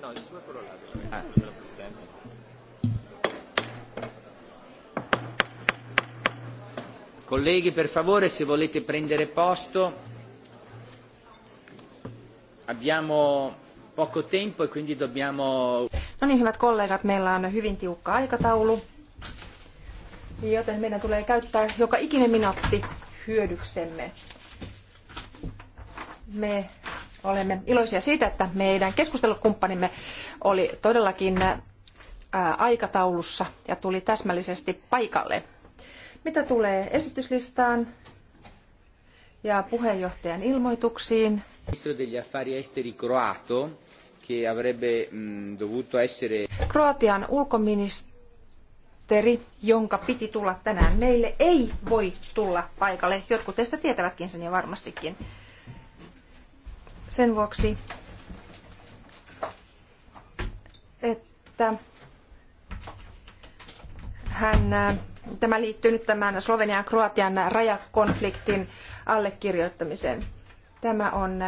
no, il suo è quello là della, della presidenza. Colleghi, per favore, se volete prendere posto, abbiamo poco tempo e quindi dobbiamo... No niin, hyvät kollegat, meillä on hyvin tiukka aikataulu, joten meidän tulee käyttää joka ikinen minuutti hyödyksemme. Me Olemme iloisia siitä, että meidän keskustelukumppanimme oli todellakin äh, aikataulussa ja tuli täsmällisesti paikalle. Mitä tulee esityslistaan ja puheenjohtajan ilmoituksiin? Ministro degli affari esteri croato, che avrebbe dovuto essere... Kroatian ulkoministeri, jonka piti tulla tänään meille, ei voi tulla paikalle. Jotkut teistä tietävätkin sen jo varmastikin sen vuoksi, että hän, tämä liittyy nyt tämän Slovenian ja Kroatian rajakonfliktin allekirjoittamiseen. Tämä on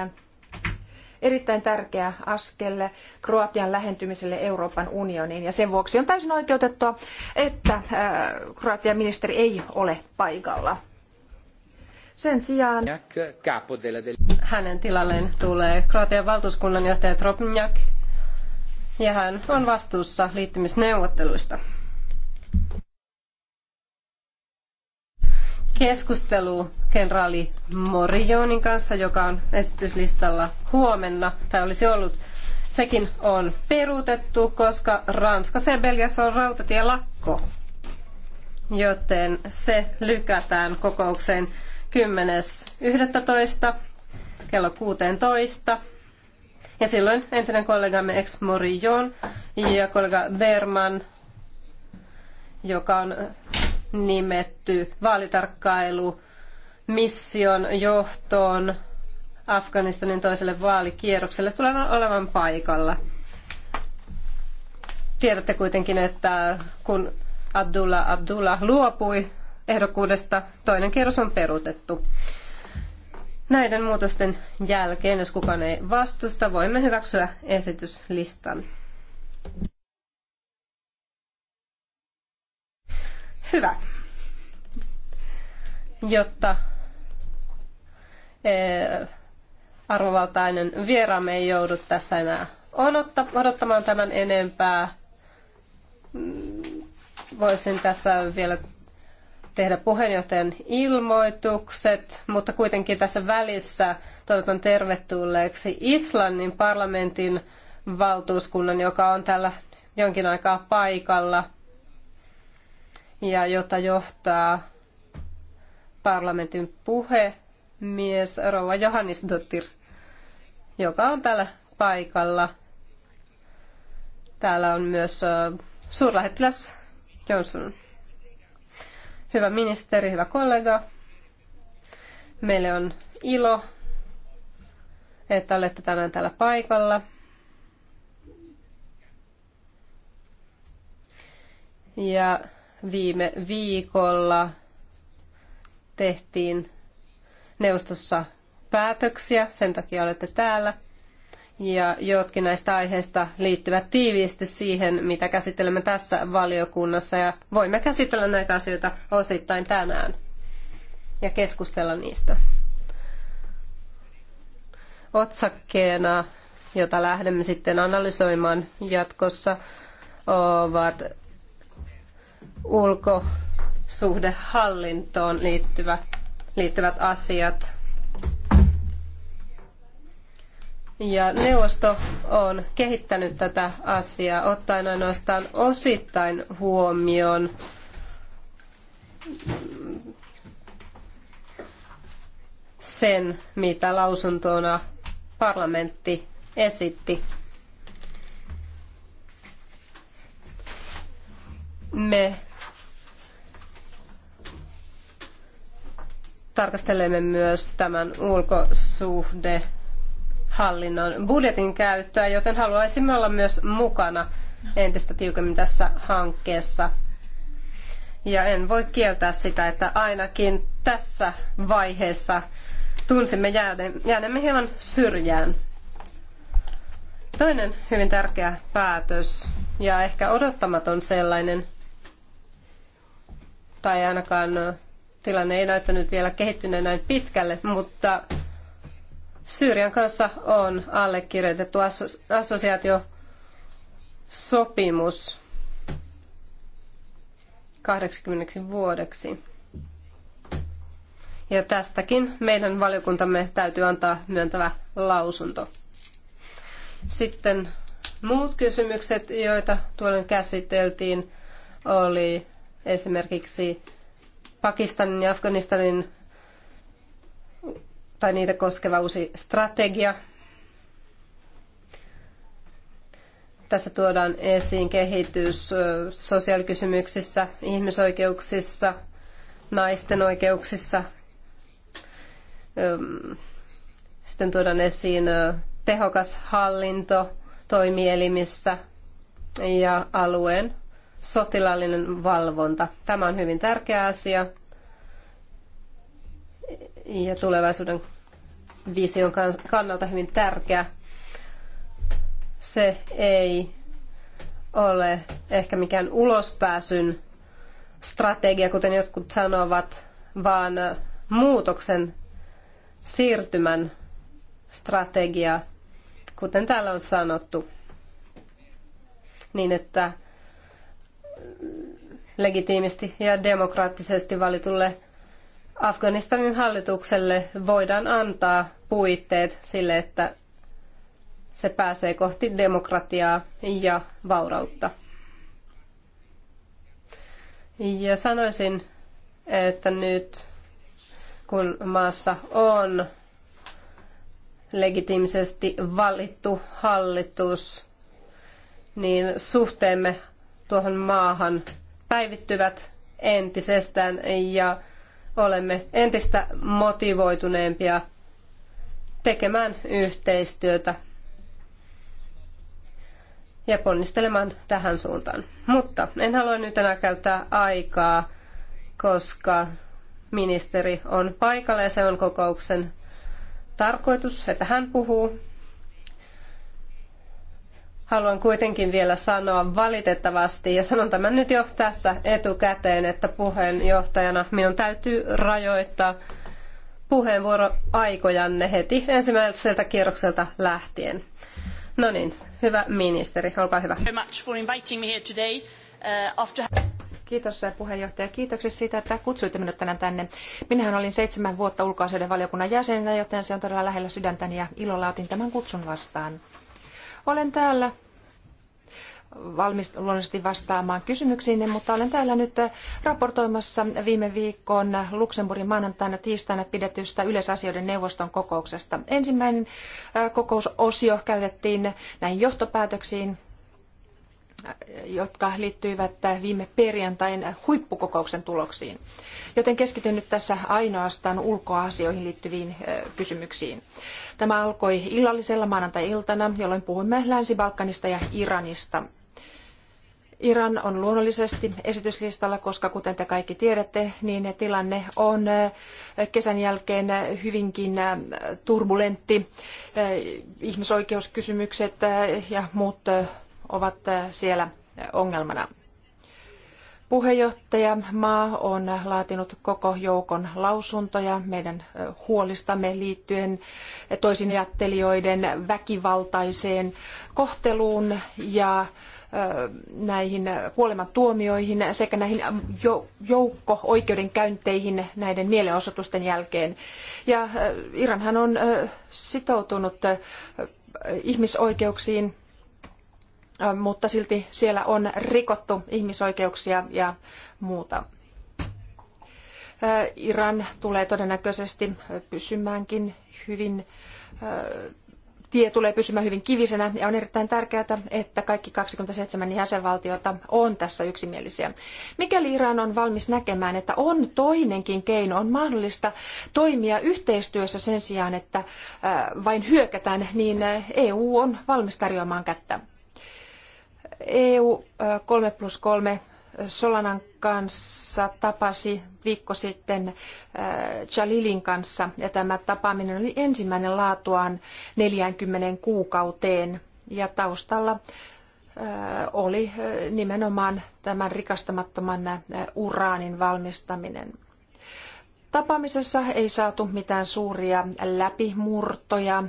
erittäin tärkeä askel Kroatian lähentymiselle Euroopan unioniin ja sen vuoksi on täysin oikeutettua, että Kroatian ministeri ei ole paikalla. Sen sijaan hänen tilalleen tulee Kroatian valtuuskunnan johtaja Tropnjak, ja hän on vastuussa liittymisneuvotteluista. Keskustelu kenraali Morijonin kanssa, joka on esityslistalla huomenna, tai olisi ollut, sekin on peruutettu, koska Ranskassa ja Belgiassa on rautatielakko, joten se lykätään kokoukseen 10.11. kello 16. Ja silloin entinen kollegamme ex Morillon ja kollega Berman, joka on nimetty vaalitarkkailu mission johtoon Afganistanin toiselle vaalikierrokselle tulee olevan paikalla. Tiedätte kuitenkin, että kun Abdullah Abdullah luopui ehdokkuudesta toinen kierros on peruutettu. Näiden muutosten jälkeen, jos kukaan ei vastusta, voimme hyväksyä esityslistan. Hyvä. Jotta eh, arvovaltainen vieraamme ei joudu tässä enää odottamaan tämän enempää, mm, voisin tässä vielä tehdä puheenjohtajan ilmoitukset, mutta kuitenkin tässä välissä toivotan tervetulleeksi Islannin parlamentin valtuuskunnan, joka on täällä jonkin aikaa paikalla ja jota johtaa parlamentin puhemies Rouva Johannisdottir, joka on täällä paikalla. Täällä on myös suurlähettiläs Johnson. Hyvä ministeri, hyvä kollega, meille on ilo, että olette tänään täällä paikalla. Ja viime viikolla tehtiin neuvostossa päätöksiä, sen takia olette täällä ja jotkin näistä aiheista liittyvät tiiviisti siihen, mitä käsittelemme tässä valiokunnassa ja voimme käsitellä näitä asioita osittain tänään ja keskustella niistä. Otsakkeena, jota lähdemme sitten analysoimaan jatkossa, ovat ulkosuhdehallintoon liittyvä, liittyvät asiat – Ja neuvosto on kehittänyt tätä asiaa ottaen ainoastaan osittain huomioon sen, mitä lausuntona parlamentti esitti. Me tarkastelemme myös tämän ulkosuhde hallinnon budjetin käyttöä, joten haluaisimme olla myös mukana entistä tiukemmin tässä hankkeessa. Ja en voi kieltää sitä, että ainakin tässä vaiheessa tunsimme jääneemme hieman syrjään. Toinen hyvin tärkeä päätös ja ehkä odottamaton sellainen, tai ainakaan tilanne ei näyttänyt vielä kehittyneen näin pitkälle, mutta Syyrian kanssa on allekirjoitettu assosiaatiosopimus 80 vuodeksi. Ja tästäkin meidän valiokuntamme täytyy antaa myöntävä lausunto. Sitten muut kysymykset, joita tuolloin käsiteltiin, oli esimerkiksi Pakistanin ja Afganistanin tai niitä koskeva uusi strategia. Tässä tuodaan esiin kehitys sosiaalikysymyksissä, ihmisoikeuksissa, naisten oikeuksissa. Sitten tuodaan esiin tehokas hallinto toimielimissä ja alueen sotilaallinen valvonta. Tämä on hyvin tärkeä asia ja tulevaisuuden vision kannalta hyvin tärkeä. Se ei ole ehkä mikään ulospääsyn strategia, kuten jotkut sanovat, vaan muutoksen siirtymän strategia, kuten täällä on sanottu, niin että legitiimisti ja demokraattisesti valitulle Afganistanin hallitukselle voidaan antaa puitteet sille, että se pääsee kohti demokratiaa ja vaurautta. Ja sanoisin, että nyt kun maassa on legitiimisesti valittu hallitus, niin suhteemme tuohon maahan päivittyvät entisestään ja olemme entistä motivoituneempia tekemään yhteistyötä ja ponnistelemaan tähän suuntaan. Mutta en halua nyt enää käyttää aikaa, koska ministeri on paikalla ja se on kokouksen tarkoitus, että hän puhuu. Haluan kuitenkin vielä sanoa valitettavasti, ja sanon tämän nyt jo tässä etukäteen, että puheenjohtajana minun täytyy rajoittaa puheenvuoroaikojanne heti ensimmäiseltä kierrokselta lähtien. No niin, hyvä ministeri, olkaa hyvä. Uh, Kiitos eh, puheenjohtaja. Kiitoksia siitä, että kutsuitte minut tänään tänne. Minähän olin seitsemän vuotta ulkoasioiden valiokunnan jäsenenä, joten se on todella lähellä sydäntäni ja ilolla otin tämän kutsun vastaan. Olen täällä valmis luonnollisesti vastaamaan kysymyksiin, mutta olen täällä nyt raportoimassa viime viikon Luxemburgin maanantaina tiistaina pidetystä yleisasioiden neuvoston kokouksesta. Ensimmäinen äh, kokousosio käytettiin näihin johtopäätöksiin jotka liittyivät viime perjantain huippukokouksen tuloksiin. Joten keskityn nyt tässä ainoastaan ulkoasioihin liittyviin kysymyksiin. Tämä alkoi illallisella maanantai-iltana, jolloin puhuimme Länsi-Balkanista ja Iranista. Iran on luonnollisesti esityslistalla, koska kuten te kaikki tiedätte, niin tilanne on kesän jälkeen hyvinkin turbulentti. Ihmisoikeuskysymykset ja muut ovat eh, siellä eh, ongelmana. Puheenjohtaja Maa on laatinut koko joukon lausuntoja meidän eh, huolistamme liittyen toisinajattelijoiden väkivaltaiseen kohteluun ja näihin kuolemantuomioihin sekä näihin joukko-oikeudenkäynteihin näiden mielenosoitusten jälkeen. Ja Iranhan on sitoutunut ihmisoikeuksiin mutta silti siellä on rikottu ihmisoikeuksia ja muuta. Iran tulee todennäköisesti pysymäänkin hyvin tie tulee pysymään hyvin kivisenä ja on erittäin tärkeää, että kaikki 27 jäsenvaltiota on tässä yksimielisiä. Mikäli Iran on valmis näkemään, että on toinenkin keino, on mahdollista toimia yhteistyössä sen sijaan, että vain hyökätään, niin EU on valmis tarjoamaan kättä. EU 3 plus 3 Solanan kanssa tapasi viikko sitten Jalilin kanssa ja tämä tapaaminen oli ensimmäinen laatuaan 40 kuukauteen ja taustalla oli nimenomaan tämän rikastamattoman uraanin valmistaminen. Tapaamisessa ei saatu mitään suuria läpimurtoja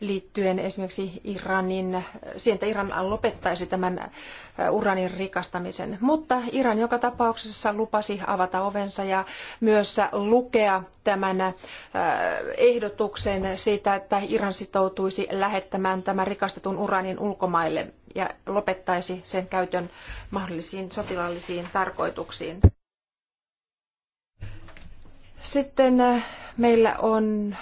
liittyen esimerkiksi Iranin, siihen, että Iran lopettaisi tämän äh, uranin rikastamisen. Mutta Iran joka tapauksessa lupasi avata ovensa ja myös lukea tämän äh, ehdotuksen siitä, että Iran sitoutuisi lähettämään tämän rikastetun uranin ulkomaille ja lopettaisi sen käytön mahdollisiin sotilaallisiin tarkoituksiin. Sitten äh, meillä on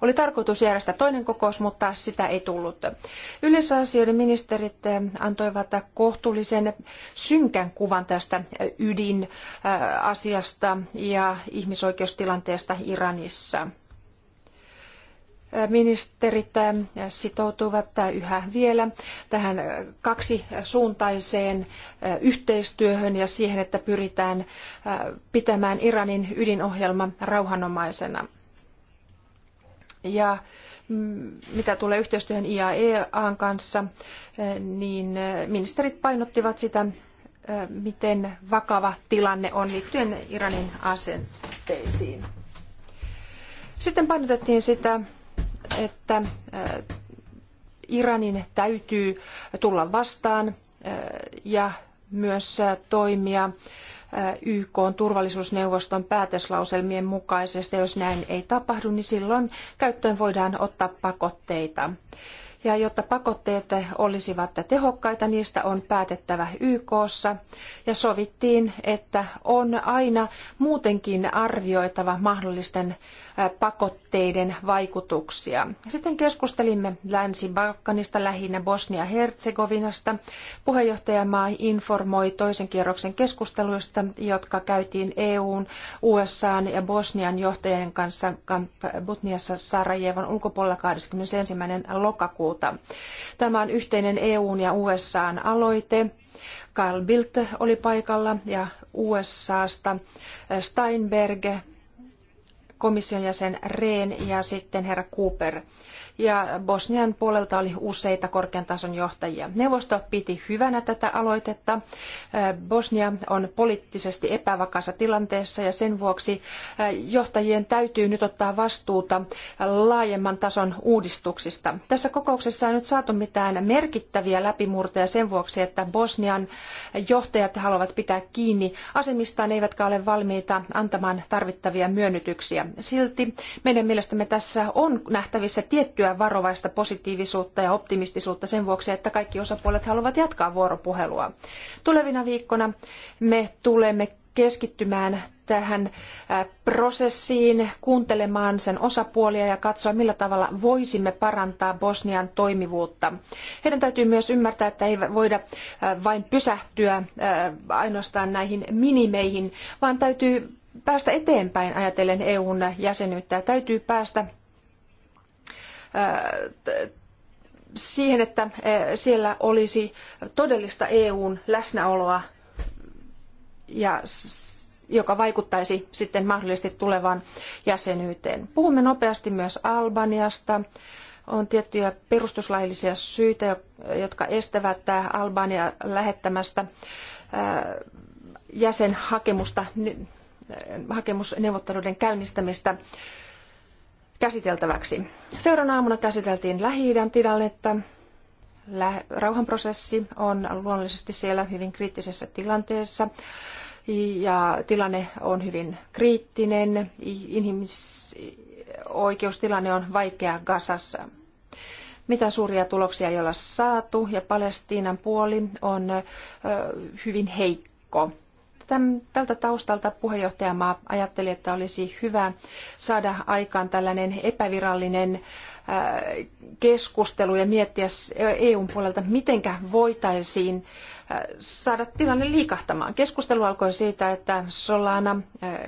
oli tarkoitus järjestää toinen kokous, mutta sitä ei tullut. Yleisasioiden ministerit äh, antoivat kohtuullisen synkän kuvan tästä äh, ydinasiasta ja ihmisoikeustilanteesta Iranissa ministerit sitoutuvat yhä vielä tähän kaksisuuntaiseen yhteistyöhön ja siihen, että pyritään pitämään Iranin ydinohjelma rauhanomaisena. Ja mitä tulee yhteistyöhön IAEAn kanssa, niin ministerit painottivat sitä, miten vakava tilanne on liittyen Iranin asenteisiin. Sitten painotettiin sitä, että äh, Iranin täytyy tulla vastaan äh, ja myös äh, toimia YK turvallisuusneuvoston päätöslauselmien mukaisesti. Jos näin ei tapahdu, niin silloin käyttöön voidaan ottaa pakotteita. Ja jotta pakotteet olisivat tehokkaita, niistä on päätettävä YKssa. Ja sovittiin, että on aina muutenkin arvioitava mahdollisten pakotteiden vaikutuksia. Sitten keskustelimme Länsi-Balkanista, lähinnä Bosnia-Herzegovinasta. Puheenjohtajamaa informoi toisen kierroksen keskusteluista, jotka käytiin EUn, USAn ja Bosnian johtajien kanssa Butniassa Sarajevon ulkopuolella 21. lokakuuta lokakuuta. Tämä on yhteinen EUn ja USAn aloite. Carl Bildt oli paikalla ja USAsta Steinberg, komission jäsen Rehn ja sitten herra Cooper ja Bosnian puolelta oli useita korkean tason johtajia. Neuvosto piti hyvänä tätä aloitetta. Bosnia on poliittisesti epävakaassa tilanteessa ja sen vuoksi johtajien täytyy nyt ottaa vastuuta laajemman tason uudistuksista. Tässä kokouksessa ei nyt saatu mitään merkittäviä läpimurtoja sen vuoksi, että Bosnian johtajat haluavat pitää kiinni asemistaan eivätkä ole valmiita antamaan tarvittavia myönnytyksiä. Silti meidän mielestämme tässä on nähtävissä tiettyä tiettyä varovaista positiivisuutta ja optimistisuutta sen vuoksi, että kaikki osapuolet haluavat jatkaa vuoropuhelua. Tulevina viikkoina me tulemme keskittymään tähän prosessiin, kuuntelemaan sen osapuolia ja katsoa, millä tavalla voisimme parantaa Bosnian toimivuutta. Heidän täytyy myös ymmärtää, että ei voida vain pysähtyä ainoastaan näihin minimeihin, vaan täytyy päästä eteenpäin ajatellen EUn jäsenyyttä. Täytyy päästä siihen, että eh, siellä olisi todellista EUn läsnäoloa, ja joka vaikuttaisi sitten mahdollisesti tulevaan jäsenyyteen. Puhumme nopeasti myös Albaniasta. On tiettyjä perustuslaillisia syitä, jotka estävät eh, Albania lähettämästä eh, jäsenhakemusta hakemusneuvotteluiden käynnistämistä käsiteltäväksi. Seuraavana aamuna käsiteltiin Lähi-idän tilannetta. Rauhanprosessi on luonnollisesti siellä hyvin kriittisessä tilanteessa ja tilanne on hyvin kriittinen. Ihmisoikeustilanne on vaikea Gasassa. Mitä suuria tuloksia ei olla saatu ja Palestiinan puoli on hyvin heikko. Tämän, tältä taustalta puheenjohtajamaa ajatteli, että olisi hyvä saada aikaan tällainen epävirallinen äh, keskustelu ja miettiä EUn puolelta, mitenkä voitaisiin äh, saada tilanne liikahtamaan. Keskustelu alkoi siitä, että Solana äh,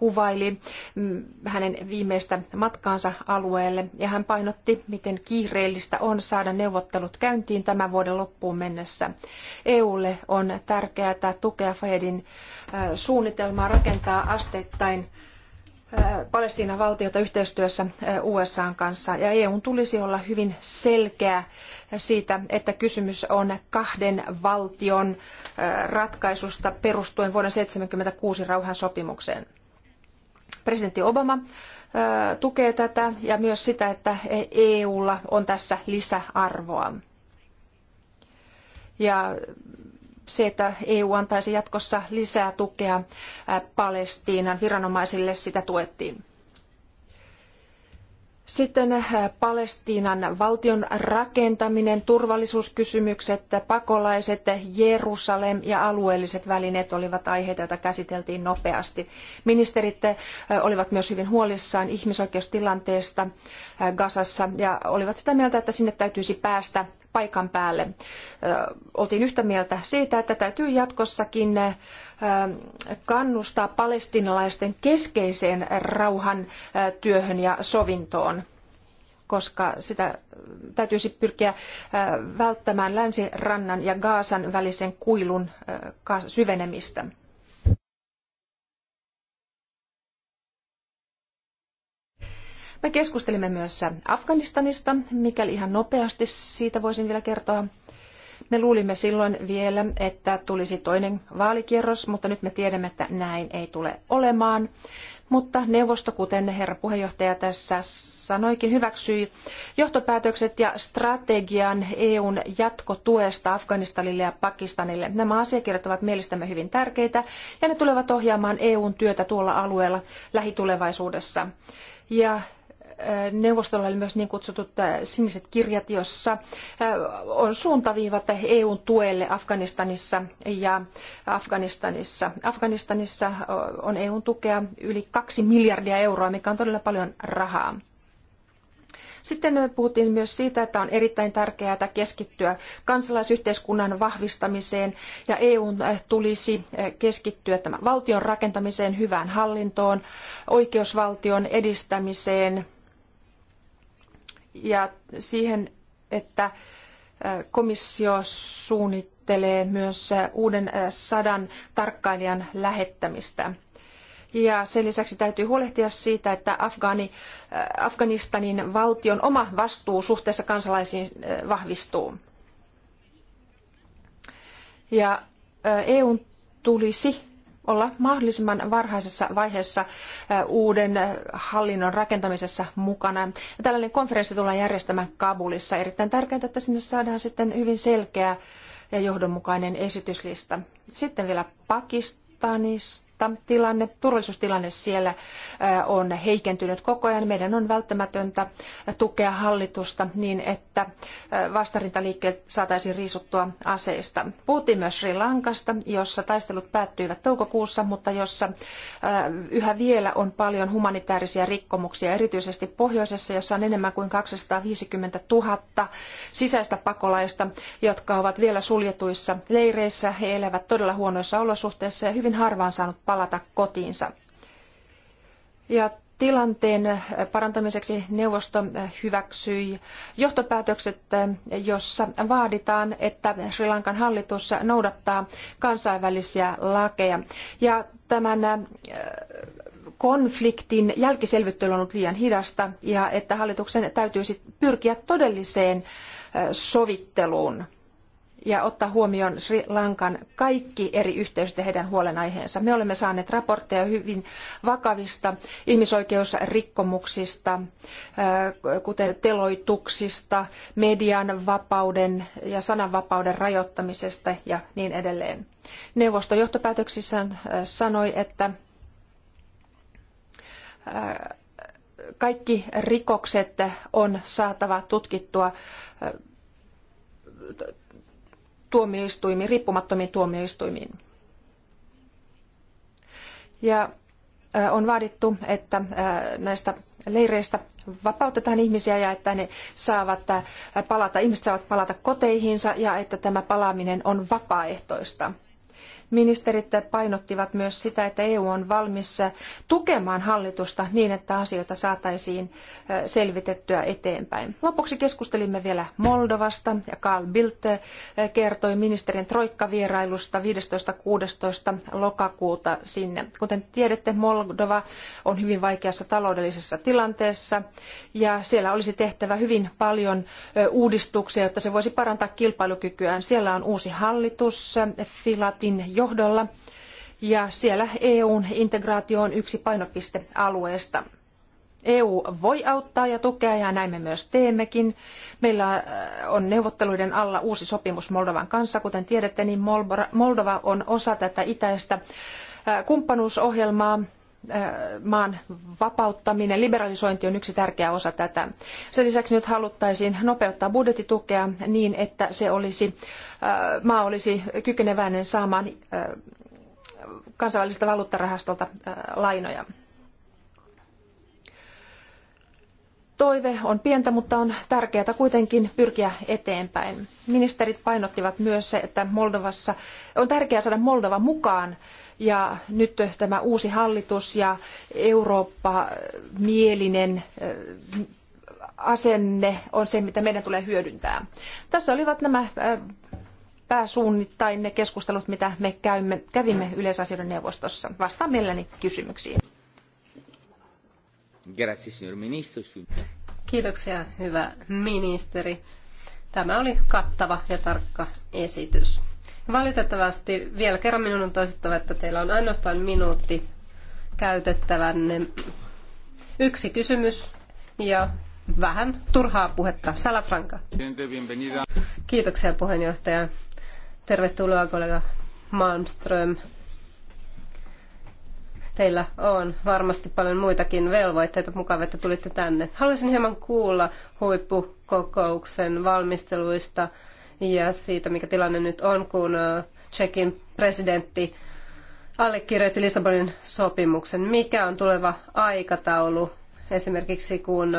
kuvaili mm, hänen viimeistä matkaansa alueelle ja hän painotti, miten kiireellistä on saada neuvottelut käyntiin tämän vuoden loppuun mennessä. EUlle on tärkeää tukea Fahedin suunnitelmaa rakentaa asteittain Palestiinan valtiota yhteistyössä n kanssa. Ja EUn tulisi olla hyvin selkeä siitä, että kysymys on kahden valtion ratkaisusta perustuen vuoden 1976 rauhansopimukseen. Presidentti Obama tukee tätä ja myös sitä, että EUlla on tässä lisäarvoa. Ja se, että EU antaisi jatkossa lisää tukea Palestiinan viranomaisille, sitä tuettiin. Sitten eh, Palestiinan valtion rakentaminen, turvallisuuskysymykset, pakolaiset, Jerusalem ja alueelliset välineet olivat aiheita, joita käsiteltiin nopeasti. Ministerit eh, olivat myös hyvin huolissaan ihmisoikeustilanteesta eh, Gazassa ja olivat sitä mieltä, että sinne täytyisi päästä paikan päälle. Oltiin yhtä mieltä siitä, että täytyy jatkossakin kannustaa palestinalaisten keskeiseen rauhantyöhön ja sovintoon koska sitä täytyisi pyrkiä välttämään länsirannan ja Gaasan välisen kuilun syvenemistä. Me keskustelimme myös Afganistanista, mikäli ihan nopeasti siitä voisin vielä kertoa. Me luulimme silloin vielä, että tulisi toinen vaalikierros, mutta nyt me tiedämme, että näin ei tule olemaan. Mutta neuvosto, kuten herra puheenjohtaja tässä sanoikin, hyväksyi johtopäätökset ja strategian EUn jatkotuesta Afganistanille ja Pakistanille. Nämä asiakirjat ovat mielestämme hyvin tärkeitä ja ne tulevat ohjaamaan EUn työtä tuolla alueella lähitulevaisuudessa. Ja neuvostolla oli myös niin kutsutut äh, siniset kirjat, jossa äh, on suuntaviivat EUn tuelle Afganistanissa ja Afganistanissa. Afganistanissa äh, on EUn tukea yli kaksi miljardia euroa, mikä on todella paljon rahaa. Sitten me puhuttiin myös siitä, että on erittäin tärkeää keskittyä kansalaisyhteiskunnan vahvistamiseen ja EUn tulisi keskittyä tämän valtion rakentamiseen, hyvään hallintoon, oikeusvaltion edistämiseen – ja siihen, että äh, komissio suunnittelee myös äh, uuden äh, sadan tarkkailijan lähettämistä. Ja sen lisäksi täytyy huolehtia siitä, että Afgani, Afganistanin valtion oma vastuu suhteessa kansalaisiin vahvistuu. Ja EUn tulisi olla mahdollisimman varhaisessa vaiheessa uuden hallinnon rakentamisessa mukana. tällainen konferenssi tullaan järjestämään Kabulissa. Erittäin tärkeää, että sinne saadaan sitten hyvin selkeä ja johdonmukainen esityslista. Sitten vielä Pakistanista tilanne, turvallisuustilanne siellä äh, on heikentynyt koko ajan. Meidän on välttämätöntä tukea hallitusta niin, että äh, vastarintaliikkeet saataisiin riisuttua aseista. Puhuttiin myös Sri Lankasta, jossa taistelut päättyivät toukokuussa, mutta jossa äh, yhä vielä on paljon humanitaarisia rikkomuksia, erityisesti pohjoisessa, jossa on enemmän kuin 250 000 sisäistä pakolaista, jotka ovat vielä suljetuissa leireissä. He elävät todella huonoissa olosuhteissa ja hyvin harvaan saanut palata kotiinsa. Ja tilanteen parantamiseksi neuvosto hyväksyi johtopäätökset, jossa vaaditaan, että Sri Lankan hallitus noudattaa kansainvälisiä lakeja. Ja tämän äh, konfliktin jälkiselvittely on ollut liian hidasta ja että hallituksen täytyisi pyrkiä todelliseen äh, sovitteluun ja ottaa huomioon Sri Lankan kaikki eri yhteisöt ja heidän huolenaiheensa. Me olemme saaneet raportteja hyvin vakavista ihmisoikeusrikkomuksista, kuten teloituksista, median vapauden ja sananvapauden rajoittamisesta ja niin edelleen. Neuvosto johtopäätöksissään sanoi, että kaikki rikokset on saatava tutkittua tuomioistuimiin, riippumattomiin tuomioistuimiin. Ja on vaadittu, että näistä leireistä vapautetaan ihmisiä ja että ne saavat palata, ihmiset saavat palata koteihinsa ja että tämä palaaminen on vapaaehtoista. Ministerit painottivat myös sitä, että EU on valmis tukemaan hallitusta niin, että asioita saataisiin selvitettyä eteenpäin. Lopuksi keskustelimme vielä Moldovasta ja Carl Bildt kertoi ministerin troikkavierailusta 15.16. lokakuuta sinne. Kuten tiedätte, Moldova on hyvin vaikeassa taloudellisessa tilanteessa ja siellä olisi tehtävä hyvin paljon uudistuksia, jotta se voisi parantaa kilpailukykyään. Siellä on uusi hallitus, Filatin johdolla ja siellä EUn integraatio on yksi painopistealueista. EU voi auttaa ja tukea ja näin me myös teemmekin. Meillä äh, on neuvotteluiden alla uusi sopimus Moldovan kanssa. Kuten tiedätte, niin Moldova on osa tätä itäistä äh, kumppanuusohjelmaa Äh, maan vapauttaminen, liberalisointi on yksi tärkeä osa tätä. Sen lisäksi nyt haluttaisiin nopeuttaa budjettitukea niin, että se olisi, äh, maa olisi kykeneväinen saamaan äh, kansainvälisestä valuuttarahastolta lainoja. Toive on pientä, mutta on tärkeää kuitenkin pyrkiä eteenpäin. Ministerit painottivat myös se, että Moldovassa on tärkeää saada Moldova mukaan ja nyt tämä uusi hallitus ja Eurooppa-mielinen asenne on se, mitä meidän tulee hyödyntää. Tässä olivat nämä pääsuunnittain ne keskustelut, mitä me käymme, kävimme yleisasioiden neuvostossa. Vastaan mielelläni kysymyksiin. Grazie, signor ministro. Kiitoksia, hyvä ministeri. Tämä oli kattava ja tarkka esitys. Valitettavasti vielä kerran minun on toistettava, että teillä on ainoastaan minuutti käytettävänne. Yksi kysymys ja vähän turhaa puhetta. Salafranca. Kiitoksia puheenjohtaja. Tervetuloa kollega Malmström. Teillä on varmasti paljon muitakin velvoitteita. Mukava, että tulitte tänne. Haluaisin hieman kuulla huippukokouksen valmisteluista – ja siitä, mikä tilanne nyt on, kun Tsekin presidentti allekirjoitti Lissabonin sopimuksen. Mikä on tuleva aikataulu esimerkiksi, kun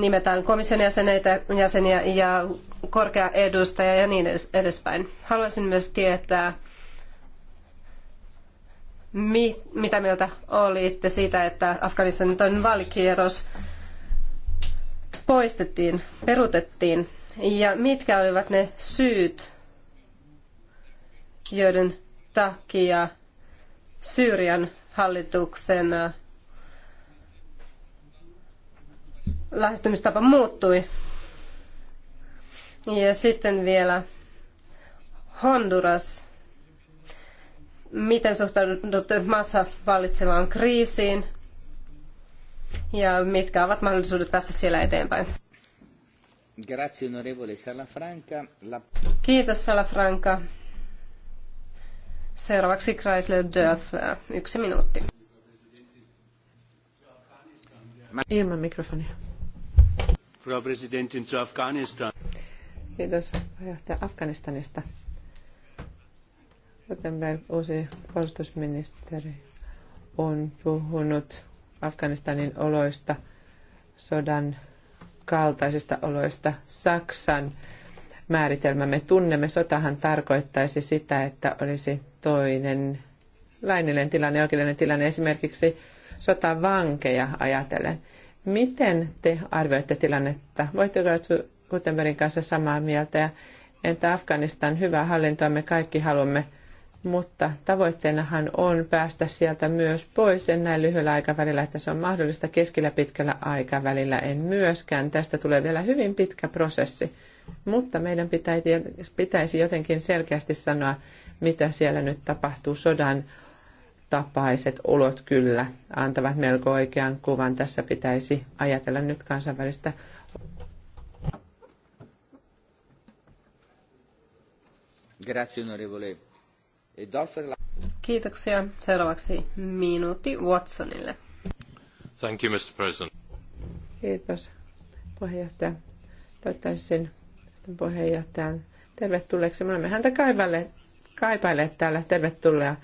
nimetään komission jäseneitä, jäseniä ja korkea edustaja ja niin edespäin. Haluaisin myös tietää, mi, mitä mieltä olitte siitä, että Afganistanin toinen vaalikierros poistettiin, peruutettiin. Ja mitkä olivat ne syyt, joiden takia Syyrian hallituksen äh, lähestymistapa muuttui. Ja sitten vielä Honduras. Miten suhtaudutte massa vallitsevaan kriisiin ja mitkä ovat mahdollisuudet päästä siellä eteenpäin? Grazie onorevole Salafranca. La... Kiitos Salafranca. Seuraavaksi Chrysler Dörfler. Yksi minuutti. Ilman mikrofonia. Frau Präsidentin zu Afghanistan. Kiitos puheenjohtaja Afganistanista. Rottenberg, uusi puolustusministeri, on puhunut Afganistanin oloista, sodan kaltaisista oloista Saksan määritelmämme tunnemme. Sotahan tarkoittaisi sitä, että olisi toinen laininen tilanne, oikeudellinen tilanne, esimerkiksi sotavankeja ajatellen. Miten te arvioitte tilannetta? Voitteko olla Gutenbergin kanssa samaa mieltä? Ja entä Afganistan, hyvää hallintoa, me kaikki haluamme – mutta tavoitteenahan on päästä sieltä myös pois. En näin lyhyellä aikavälillä, että se on mahdollista keskellä pitkällä aikavälillä. En myöskään. Tästä tulee vielä hyvin pitkä prosessi. Mutta meidän pitäisi jotenkin selkeästi sanoa, mitä siellä nyt tapahtuu. Sodan tapaiset olot kyllä antavat melko oikean kuvan. Tässä pitäisi ajatella nyt kansainvälistä Grazie onorevole Kiitoksia. Seuraavaksi minuutti Watsonille. Thank you, Mr. President. Kiitos, puheenjohtaja. Toivottaisin puheenjohtajan tervetulleeksi. Me olemme häntä kaivailleet, kaipailleet täällä. Tervetuloa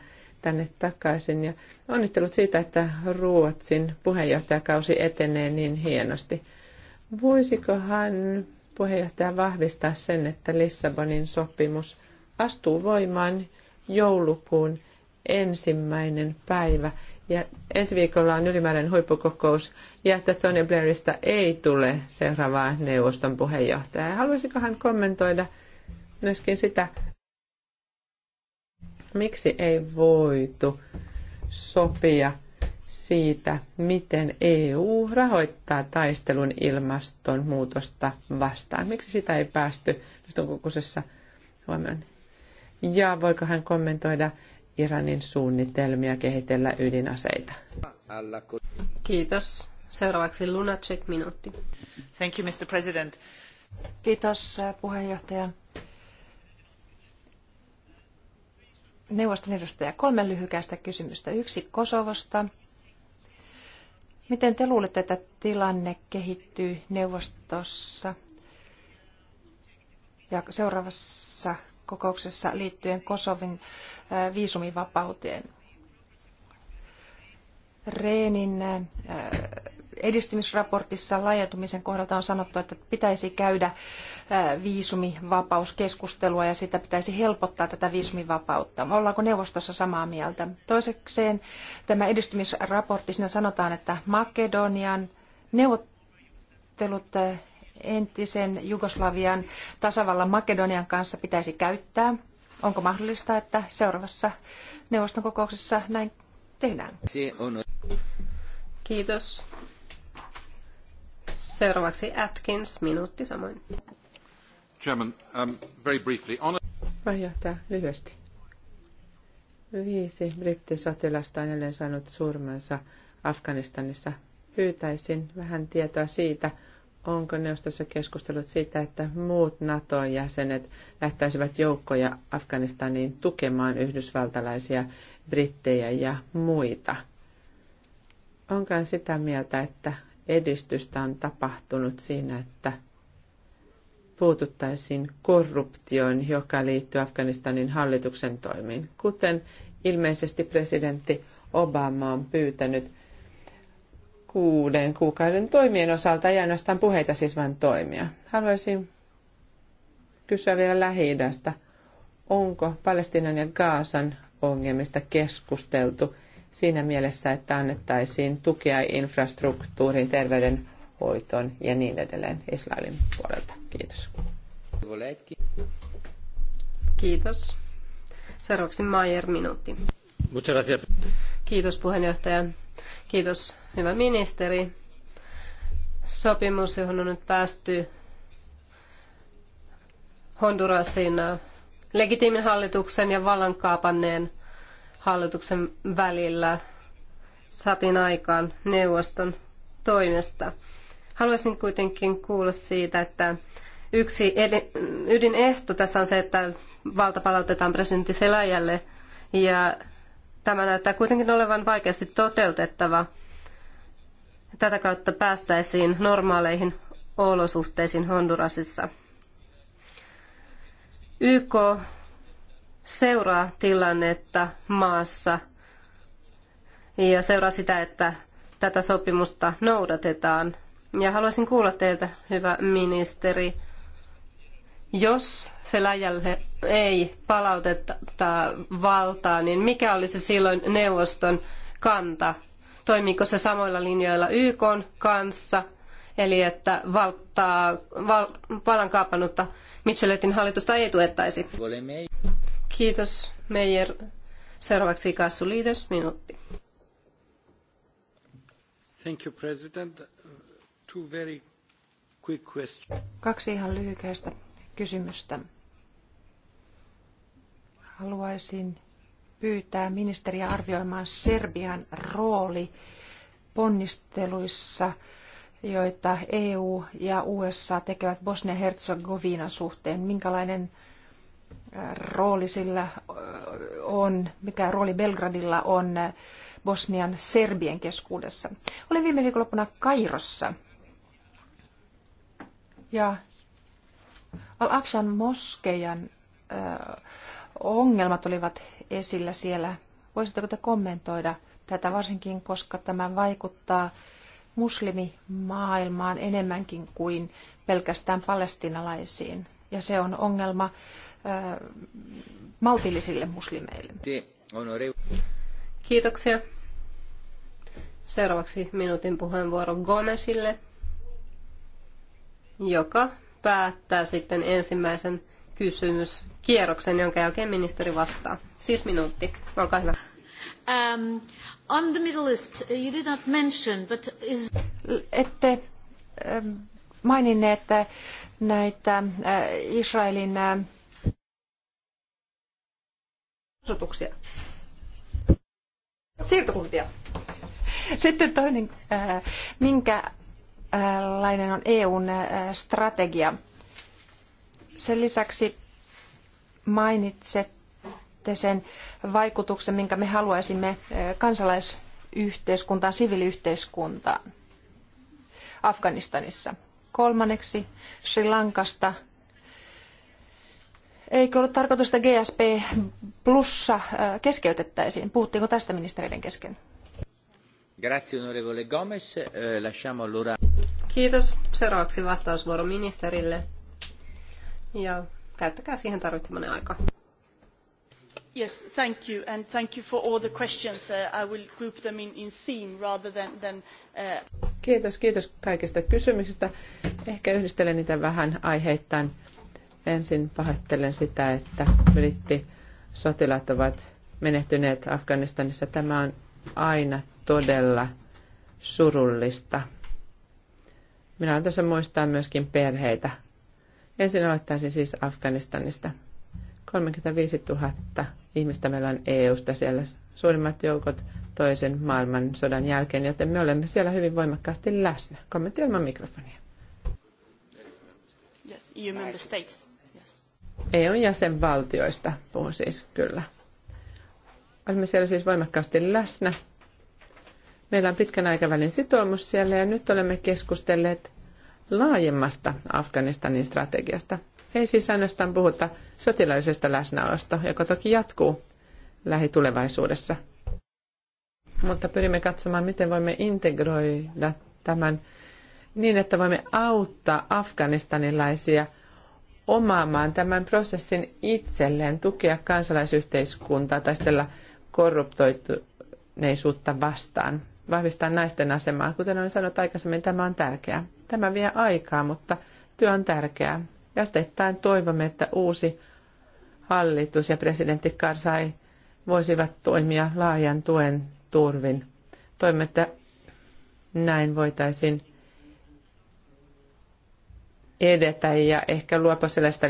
tänne takaisin. Ja onnittelut siitä, että Ruotsin puheenjohtajakausi etenee niin hienosti. Voisikohan puheenjohtaja vahvistaa sen, että Lissabonin sopimus astuu voimaan – joulukuun ensimmäinen päivä. Ja ensi viikolla on ylimääräinen huippukokous ja että Tony Blairista ei tule seuraavaa neuvoston puheenjohtajaa. Haluaisiko hän kommentoida myöskin sitä, miksi ei voitu sopia siitä, miten EU rahoittaa taistelun ilmastonmuutosta vastaan. Miksi sitä ei päästy kokoisessa huomioon? ja voiko hän kommentoida Iranin suunnitelmia kehitellä ydinaseita? Kiitos. Seuraavaksi Lunacek minuutti. Thank you, Mr. President. Kiitos puheenjohtaja. Neuvoston edustaja, kolme lyhykäistä kysymystä. Yksi Kosovosta. Miten te luulette, että tilanne kehittyy neuvostossa ja seuraavassa kokouksessa liittyen Kosovin äh, viisumivapauteen. Reenin äh, edistymisraportissa laajentumisen kohdalta on sanottu, että pitäisi käydä äh, viisumivapauskeskustelua ja sitä pitäisi helpottaa tätä viisumivapautta. Ollaanko neuvostossa samaa mieltä? Toisekseen tämä edistymisraportti, siinä sanotaan, että Makedonian neuvottelut entisen Jugoslavian tasavallan Makedonian kanssa pitäisi käyttää? Onko mahdollista, että seuraavassa neuvoston kokouksessa näin tehdään? Kiitos. Seuraavaksi Atkins, minuutti samoin. Chairman, um, very briefly. On... Puheenjohtaja, lyhyesti. Viisi brittisotilasta on jälleen saanut surmansa Afganistanissa. Pyytäisin vähän tietoa siitä, Onko neuvostossa keskustelut siitä, että muut NATO-jäsenet lähtäisivät joukkoja Afganistaniin tukemaan yhdysvaltalaisia, brittejä ja muita? Onko sitä mieltä, että edistystä on tapahtunut siinä, että puututtaisiin korruptioon, joka liittyy Afganistanin hallituksen toimiin, kuten ilmeisesti presidentti Obama on pyytänyt – kuuden kuukauden toimien osalta, ei ainoastaan puheita siis vain toimia. Haluaisin kysyä vielä lähi -idästä. Onko Palestinan ja Gaasan ongelmista keskusteltu siinä mielessä, että annettaisiin tukea infrastruktuurin, terveydenhoitoon ja niin edelleen Israelin puolelta? Kiitos. Kiitos. Seuraavaksi Maier minuutti. Kiitos puheenjohtaja. Kiitos, hyvä ministeri. Sopimus, johon on nyt päästy Hondurasin legitiimin hallituksen ja vallankaapanneen hallituksen välillä saatiin aikaan neuvoston toimesta. Haluaisin kuitenkin kuulla siitä, että yksi ydinehto tässä on se, että valta palautetaan presidentti Selajalle ja Tämä näyttää kuitenkin olevan vaikeasti toteutettava. Tätä kautta päästäisiin normaaleihin olosuhteisiin Hondurasissa. YK seuraa tilannetta maassa ja seuraa sitä, että tätä sopimusta noudatetaan. Ja haluaisin kuulla teiltä, hyvä ministeri, jos Seläjälle ei palauteta valtaa, niin mikä olisi silloin neuvoston kanta? Toimiiko se samoilla linjoilla YK kanssa, eli että valtaa, val, vallan kaapanutta Micheletin hallitusta ei tuettaisi? Kiitos, Meijer. Seuraavaksi Kassu Leaders, minuutti. Thank you, President. Two very quick questions. Kaksi ihan lyhykäistä kysymystä. Haluaisin pyytää ministeriä arvioimaan Serbian rooli ponnisteluissa, joita EU ja USA tekevät Bosnia-Herzegovinan suhteen. Minkälainen rooli sillä on, mikä rooli Belgradilla on Bosnian serbien keskuudessa. Olin viime viikonloppuna Kairossa ja Al-Aqsan moskejan ongelmat olivat esillä siellä. Voisitteko te kommentoida tätä varsinkin, koska tämä vaikuttaa muslimimaailmaan enemmänkin kuin pelkästään palestinalaisiin. Ja se on ongelma ää, maltillisille muslimeille. Kiitoksia. Seuraavaksi minuutin puheenvuoro Gomesille, joka päättää sitten ensimmäisen kysymyskierroksen, jonka jälkeen ministeri vastaa. Siis minuutti. Olkaa hyvä. Um, on the Middle East, you did not mention, but is... Ette ähm, että äh, näitä äh, Israelin äh, asutuksia. Siirtokuntia. Sitten toinen, äh, minkä minkälainen on EUn strategia. Sen lisäksi mainitsette sen vaikutuksen, minkä me haluaisimme kansalaisyhteiskuntaan, siviiliyhteiskuntaan Afganistanissa. Kolmanneksi Sri Lankasta Eikö ollut tarkoitus, että GSP plussa keskeytettäisiin? Puhuttiinko tästä ministereiden kesken? Eh, kiitos. Seuraavaksi vastausvuoro ministerille. Ja käyttäkää siihen tarvitsemanne aika. Yes, thank you, and thank you for all the questions. Uh, I will group them in, in theme rather than... than uh... Kiitos, kiitos kaikista kysymyksistä. Ehkä yhdistelen niitä vähän aiheittain. Ensin pahoittelen sitä, että britti sotilaat ovat menehtyneet Afganistanissa. Tämä on aina todella surullista. Minä olen tässä muistaa myöskin perheitä. Ensin aloittaisin siis Afganistanista. 35 000 ihmistä meillä on EU-sta siellä suurimmat joukot toisen maailmansodan jälkeen, joten me olemme siellä hyvin voimakkaasti läsnä. Kommentti ilman mikrofonia. Yes, EU Yes. EUn jäsenvaltioista puhun siis kyllä. Olemme siellä siis voimakkaasti läsnä Meillä on pitkän aikavälin sitoumus siellä ja nyt olemme keskustelleet laajemmasta Afganistanin strategiasta. Ei siis ainoastaan puhuta sotilaallisesta läsnäolosta, joka toki jatkuu lähitulevaisuudessa. Mutta pyrimme katsomaan, miten voimme integroida tämän niin, että voimme auttaa afganistanilaisia omaamaan tämän prosessin itselleen, tukea kansalaisyhteiskuntaa, taistella korruptoituneisuutta vastaan vahvistaa naisten asemaa. Kuten olen sanonut aikaisemmin, tämä on tärkeää. Tämä vie aikaa, mutta työ on tärkeää. Ja sitten toivomme, että uusi hallitus ja presidentti karsai voisivat toimia laajan tuen turvin. Toimme, että näin voitaisiin edetä ja ehkä luopua sellaista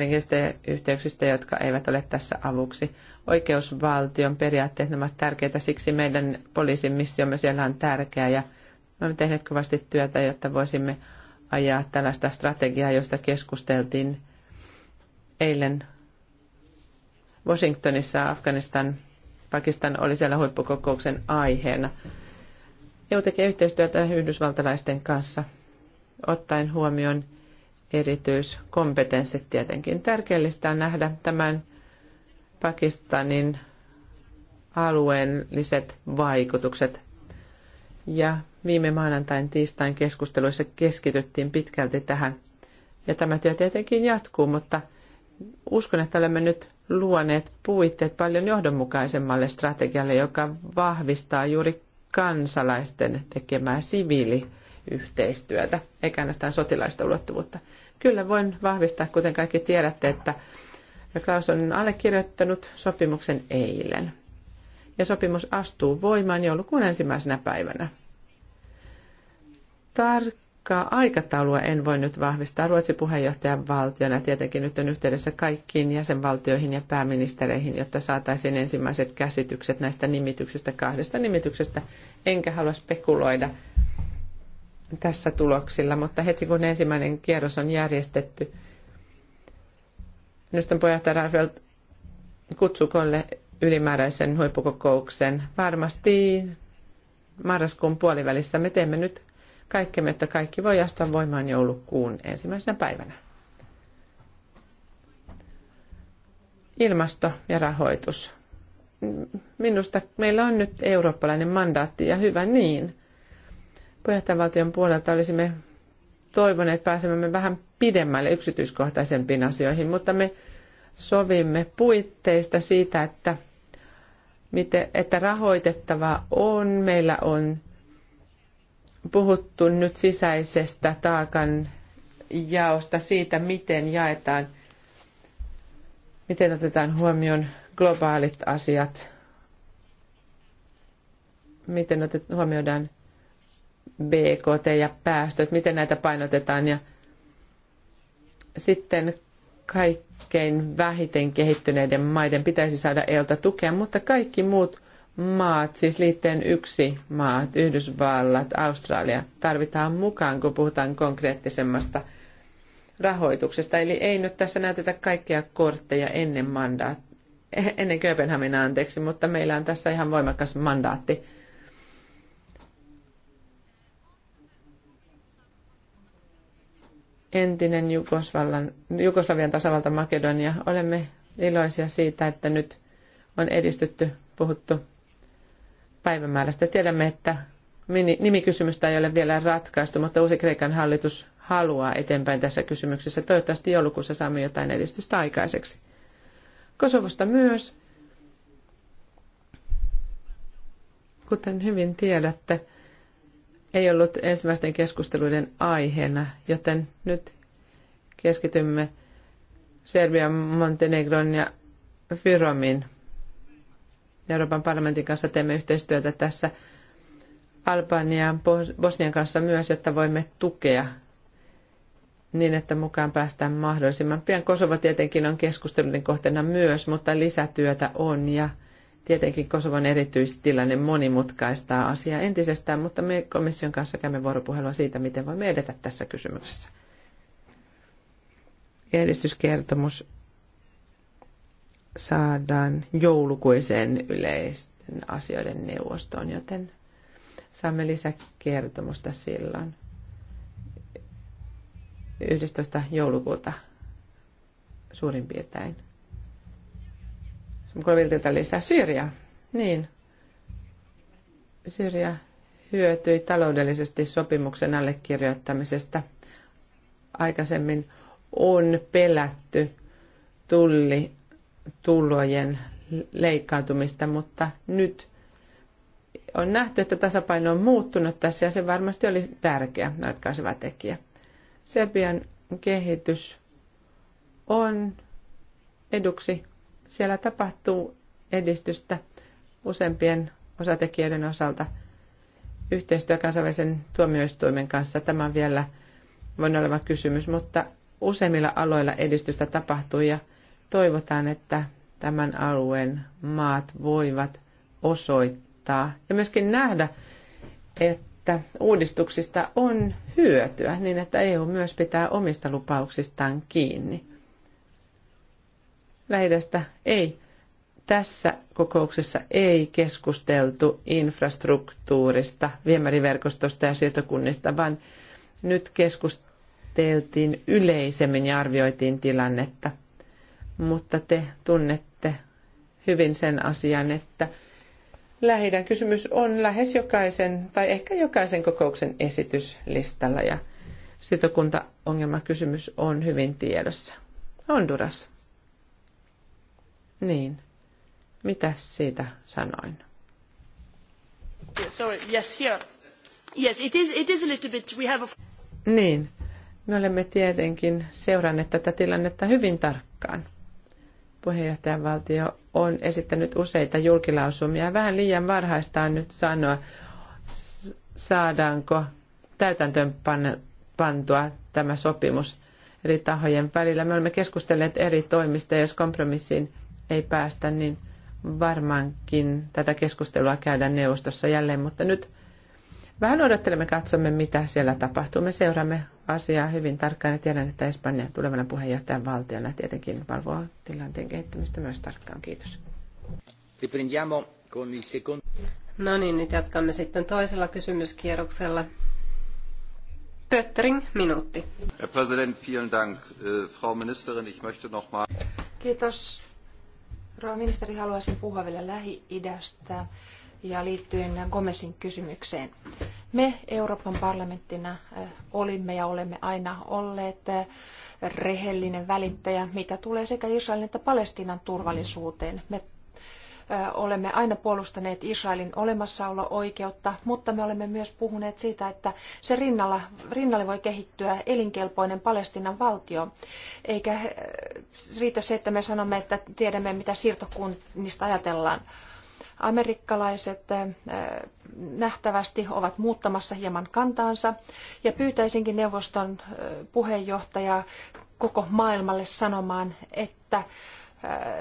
yhteyksistä, jotka eivät ole tässä avuksi. Oikeusvaltion periaatteet nämä ovat tärkeitä, siksi meidän poliisin missiomme siellä on tärkeä ja olemme tehneet kovasti työtä, jotta voisimme ajaa tällaista strategiaa, josta keskusteltiin eilen Washingtonissa Afganistan, Pakistan oli siellä huippukokouksen aiheena. EU tekee yhteistyötä yhdysvaltalaisten kanssa, ottaen huomioon erityiskompetenssit tietenkin. Tärkeellistä on nähdä tämän Pakistanin alueelliset vaikutukset. Ja viime maanantain tiistain keskusteluissa keskityttiin pitkälti tähän. Ja tämä työ tietenkin jatkuu, mutta uskon, että olemme nyt luoneet puitteet paljon johdonmukaisemmalle strategialle, joka vahvistaa juuri kansalaisten tekemää siviiliyhteistyötä, eikä näistä sotilaista ulottuvuutta. Kyllä voin vahvistaa, kuten kaikki tiedätte, että Klaus on allekirjoittanut sopimuksen eilen. Ja sopimus astuu voimaan joulukuun ensimmäisenä päivänä. Tarkkaa aikataulua en voi nyt vahvistaa. Ruotsin puheenjohtajan valtiona tietenkin nyt on yhteydessä kaikkiin jäsenvaltioihin ja pääministereihin, jotta saataisiin ensimmäiset käsitykset näistä nimityksistä, kahdesta nimityksestä. Enkä halua spekuloida tässä tuloksilla, mutta heti kun ensimmäinen kierros on järjestetty, Minusta pojat Reinfeldt kutsuu koolle ylimääräisen huippukokouksen. Varmasti marraskuun puolivälissä me teemme nyt kaikkemme, että kaikki voi astua voimaan joulukuun ensimmäisenä päivänä. Ilmasto ja rahoitus. Minusta meillä on nyt eurooppalainen mandaatti ja hyvä niin puheenjohtajavaltion puolelta olisimme toivoneet pääsemämme vähän pidemmälle yksityiskohtaisempiin asioihin, mutta me sovimme puitteista siitä, että, miten, että rahoitettava on. Meillä on puhuttu nyt sisäisestä taakan jaosta siitä, miten jaetaan, miten otetaan huomioon globaalit asiat, miten otet, huomioidaan BKT ja päästöt, miten näitä painotetaan ja sitten kaikkein vähiten kehittyneiden maiden pitäisi saada EUlta tukea, mutta kaikki muut maat, siis liitteen yksi maat, Yhdysvallat, Australia, tarvitaan mukaan, kun puhutaan konkreettisemmasta rahoituksesta. Eli ei nyt tässä näytetä kaikkia kortteja ennen mandaat, ennen Kööpenhaminaa, anteeksi, mutta meillä on tässä ihan voimakas mandaatti entinen Jugoslavian tasavalta Makedonia. Olemme iloisia siitä, että nyt on edistytty, puhuttu päivämäärästä. Tiedämme, että nimikysymystä ei ole vielä ratkaistu, mutta uusi Kreikan hallitus haluaa eteenpäin tässä kysymyksessä. Toivottavasti joulukuussa saamme jotain edistystä aikaiseksi. Kosovosta myös. Kuten hyvin tiedätte, ei ollut ensimmäisten keskusteluiden aiheena, joten nyt keskitymme Serbian, Montenegron ja Fyromin. Euroopan parlamentin kanssa teemme yhteistyötä tässä Albanian, Bosnian kanssa myös, jotta voimme tukea niin, että mukaan päästään mahdollisimman pian. Kosovo tietenkin on keskusteluiden kohteena myös, mutta lisätyötä on ja Tietenkin kosovan erityistilanne monimutkaistaa asiaa entisestään, mutta me komission kanssa käymme vuoropuhelua siitä, miten voimme edetä tässä kysymyksessä. Edistyskertomus saadaan joulukuiseen yleisten asioiden neuvostoon, joten saamme lisäkertomusta silloin 11. joulukuuta suurin piirtein. Koviltilta lisää. Syyria, niin. Syyria hyötyi taloudellisesti sopimuksen allekirjoittamisesta. Aikaisemmin on pelätty tulli tulojen leikkautumista, mutta nyt on nähty, että tasapaino on muuttunut tässä ja se varmasti oli tärkeä ratkaiseva tekijä. Serbian kehitys on eduksi siellä tapahtuu edistystä useampien osatekijöiden osalta. Yhteistyö kansainvälisen tuomioistuimen kanssa, tämä on vielä voin oleva kysymys, mutta useimmilla aloilla edistystä tapahtuu ja toivotaan, että tämän alueen maat voivat osoittaa ja myöskin nähdä, että uudistuksista on hyötyä niin, että EU myös pitää omista lupauksistaan kiinni lähidästä ei. Tässä kokouksessa ei keskusteltu infrastruktuurista, viemäriverkostosta ja siirtokunnista, vaan nyt keskusteltiin yleisemmin ja arvioitiin tilannetta. Mutta te tunnette hyvin sen asian, että lähidän kysymys on lähes jokaisen tai ehkä jokaisen kokouksen esityslistalla ja ongelmakysymys on hyvin tiedossa. Honduras. Niin. Mitä siitä sanoin? Sorry, yes, here. Yes, it is, it is a little bit, we have a... Niin. Me olemme tietenkin seuranneet tätä tilannetta hyvin tarkkaan. Puheenjohtajavaltio on esittänyt useita julkilausumia. Vähän liian varhaista on nyt sanoa, saadaanko täytäntöön pantua tämä sopimus eri tahojen välillä. Me olemme keskustelleet eri toimista, jos kompromissiin ei päästä, niin varmaankin tätä keskustelua käydään neuvostossa jälleen, mutta nyt vähän odottelemme, katsomme mitä siellä tapahtuu. Me seuraamme asiaa hyvin tarkkaan ja tiedän, että Espanja tulevana puheenjohtajan valtiona tietenkin valvoo tilanteen kehittämistä myös tarkkaan. Kiitos. No niin, nyt jatkamme sitten toisella kysymyskierroksella. Pöttering, minuutti. Herr Präsident, vielen Dank. Äh, Frau Ministerin, ich möchte noch mal... Kiitos Rouva ministeri, haluaisin puhua vielä Lähi-idästä ja liittyen Gomesin kysymykseen. Me Euroopan parlamenttina eh, olimme ja olemme aina olleet eh, rehellinen välittäjä, mitä tulee sekä Israelin että Palestiinan turvallisuuteen. Me olemme aina puolustaneet Israelin olemassaolo-oikeutta, mutta me olemme myös puhuneet siitä, että se rinnalla, rinnalle voi kehittyä elinkelpoinen Palestiinan valtio. Eikä riitä se, että me sanomme, että tiedämme, mitä siirtokunnista ajatellaan amerikkalaiset nähtävästi ovat muuttamassa hieman kantaansa ja pyytäisinkin neuvoston puheenjohtajaa koko maailmalle sanomaan, että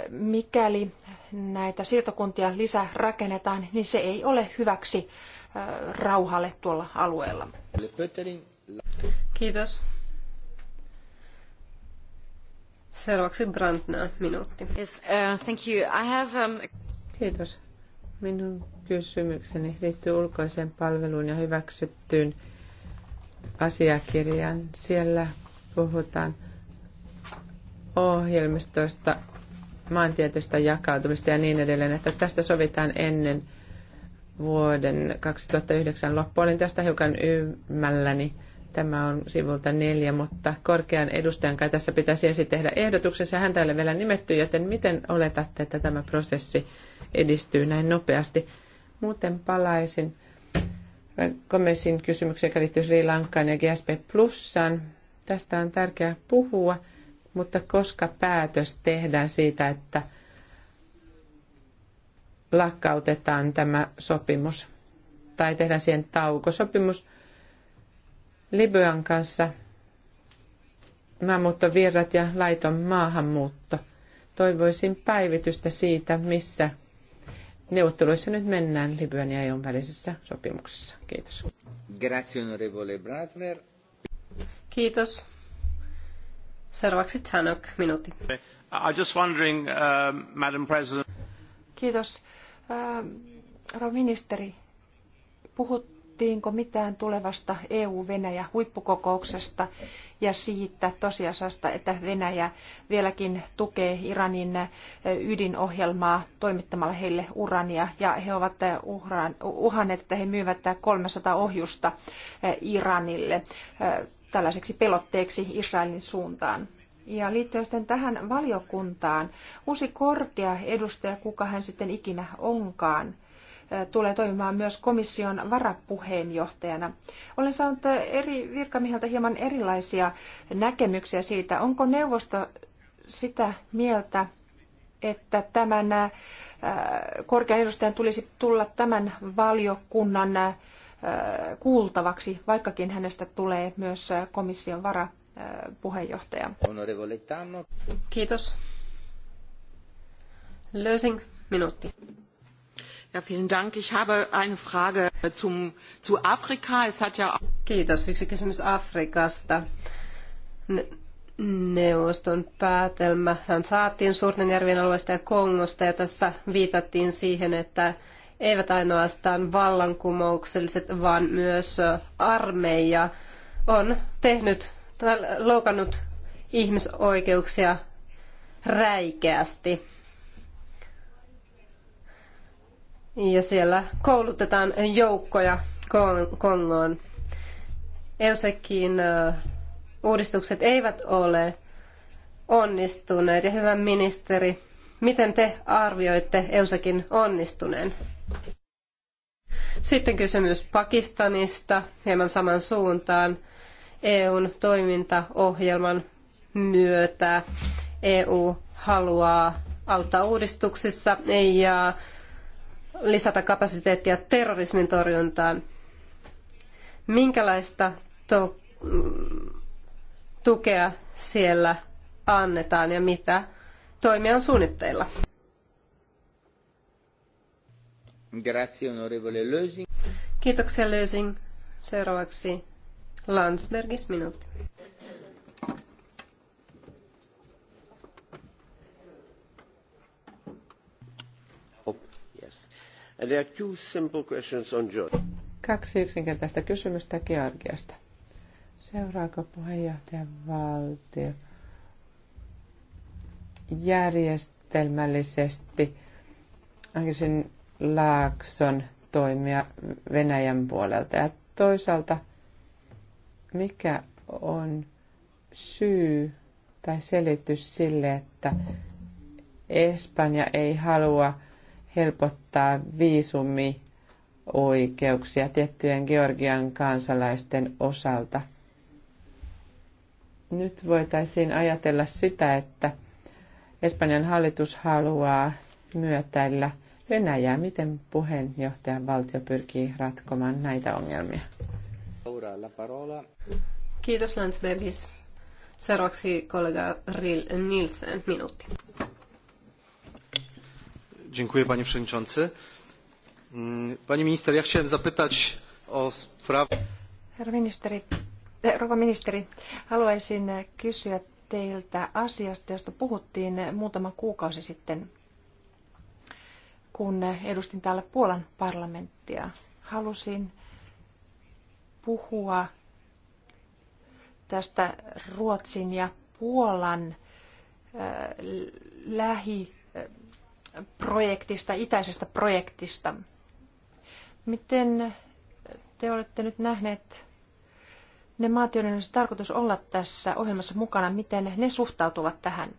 mikäli näitä siirtokuntia lisärakennetaan, niin se ei ole hyväksi rauhalle tuolla alueella. Kiitos. Seuraavaksi Brandner, minuutti. Yes, uh, thank you. I have, um... Kiitos. Minun kysymykseni liittyy ulkoiseen palveluun ja hyväksyttyyn asiakirjaan. Siellä puhutaan ohjelmistoista maantieteestä jakautumista ja niin edelleen, että tästä sovitaan ennen vuoden 2009 loppua. Olin tästä hiukan ymmälläni. Tämä on sivulta neljä, mutta korkean edustajan kai tässä pitäisi ensin tehdä ehdotuksensa. Hän täällä vielä nimetty, joten miten oletatte, että tämä prosessi edistyy näin nopeasti? Muuten palaisin Gomesin kysymykseen, joka liittyy Sri Lankaan ja GSP Plussaan. Tästä on tärkeää puhua. Mutta koska päätös tehdään siitä, että lakkautetaan tämä sopimus tai tehdään siihen tauko. Sopimus Libyan kanssa, maahanmuuttovirrat ja laiton maahanmuutto. Toivoisin päivitystä siitä, missä neuvotteluissa nyt mennään Libyan ja EUn välisessä sopimuksessa. Kiitos. Grazie, onorevole Bradner. Kiitos. Seuraavaksi Tanok, minuutti. I'm just wondering, uh, Madam President. Kiitos. uh, ministeri, puhuttiinko mitään tulevasta EU-Venäjä-huippukokouksesta ja siitä tosiasiasta, että Venäjä vieläkin tukee Iranin äh, ydinohjelmaa toimittamalla heille urania ja he ovat äh, uhanneet, että he myyvät 300 ohjusta äh, Iranille. Uh, tällaiseksi pelotteeksi Israelin suuntaan. Ja liittyen sitten tähän valiokuntaan, uusi korkea edustaja, kuka hän sitten ikinä onkaan, tulee toimimaan myös komission varapuheenjohtajana. Olen saanut eri virkamiehiltä hieman erilaisia näkemyksiä siitä, onko neuvosto sitä mieltä, että tämän korkean edustajan tulisi tulla tämän valiokunnan kuultavaksi, vaikkakin hänestä tulee myös komission varapuheenjohtaja. Kiitos. Lösing, minuutti. Ja, vielen Dank. Ich habe eine Frage zum, zu Afrika. Es hat ja... Kiitos. Yksi kysymys Afrikasta. Neuvoston päätelmä Hän saatiin Suurten järvien alueesta ja Kongosta ja tässä viitattiin siihen, että eivät ainoastaan vallankumoukselliset, vaan myös armeija on tehnyt tai loukannut ihmisoikeuksia räikeästi. Ja siellä koulutetaan joukkoja Kongoon. Eusekin uudistukset eivät ole onnistuneet. Ja hyvä ministeri, miten te arvioitte Eusekin onnistuneen? Sitten kysymys Pakistanista hieman saman suuntaan. EUn toimintaohjelman myötä EU haluaa auttaa uudistuksissa ja lisätä kapasiteettia terrorismin torjuntaan. Minkälaista tukea siellä annetaan ja mitä toimia on suunnitteilla? Grazie, onorevole Lösing. Kiitoksia Lösing. Seuraavaksi Landsbergis minuutti. Oh, there are two simple questions on Georgia. Kaksi yksinkertaista kysymystä Georgiasta. Seuraako puheenjohtajan valtio järjestelmällisesti Ankisin Laakson toimia Venäjän puolelta ja toisaalta mikä on syy tai selitys sille, että Espanja ei halua helpottaa viisumioikeuksia tiettyjen Georgian kansalaisten osalta. Nyt voitaisiin ajatella sitä, että Espanjan hallitus haluaa myötäillä – Venäjää. Miten puheenjohtajan valtio pyrkii ratkomaan näitä ongelmia? Kiitos Landsbergis. Seuraavaksi kollega Ril Nielsen, minuutti. Dziękuję panie przewodniczący. Mm, Pani minister, ja chciałem zapytać o sprawę... Herra ministeri, eh, rouva ministeri, haluaisin kysyä teiltä asiasta, josta puhuttiin muutama kuukausi sitten kun edustin täällä Puolan parlamenttia. Halusin puhua tästä Ruotsin ja Puolan lähiprojektista, itäisestä projektista. Miten te olette nyt nähneet ne maat, joiden olisi tarkoitus olla tässä ohjelmassa mukana, miten ne suhtautuvat tähän?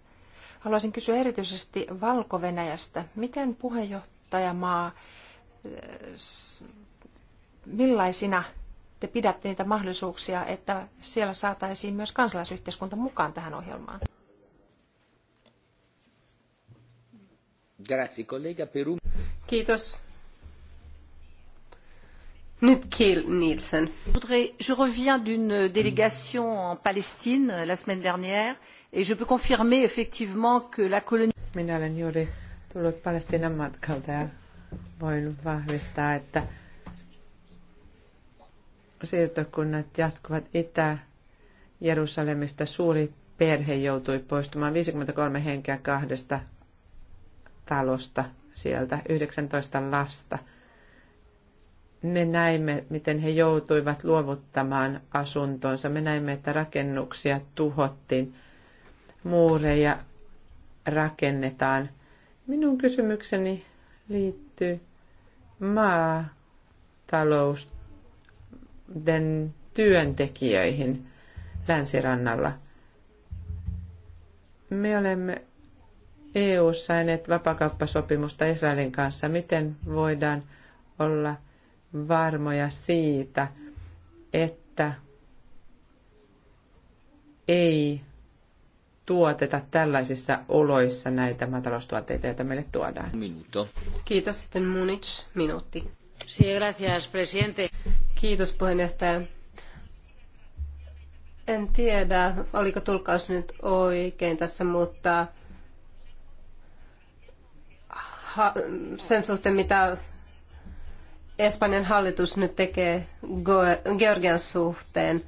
Haluaisin kysyä erityisesti Valko-Venäjästä. Miten puheenjohtajamaa, eh, millaisina te pidätte niitä mahdollisuuksia, että siellä saataisiin myös kansalaisyhteiskunta mukaan tähän ohjelmaan? Kiitos. Je reviens d'une délégation en Palestine euh, la semaine dernière et je peux confirmer effectivement que la colonie... Minä olen juuri tullut Palestinan matkalta ja voin vahvistaa, että siirtokunnat jatkuvat Itä-Jerusalemista. Suuri perhe joutui poistumaan 53 henkeä kahdesta talosta sieltä, 19 lasta – me näimme, miten he joutuivat luovuttamaan asuntonsa. Me näimme, että rakennuksia tuhottiin, muureja rakennetaan. Minun kysymykseni liittyy maatalouden työntekijöihin länsirannalla. Me olemme EU-saineet vapakauppasopimusta Israelin kanssa. Miten voidaan olla – varmoja siitä, että ei tuoteta tällaisissa oloissa näitä maataloustuotteita, joita meille tuodaan. Minuto. Kiitos sitten Munich, minuutti. Sí, gracias, presidente. Kiitos puheenjohtaja. En tiedä, oliko tulkaus nyt oikein tässä, mutta sen suhteen, mitä Espanjan hallitus nyt tekee Georgian suhteen.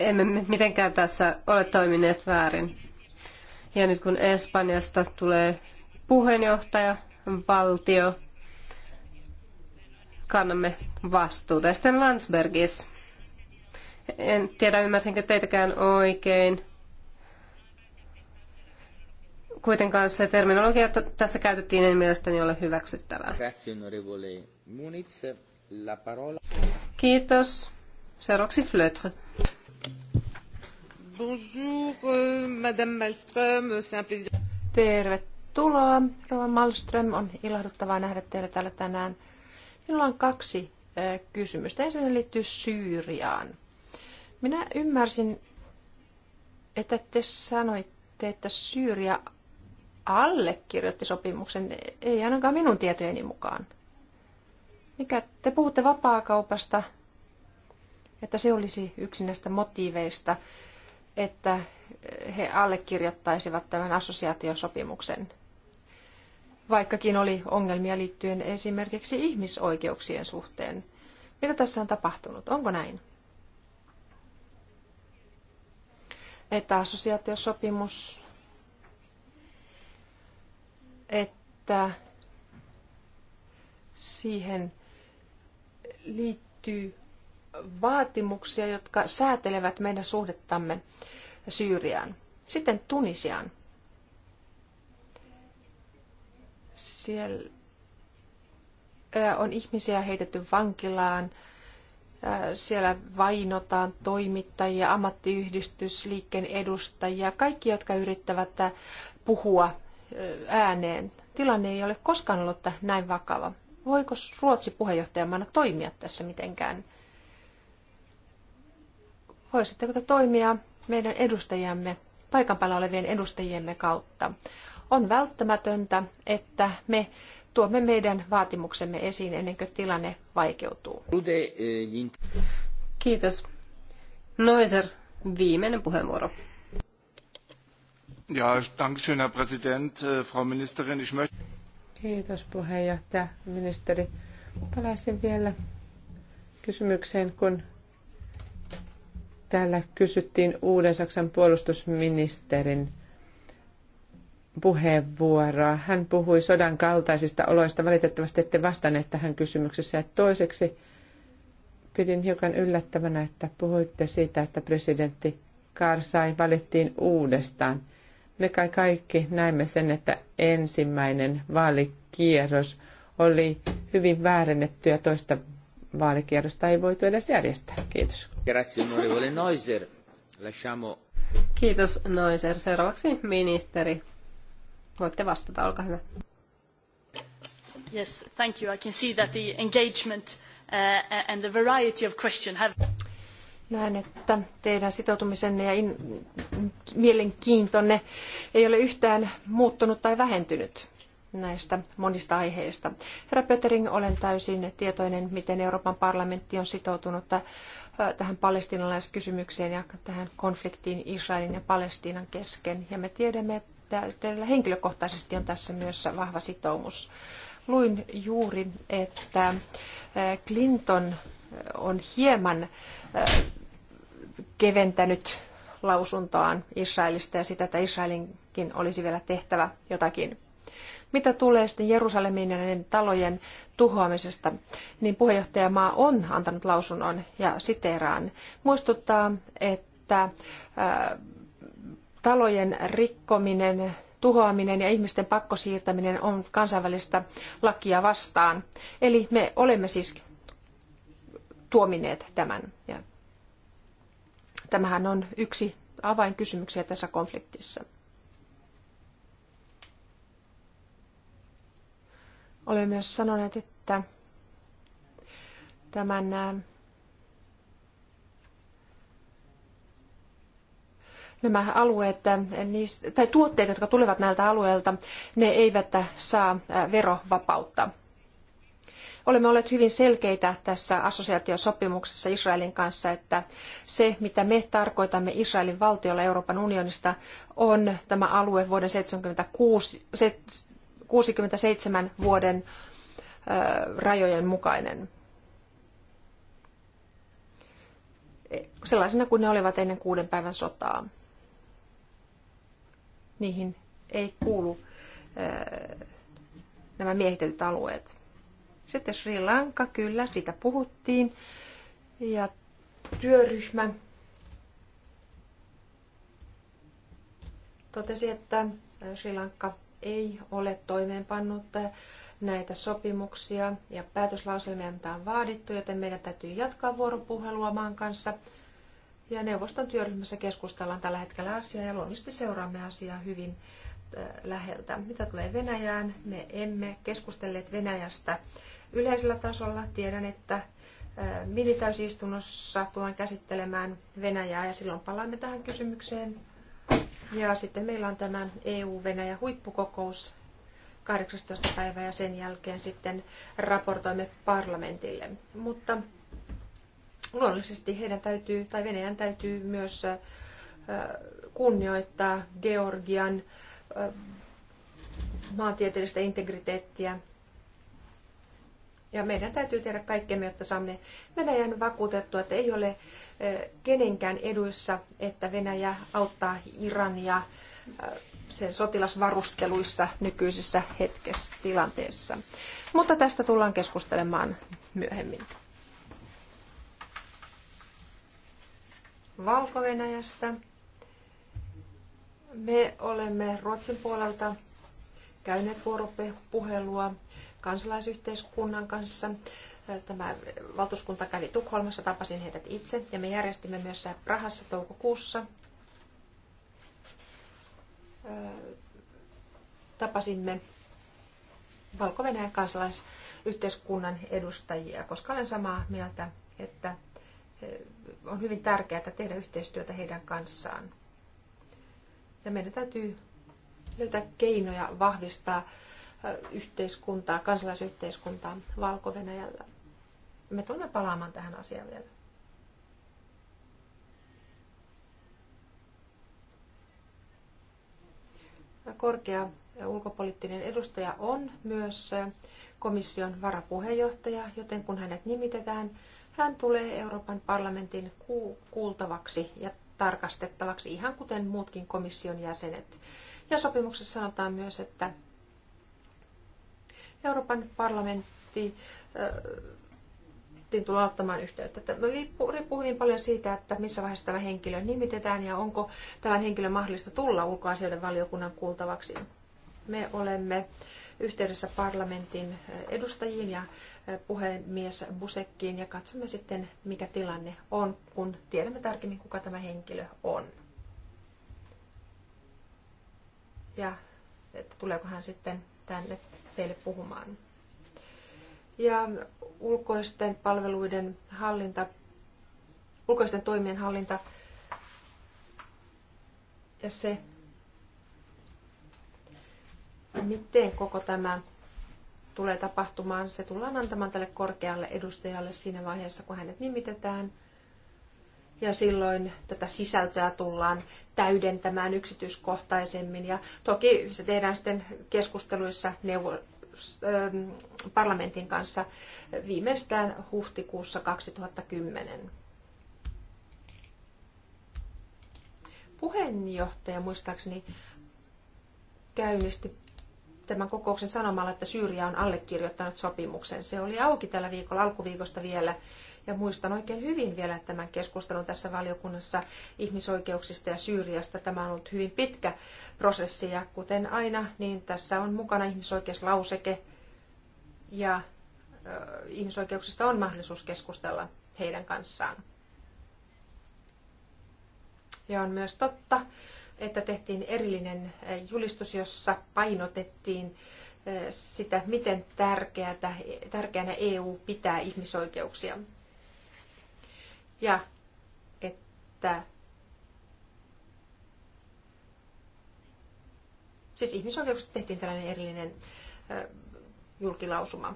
Emme mitenkään tässä ole toimineet väärin. Ja nyt kun Espanjasta tulee puheenjohtaja, valtio, kannamme vastuuta. Ja sitten Landsbergis. En tiedä, ymmärsinkö teitäkään oikein kuitenkaan se terminologia, jota tässä käytettiin, ei mielestäni ole hyväksyttävää. Kiitos. Seuraavaksi Flötre. Bonjour, euh, Madame Malmström, Tervetuloa, Rova Malmström. On ilahduttavaa nähdä teille täällä tänään. Minulla on kaksi kysymystä. Ensimmäinen liittyy Syyriaan. Minä ymmärsin, että te sanoitte, että Syyria allekirjoitti sopimuksen, ei ainakaan minun tietojeni mukaan. Mikä te puhutte vapaakaupasta, että se olisi yksi näistä motiiveista, että he allekirjoittaisivat tämän assosiaatiosopimuksen, vaikkakin oli ongelmia liittyen esimerkiksi ihmisoikeuksien suhteen. Mitä tässä on tapahtunut? Onko näin? Että assosiaatiosopimus että siihen liittyy vaatimuksia, jotka säätelevät meidän suhdettamme Syyriaan. Sitten Tunisiaan. Siellä on ihmisiä heitetty vankilaan, siellä vainotaan toimittajia, ammattiyhdistysliikkeen edustajia, kaikki, jotka yrittävät puhua ääneen. Tilanne ei ole koskaan ollut näin vakava. Voiko Ruotsi puheenjohtajamaana toimia tässä mitenkään? Voisitteko te toimia meidän edustajamme, paikan päällä olevien edustajiemme kautta? On välttämätöntä, että me tuomme meidän vaatimuksemme esiin ennen kuin tilanne vaikeutuu. Eh, Kiitos. Noiser, viimeinen puheenvuoro. Ja, Dankeschön, Herr Präsident, äh, Frau Ministerin. Ich möchte... Kiitos puheenjohtaja, ministeri. Palaisin vielä kysymykseen, kun täällä kysyttiin uuden Saksan puolustusministerin puheenvuoroa. Hän puhui sodan kaltaisista oloista. Valitettavasti ette vastanneet tähän kysymyksessä. Ja toiseksi pidin hiukan yllättävänä, että puhuitte siitä, että presidentti Karzai valittiin uudestaan – me kai kaikki näimme sen, että ensimmäinen vaalikierros oli hyvin väärennetty ja toista vaalikierrosta ei voitu edes järjestää. Kiitos. Noiser. Kiitos, Noiser. Seuraavaksi ministeri. Voitte vastata, olkaa hyvä. Yes, thank you. I can see that the engagement uh, and the variety of questions have... Näen, että teidän sitoutumisenne ja in, mielenkiintonne ei ole yhtään muuttunut tai vähentynyt näistä monista aiheista. Herra Pötering, olen täysin tietoinen, miten Euroopan parlamentti on sitoutunut äh, tähän palestinalaiskysymykseen ja tähän konfliktiin Israelin ja Palestiinan kesken. Ja me tiedämme, että teillä henkilökohtaisesti on tässä myös vahva sitoumus. Luin juuri, että äh, Clinton on hieman keventänyt lausuntoaan Israelista ja sitä, että Israelinkin olisi vielä tehtävä jotakin. Mitä tulee sitten Jerusalemin ja näiden talojen tuhoamisesta, niin puheenjohtajamaa on antanut lausunnon ja siteeraan. Muistuttaa, että äh, talojen rikkominen, tuhoaminen ja ihmisten pakkosiirtäminen on kansainvälistä lakia vastaan. Eli me olemme siis tuomineet tämän. Ja tämähän on yksi avainkysymyksiä tässä konfliktissa. Olen myös sanonut, että tämän nämä alueet tai tuotteet, jotka tulevat näiltä alueilta, ne eivät saa verovapautta. Olemme olleet hyvin selkeitä tässä assosiaatiosopimuksessa Israelin kanssa, että se, mitä me tarkoitamme Israelin valtiolla Euroopan unionista, on tämä alue vuoden 76, 67 vuoden rajojen mukainen. E, sellaisena kuin ne olivat ennen kuuden päivän sotaa. Niihin ei kuulu nämä miehitetyt alueet. Sitten Sri Lanka, kyllä, sitä puhuttiin. Ja työryhmä totesi, että Sri Lanka ei ole toimeenpannut näitä sopimuksia ja päätöslauselmia, mitä on vaadittu, joten meidän täytyy jatkaa vuoropuhelua maan kanssa. Ja neuvoston työryhmässä keskustellaan tällä hetkellä asiaa ja luonnollisesti seuraamme asiaa hyvin äh, läheltä. Mitä tulee Venäjään, me emme keskustelleet Venäjästä Yleisellä tasolla tiedän, että minitäysistunnossa tulen käsittelemään Venäjää ja silloin palaamme tähän kysymykseen. Ja sitten meillä on tämä EU-Venäjä huippukokous 18. päivä ja sen jälkeen sitten raportoimme parlamentille. Mutta luonnollisesti heidän täytyy, tai Venäjän täytyy myös kunnioittaa Georgian maantieteellistä integriteettiä ja meidän täytyy tehdä kaikkemme, jotta saamme Venäjän vakuutettua, että ei ole kenenkään eduissa, että Venäjä auttaa Irania sen sotilasvarusteluissa nykyisessä hetkessä tilanteessa. Mutta tästä tullaan keskustelemaan myöhemmin. Valko-Venäjästä. Me olemme Ruotsin puolelta käyneet vuoropuhelua kansalaisyhteiskunnan kanssa. Tämä valtuuskunta kävi Tukholmassa, tapasin heidät itse ja me järjestimme myös Prahassa toukokuussa. Tapasimme valko kansalaisyhteiskunnan edustajia, koska olen samaa mieltä, että on hyvin tärkeää tehdä yhteistyötä heidän kanssaan. Ja meidän täytyy löytää keinoja vahvistaa yhteiskuntaa, kansalaisyhteiskuntaa Valko-Venäjällä. Me tulemme palaamaan tähän asiaan vielä. Korkea ulkopoliittinen edustaja on myös komission varapuheenjohtaja, joten kun hänet nimitetään, hän tulee Euroopan parlamentin kuultavaksi ja tarkastettavaksi, ihan kuten muutkin komission jäsenet. Ja sopimuksessa sanotaan myös, että Euroopan parlamentti äh, tulee ottamaan yhteyttä. Tämä riippuu hyvin paljon siitä, että missä vaiheessa tämä henkilö nimitetään ja onko tämän henkilön mahdollista tulla ulkoasioiden valiokunnan kuultavaksi. Me olemme yhteydessä parlamentin äh, edustajiin ja äh, puhemies Busekkiin ja katsomme sitten, mikä tilanne on, kun tiedämme tarkemmin, kuka tämä henkilö on. Ja että tuleeko hän sitten tänne teille puhumaan. Ja ulkoisten palveluiden hallinta, ulkoisten toimien hallinta ja se, miten koko tämä tulee tapahtumaan, se tullaan antamaan tälle korkealle edustajalle siinä vaiheessa, kun hänet nimitetään – ja silloin tätä sisältöä tullaan täydentämään yksityiskohtaisemmin. Ja toki se tehdään sitten keskusteluissa neuvo- ähm, parlamentin kanssa viimeistään huhtikuussa 2010. Puheenjohtaja muistaakseni käynnisti tämän kokouksen sanomalla, että Syyria on allekirjoittanut sopimuksen. Se oli auki tällä viikolla, alkuviikosta vielä, ja muistan oikein hyvin vielä tämän keskustelun tässä valiokunnassa ihmisoikeuksista ja Syyriasta. Tämä on ollut hyvin pitkä prosessi ja kuten aina, niin tässä on mukana ihmisoikeuslauseke ja ihmisoikeuksista on mahdollisuus keskustella heidän kanssaan. Ja on myös totta, että tehtiin erillinen julistus, jossa painotettiin sitä, miten tärkeänä EU pitää ihmisoikeuksia ja että siis ihmisoikeuksista tehtiin tällainen erillinen ö, julkilausuma.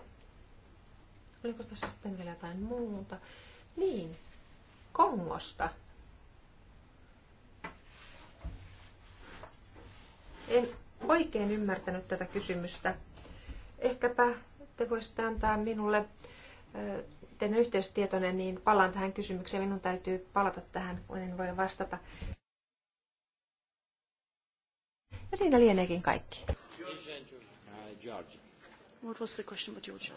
Oliko tässä sitten vielä jotain muuta? Niin, Kongosta. En oikein ymmärtänyt tätä kysymystä. Ehkäpä te voisitte antaa minulle ö, sitten yhteystietoinen, niin palaan tähän kysymykseen. Minun täytyy palata tähän, kun en voi vastata. Ja siinä lieneekin kaikki. What was the question about Georgia?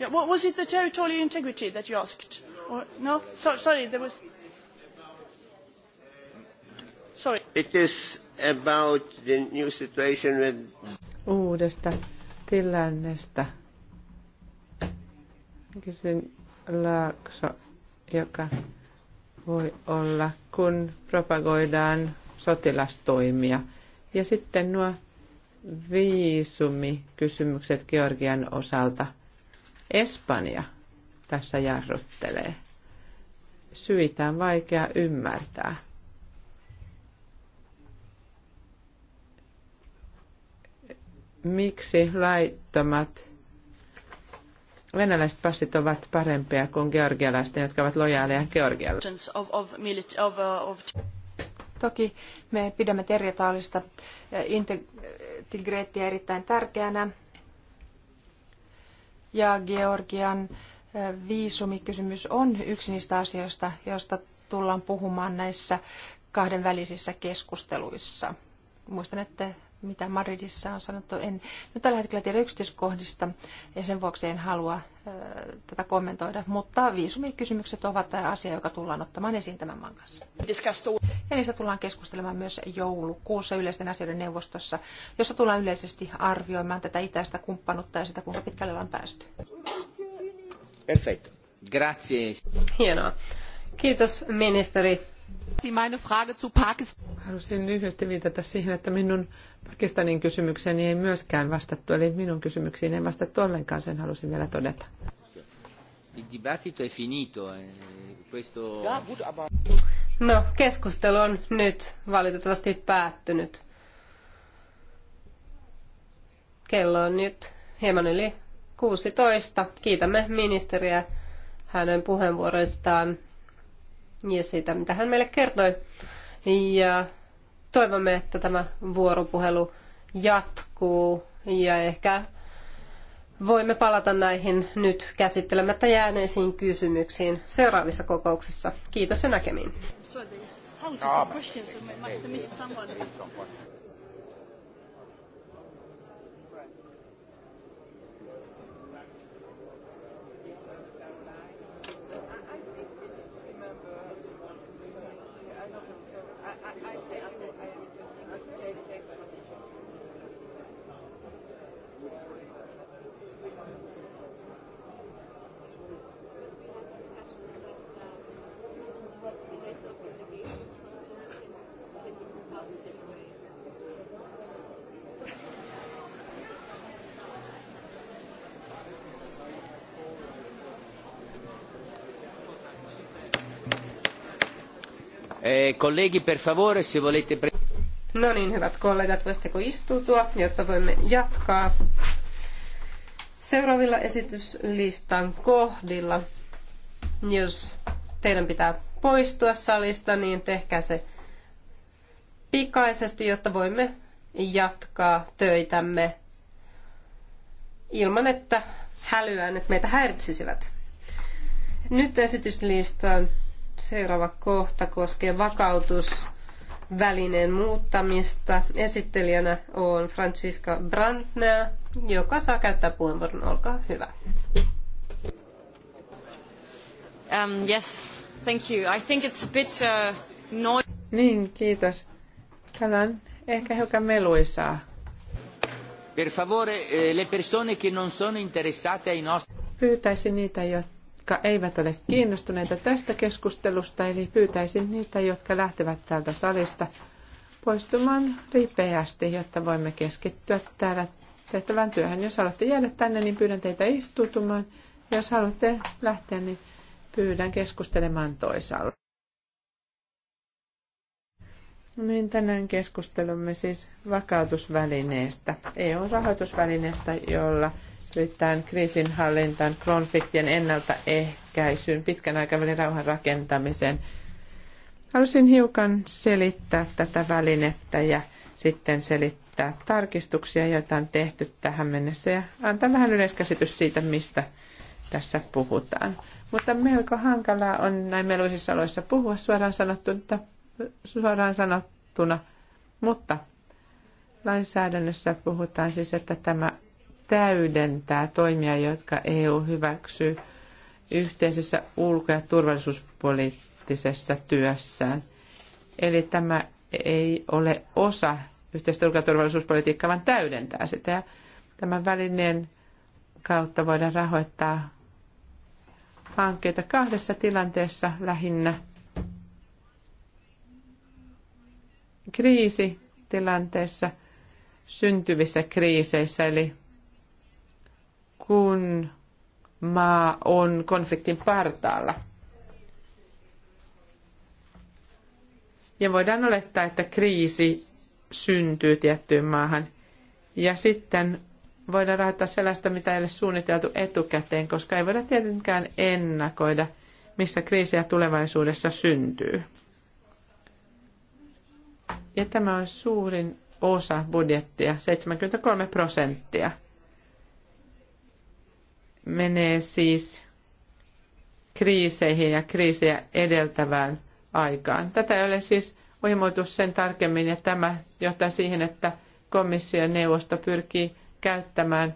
Yeah, what was it the territorial integrity that you asked? Or, no? So, sorry, there was... It is about the new situation with... Uudesta tilannesta. Kysyn laakso, joka voi olla, kun propagoidaan sotilastoimia. Ja sitten nuo viisumikysymykset Georgian osalta. Espanja tässä jarruttelee. Syitä on vaikea ymmärtää. miksi laittomat venäläiset passit ovat parempia kuin georgialaisten, jotka ovat lojaaleja Georgialle. Uh, Toki me pidämme territoriaalista eh, integreettiä erittäin tärkeänä. Ja Georgian eh, viisumikysymys on yksi niistä asioista, joista tullaan puhumaan näissä kahdenvälisissä keskusteluissa. Muistan, että mitä Madridissa on sanottu. En nyt tällä hetkellä tiedä yksityiskohdista ja sen vuoksi en halua tätä kommentoida, mutta viisumikysymykset ovat asia, joka tullaan ottamaan esiin tämän maan kanssa. Ja niistä tullaan keskustelemaan myös joulukuussa yleisten asioiden neuvostossa, jossa tullaan yleisesti arvioimaan tätä itäistä kumppanuutta ja sitä, kuinka pitkälle ollaan päästy. Perfetto. Grazie. Hienoa. Kiitos ministeri Haluaisin lyhyesti viitata siihen, että minun Pakistanin kysymykseeni ei myöskään vastattu, eli minun kysymyksiin ei vastattu ollenkaan, sen halusin vielä todeta. Eh, no, keskustelu on nyt valitettavasti päättynyt. Kello on nyt hieman yli 16. Kiitämme ministeriä hänen puheenvuoroistaan ja siitä, mitä hän meille kertoi. Ja toivomme, että tämä vuoropuhelu jatkuu ja ehkä voimme palata näihin nyt käsittelemättä jääneisiin kysymyksiin seuraavissa kokouksissa. Kiitos ja näkemiin. Colleghi, per favore, se volete... Pre- no niin, hyvät kollegat, voisitteko istutua, jotta voimme jatkaa seuraavilla esityslistan kohdilla. Jos teidän pitää poistua salista, niin tehkää se pikaisesti, jotta voimme jatkaa töitämme ilman, että hälyäänet meitä häiritsisivät. Nyt esityslistan Seuraava kohta koskee vakautusvälineen muuttamista. Esittelijänä on Francisca Brandner, joka saa käyttää puheenvuoron. Olkaa hyvä. Um, yes, thank you. I think it's a bit uh, no... Niin, kiitos. Täällä on ehkä hiukan meluisaa. Per favore, eh, le persone che non sono interessate ai nostri... Pyytäisin niitä, jotka jotka eivät ole kiinnostuneita tästä keskustelusta, eli pyytäisin niitä, jotka lähtevät täältä salista poistumaan ripeästi, jotta voimme keskittyä täällä tehtävään työhön. Jos haluatte jäädä tänne, niin pyydän teitä istuutumaan. Jos haluatte lähteä, niin pyydän keskustelemaan toisaalla. Niin tänään keskustelumme siis vakautusvälineestä, EU-rahoitusvälineestä, jolla pyritään kriisinhallintaan, konfliktien ennaltaehkäisyyn, pitkän aikavälin rauhan rakentamiseen. Haluaisin hiukan selittää tätä välinettä ja sitten selittää tarkistuksia, joita on tehty tähän mennessä ja antaa vähän yleiskäsitys siitä, mistä tässä puhutaan. Mutta melko hankalaa on näin meluisissa oloissa puhua suoraan sanottuna, suoraan sanottuna mutta lainsäädännössä puhutaan siis, että tämä täydentää toimia, jotka EU hyväksyy yhteisessä ulko- ja turvallisuuspoliittisessa työssään. Eli tämä ei ole osa yhteistä ulko- ja turvallisuuspolitiikkaa, vaan täydentää sitä. Ja tämän välineen kautta voidaan rahoittaa hankkeita kahdessa tilanteessa lähinnä. Kriisitilanteessa, syntyvissä kriiseissä, eli kun maa on konfliktin partaalla. Ja voidaan olettaa, että kriisi syntyy tiettyyn maahan. Ja sitten voidaan rahoittaa sellaista, mitä ei ole suunniteltu etukäteen, koska ei voida tietenkään ennakoida, missä kriisiä tulevaisuudessa syntyy. Ja tämä on suurin osa budjettia, 73 prosenttia menee siis kriiseihin ja kriisejä edeltävään aikaan. Tätä ei ole siis ilmoitu sen tarkemmin ja tämä johtaa siihen, että komission neuvosto pyrkii käyttämään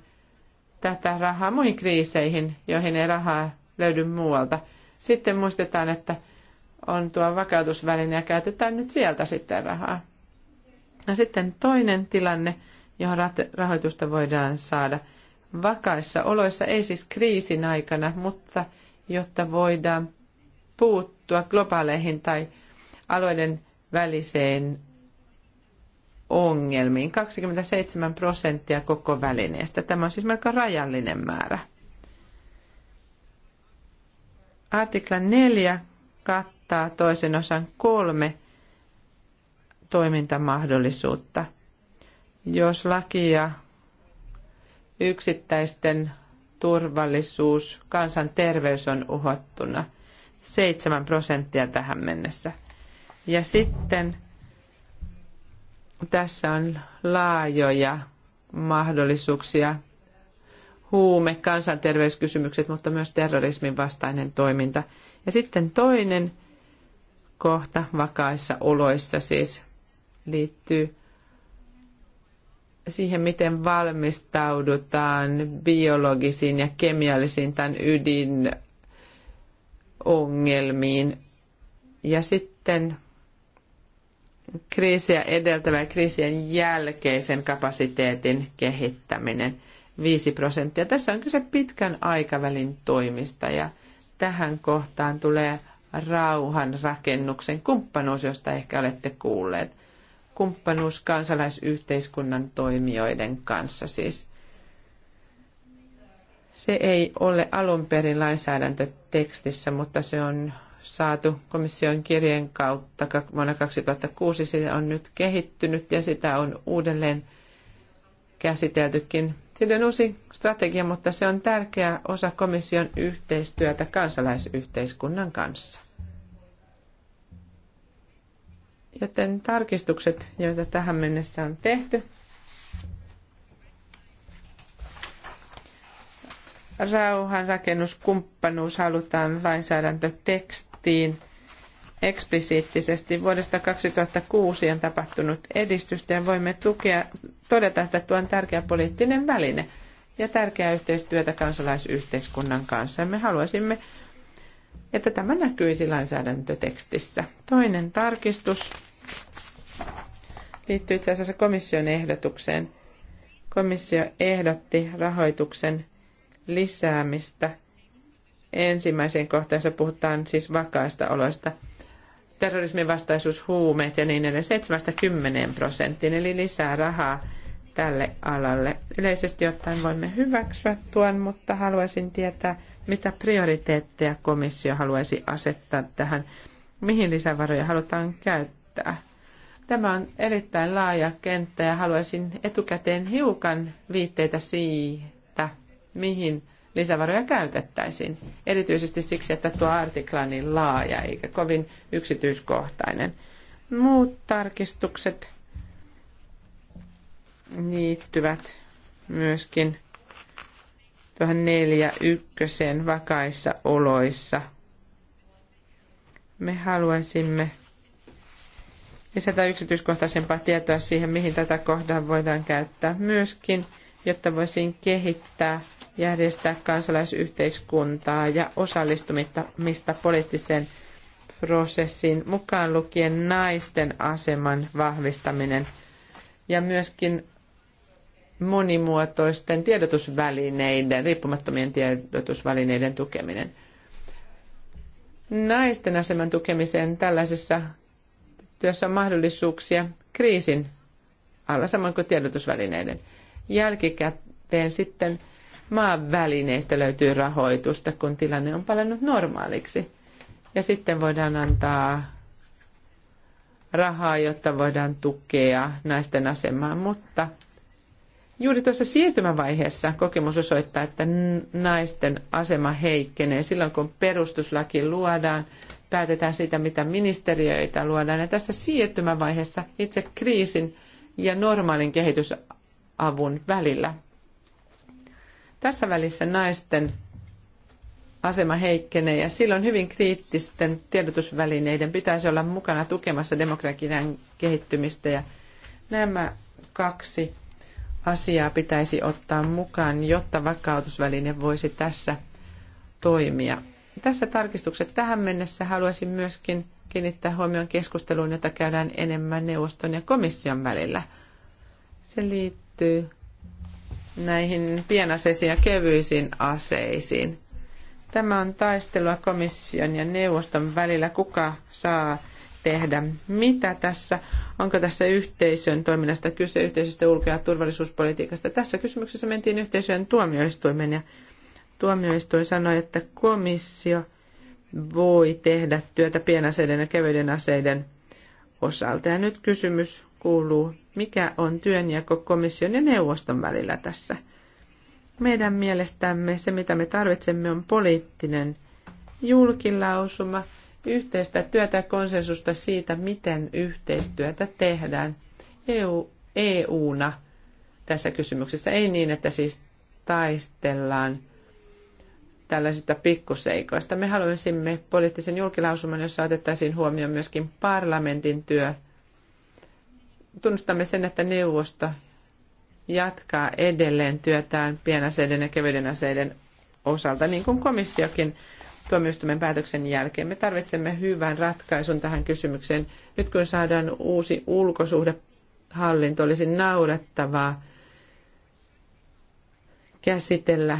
tätä rahaa muihin kriiseihin, joihin ei rahaa löydy muualta. Sitten muistetaan, että on tuo vakautusväline ja käytetään nyt sieltä sitten rahaa. Ja sitten toinen tilanne, johon rahoitusta voidaan saada – vakaissa oloissa, ei siis kriisin aikana, mutta jotta voidaan puuttua globaaleihin tai alueiden väliseen ongelmiin. 27 prosenttia koko välineestä. Tämä on siis melko rajallinen määrä. Artikla 4 kattaa toisen osan kolme toimintamahdollisuutta. Jos lakia yksittäisten turvallisuus, kansanterveys on uhottuna. 7 prosenttia tähän mennessä. Ja sitten tässä on laajoja mahdollisuuksia huume, kansanterveyskysymykset, mutta myös terrorismin vastainen toiminta. Ja sitten toinen kohta vakaissa oloissa siis liittyy siihen, miten valmistaudutaan biologisiin ja kemiallisiin tämän ongelmiin. Ja sitten kriisiä edeltävän ja kriisien jälkeisen kapasiteetin kehittäminen 5 prosenttia. Tässä on kyse pitkän aikavälin toimista ja tähän kohtaan tulee rauhan rakennuksen kumppanuus, josta ehkä olette kuulleet kumppanuus kansalaisyhteiskunnan toimijoiden kanssa siis. Se ei ole alun perin lainsäädäntötekstissä, mutta se on saatu komission kirjeen kautta vuonna 2006. Se on nyt kehittynyt ja sitä on uudelleen käsiteltykin. Sillä on uusi strategia, mutta se on tärkeä osa komission yhteistyötä kansalaisyhteiskunnan kanssa. Joten tarkistukset, joita tähän mennessä on tehty, rakennuskumppanuus halutaan lainsäädäntötekstiin eksplisiittisesti. Vuodesta 2006 on tapahtunut edistystä ja voimme tukea, todeta, että tuo on tärkeä poliittinen väline ja tärkeää yhteistyötä kansalaisyhteiskunnan kanssa. Me haluaisimme, että tämä näkyisi lainsäädäntötekstissä. Toinen tarkistus liittyy itse asiassa komission ehdotukseen. Komissio ehdotti rahoituksen lisäämistä. Ensimmäiseen kohtaansa puhutaan siis vakaista oloista. Terrorismin vastaisuus, huumeet ja niin edelleen 70 prosenttiin, eli lisää rahaa tälle alalle. Yleisesti ottaen voimme hyväksyä tuon, mutta haluaisin tietää, mitä prioriteetteja komissio haluaisi asettaa tähän, mihin lisävaroja halutaan käyttää käyttää. Tämä on erittäin laaja kenttä ja haluaisin etukäteen hiukan viitteitä siitä, mihin lisävaroja käytettäisiin. Erityisesti siksi, että tuo artikla on niin laaja eikä kovin yksityiskohtainen. Muut tarkistukset liittyvät myöskin tuohon neljä ykköseen vakaissa oloissa. Me haluaisimme lisätä yksityiskohtaisempaa tietoa siihen, mihin tätä kohtaa voidaan käyttää myöskin, jotta voisin kehittää, järjestää kansalaisyhteiskuntaa ja osallistumista poliittiseen prosessiin, mukaan lukien naisten aseman vahvistaminen ja myöskin monimuotoisten tiedotusvälineiden, riippumattomien tiedotusvälineiden tukeminen. Naisten aseman tukemiseen tällaisessa työssä on mahdollisuuksia kriisin alla, samoin kuin tiedotusvälineiden. Jälkikäteen sitten maan välineistä löytyy rahoitusta, kun tilanne on palannut normaaliksi. Ja sitten voidaan antaa rahaa, jotta voidaan tukea naisten asemaa, mutta – Juuri tuossa siirtymävaiheessa kokemus osoittaa, että naisten asema heikkenee silloin, kun perustuslaki luodaan, päätetään siitä, mitä ministeriöitä luodaan. Ja tässä siirtymävaiheessa itse kriisin ja normaalin kehitysavun välillä. Tässä välissä naisten asema heikkenee ja silloin hyvin kriittisten tiedotusvälineiden pitäisi olla mukana tukemassa demokratian kehittymistä ja nämä kaksi asiaa pitäisi ottaa mukaan, jotta vakautusväline voisi tässä toimia. Tässä tarkistukset tähän mennessä haluaisin myöskin kiinnittää huomioon keskusteluun, jota käydään enemmän neuvoston ja komission välillä. Se liittyy näihin pienaseisiin ja kevyisiin aseisiin. Tämä on taistelua komission ja neuvoston välillä, kuka saa tehdä. Mitä tässä, onko tässä yhteisön toiminnasta kyse, yhteisestä ulko- ja turvallisuuspolitiikasta? Tässä kysymyksessä mentiin yhteisön tuomioistuimen ja tuomioistuin sanoi, että komissio voi tehdä työtä pienaseiden ja kevyiden aseiden osalta. Ja nyt kysymys kuuluu, mikä on työnjako komission ja neuvoston välillä tässä? Meidän mielestämme se, mitä me tarvitsemme, on poliittinen julkilausuma – yhteistä työtä ja konsensusta siitä, miten yhteistyötä tehdään EU, EU-na tässä kysymyksessä. Ei niin, että siis taistellaan tällaisista pikkuseikoista. Me haluaisimme poliittisen julkilausuman, jossa otettaisiin huomioon myöskin parlamentin työ. Tunnustamme sen, että neuvosto jatkaa edelleen työtään pienaseiden ja kevyiden aseiden osalta, niin kuin komissiokin tuomioistuimen päätöksen jälkeen. Me tarvitsemme hyvän ratkaisun tähän kysymykseen. Nyt kun saadaan uusi ulkosuhdehallinto, olisi naurettavaa käsitellä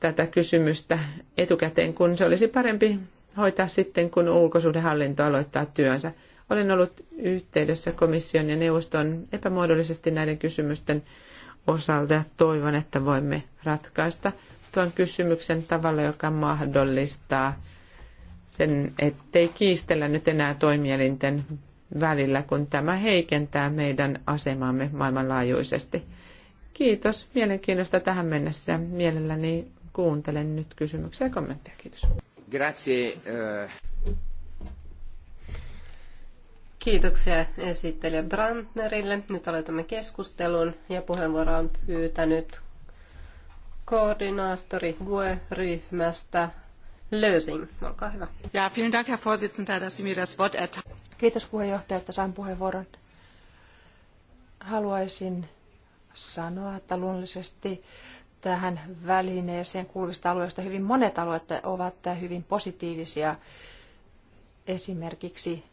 tätä kysymystä etukäteen, kun se olisi parempi hoitaa sitten, kun ulkosuhdehallinto aloittaa työnsä. Olen ollut yhteydessä komission ja neuvoston epämuodollisesti näiden kysymysten osalta ja toivon, että voimme ratkaista tuon kysymyksen tavalla, joka mahdollistaa sen, ettei kiistellä nyt enää toimielinten välillä, kun tämä heikentää meidän asemamme maailmanlaajuisesti. Kiitos mielenkiinnosta tähän mennessä. Mielelläni kuuntelen nyt kysymyksiä ja kommentteja. Kiitos. Grazie. Eh. Kiitoksia esittelijä Brandnerille. Nyt aloitamme keskustelun ja puheenvuoro on pyytänyt koordinaattori GUE-ryhmästä Lösing. Olkaa hyvä. Ja, vielen Dank, Herr Vorsitzender, dass Sie mir das Wort erteilen. Kiitos puheenjohtaja, että sain puheenvuoron. Haluaisin sanoa, että luonnollisesti tähän välineeseen kuuluvista alueista hyvin monet alueet ovat hyvin positiivisia. Esimerkiksi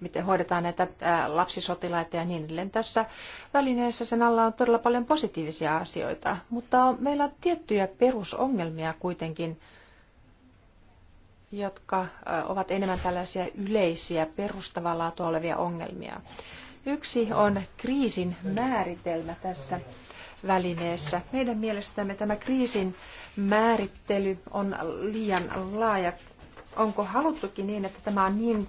miten hoidetaan näitä lapsisotilaita ja niin edelleen. Tässä välineessä sen alla on todella paljon positiivisia asioita, mutta meillä on tiettyjä perusongelmia kuitenkin, jotka ovat enemmän tällaisia yleisiä perustavaa laatua olevia ongelmia. Yksi on kriisin määritelmä tässä välineessä. Meidän mielestämme tämä kriisin määrittely on liian laaja onko haluttukin niin, että tämä on niin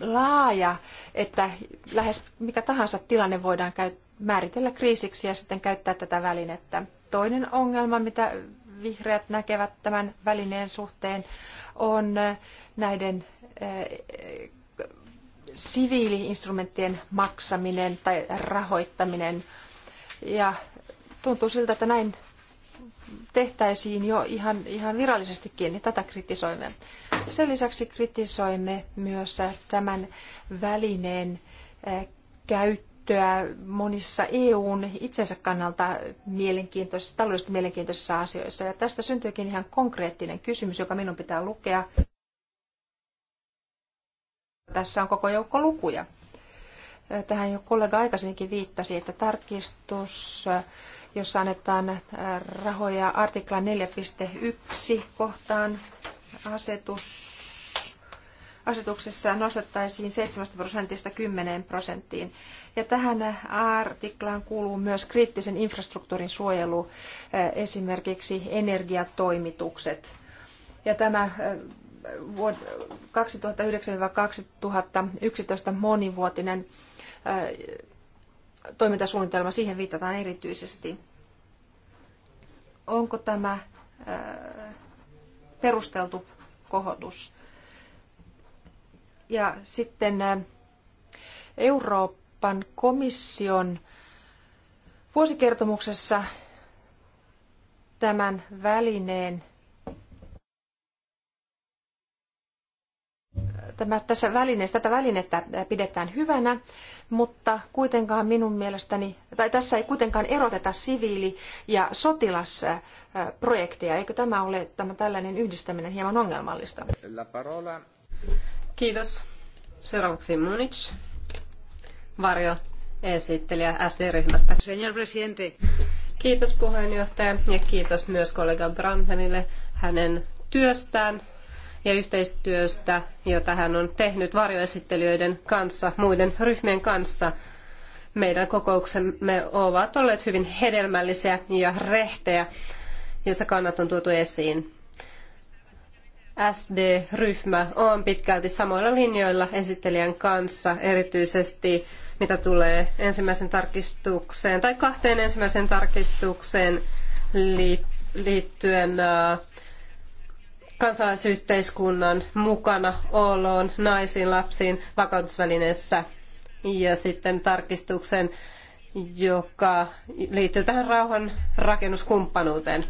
laaja, että lähes mikä tahansa tilanne voidaan määritellä kriisiksi ja sitten käyttää tätä välinettä. Toinen ongelma, mitä vihreät näkevät tämän välineen suhteen, on näiden eh, siviiliinstrumenttien maksaminen tai rahoittaminen. Ja tuntuu siltä, että näin tehtäisiin jo ihan, ihan virallisestikin, niin tätä kritisoimme. Sen lisäksi kritisoimme myös tämän välineen eh, käyttöä monissa EUn itsensä kannalta mielenkiintoisissa, taloudellisesti mielenkiintoisissa asioissa. Ja tästä syntyykin ihan konkreettinen kysymys, joka minun pitää lukea. Tässä on koko joukko lukuja. Tähän jo kollega aikaisemminkin viittasi, että tarkistus jossa annetaan äh, rahoja artikla 4.1 kohtaan asetus asetuksessa nostettaisiin 7 prosentista 10 prosenttiin. Ja tähän äh, artiklaan kuuluu myös kriittisen infrastruktuurin suojelu, äh, esimerkiksi energiatoimitukset. Ja tämä 2009-2011 monivuotinen toimintasuunnitelma, siihen viitataan erityisesti. Onko tämä perusteltu kohotus? Ja sitten Euroopan komission vuosikertomuksessa tämän välineen tämä, tässä välineessä, tätä välinettä pidetään hyvänä, mutta kuitenkaan minun mielestäni, tai tässä ei kuitenkaan eroteta siviili- ja sotilasprojekteja. Eikö tämä ole tämä tällainen yhdistäminen hieman ongelmallista? Kiitos. Seuraavaksi Munich, varjo esittelijä SD-ryhmästä. Señor presidente. Kiitos puheenjohtaja ja kiitos myös kollega Brandmanille hänen työstään ja yhteistyöstä, jota hän on tehnyt varjoesittelijöiden kanssa, muiden ryhmien kanssa. Meidän kokouksemme ovat olleet hyvin hedelmällisiä ja rehtejä, jossa kannat on tuotu esiin. SD-ryhmä on pitkälti samoilla linjoilla esittelijän kanssa, erityisesti mitä tulee ensimmäisen tarkistukseen tai kahteen ensimmäisen tarkistukseen liittyen äh, kansalaisyhteiskunnan mukana oloon naisiin, lapsiin vakautusvälineessä ja sitten tarkistuksen, joka liittyy tähän rauhan rakennuskumppanuuteen.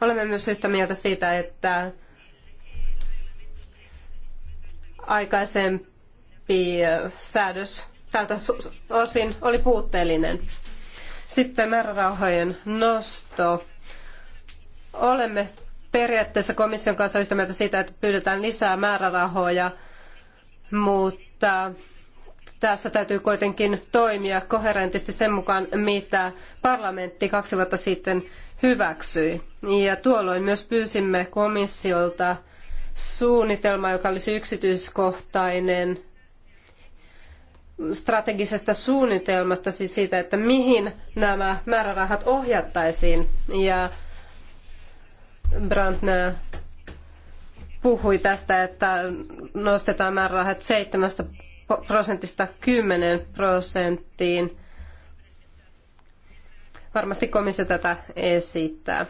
Olemme myös yhtä mieltä siitä, että aikaisempi säädös tältä osin oli puutteellinen. Sitten määrärahojen nosto. Olemme periaatteessa komission kanssa yhtä mieltä siitä, että pyydetään lisää määrärahoja, mutta tässä täytyy kuitenkin toimia koherentisti sen mukaan, mitä parlamentti kaksi vuotta sitten hyväksyi. Ja tuolloin myös pyysimme komissiolta suunnitelmaa, joka olisi yksityiskohtainen strategisesta suunnitelmasta, siis siitä, että mihin nämä määrärahat ohjattaisiin. Ja Brandner puhui tästä, että nostetaan määrärahat 7 prosentista 10 prosenttiin. Varmasti komissio tätä esittää.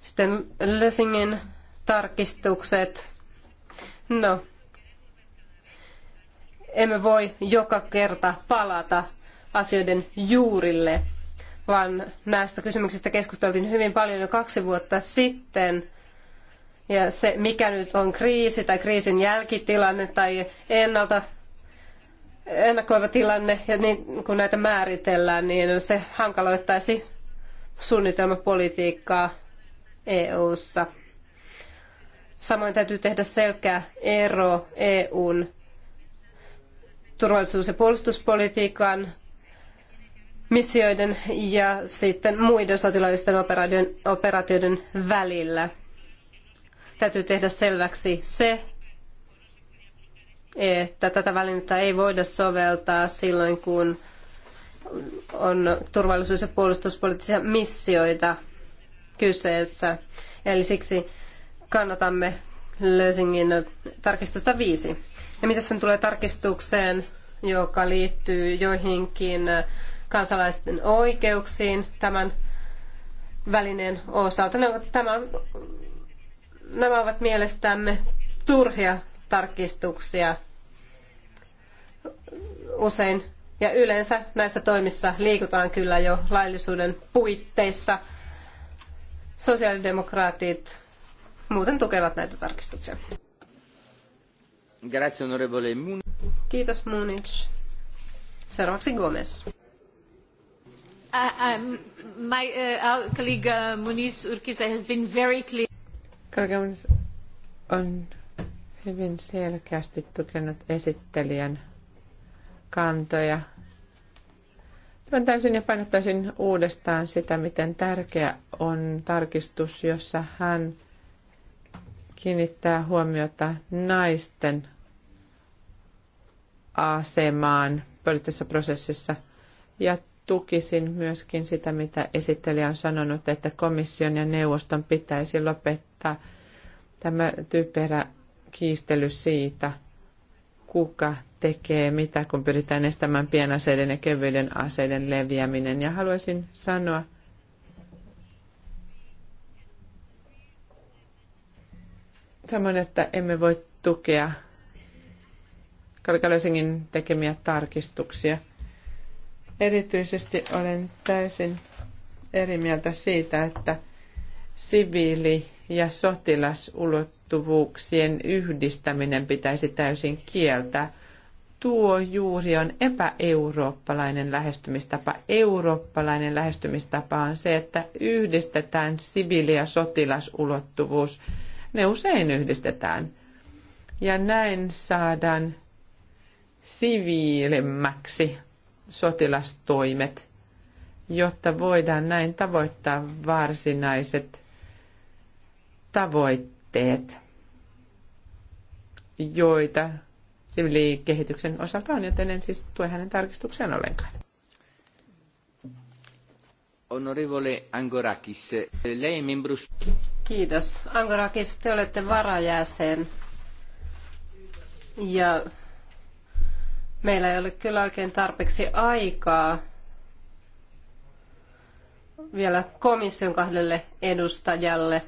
Sitten Lösingin tarkistukset. No, emme voi joka kerta palata asioiden juurille vaan näistä kysymyksistä keskusteltiin hyvin paljon jo kaksi vuotta sitten. Ja se, mikä nyt on kriisi tai kriisin jälkitilanne tai ennalta ennakoiva tilanne, ja niin, kun näitä määritellään, niin se hankaloittaisi suunnitelmapolitiikkaa EU:ssa. Samoin täytyy tehdä selkeä ero EUn turvallisuus- ja puolustuspolitiikan missioiden ja sitten muiden sotilaallisten operaatioiden, operaatioiden välillä. Täytyy tehdä selväksi se, että tätä välinettä ei voida soveltaa silloin, kun on turvallisuus- ja puolustuspoliittisia missioita kyseessä. Eli siksi kannatamme Lösingin tarkistusta viisi. Ja mitä sen tulee tarkistukseen, joka liittyy joihinkin kansalaisten oikeuksiin tämän välineen osalta. Tämä, nämä ovat mielestämme turhia tarkistuksia usein ja yleensä näissä toimissa liikutaan kyllä jo laillisuuden puitteissa. Sosiaalidemokraatit muuten tukevat näitä tarkistuksia. Grazie, Kiitos, Munic. Seuraavaksi Gomez. Uh, um, my uh, colleague uh, Muniz Urquiza has been very clear. Kokemus on hyvin selkeästi tukenut esittelijän kantoja. Tämän täysin ja painottaisin uudestaan sitä, miten tärkeä on tarkistus, jossa hän kiinnittää huomiota naisten asemaan poliittisessa prosessissa ja tukisin myöskin sitä, mitä esittelijä on sanonut, että komission ja neuvoston pitäisi lopettaa tämä typerä kiistely siitä, kuka tekee mitä, kun pyritään estämään pienaseiden ja kevyiden aseiden leviäminen. Ja haluaisin sanoa, samoin, että emme voi tukea Kalkalösingin tekemiä tarkistuksia – Erityisesti olen täysin eri mieltä siitä, että siviili- ja sotilasulottuvuuksien yhdistäminen pitäisi täysin kieltää. Tuo juuri on epäeurooppalainen lähestymistapa. Eurooppalainen lähestymistapa on se, että yhdistetään siviili- ja sotilasulottuvuus. Ne usein yhdistetään. Ja näin saadaan siviilimmäksi sotilastoimet, jotta voidaan näin tavoittaa varsinaiset tavoitteet, joita siviilikehityksen osalta on, joten en siis tue hänen tarkistukseen ollenkaan. Onorevole Angorakis, lei Kiitos. Angorakis, te olette varajäsen ja Meillä ei ole kyllä oikein tarpeeksi aikaa vielä komission kahdelle edustajalle,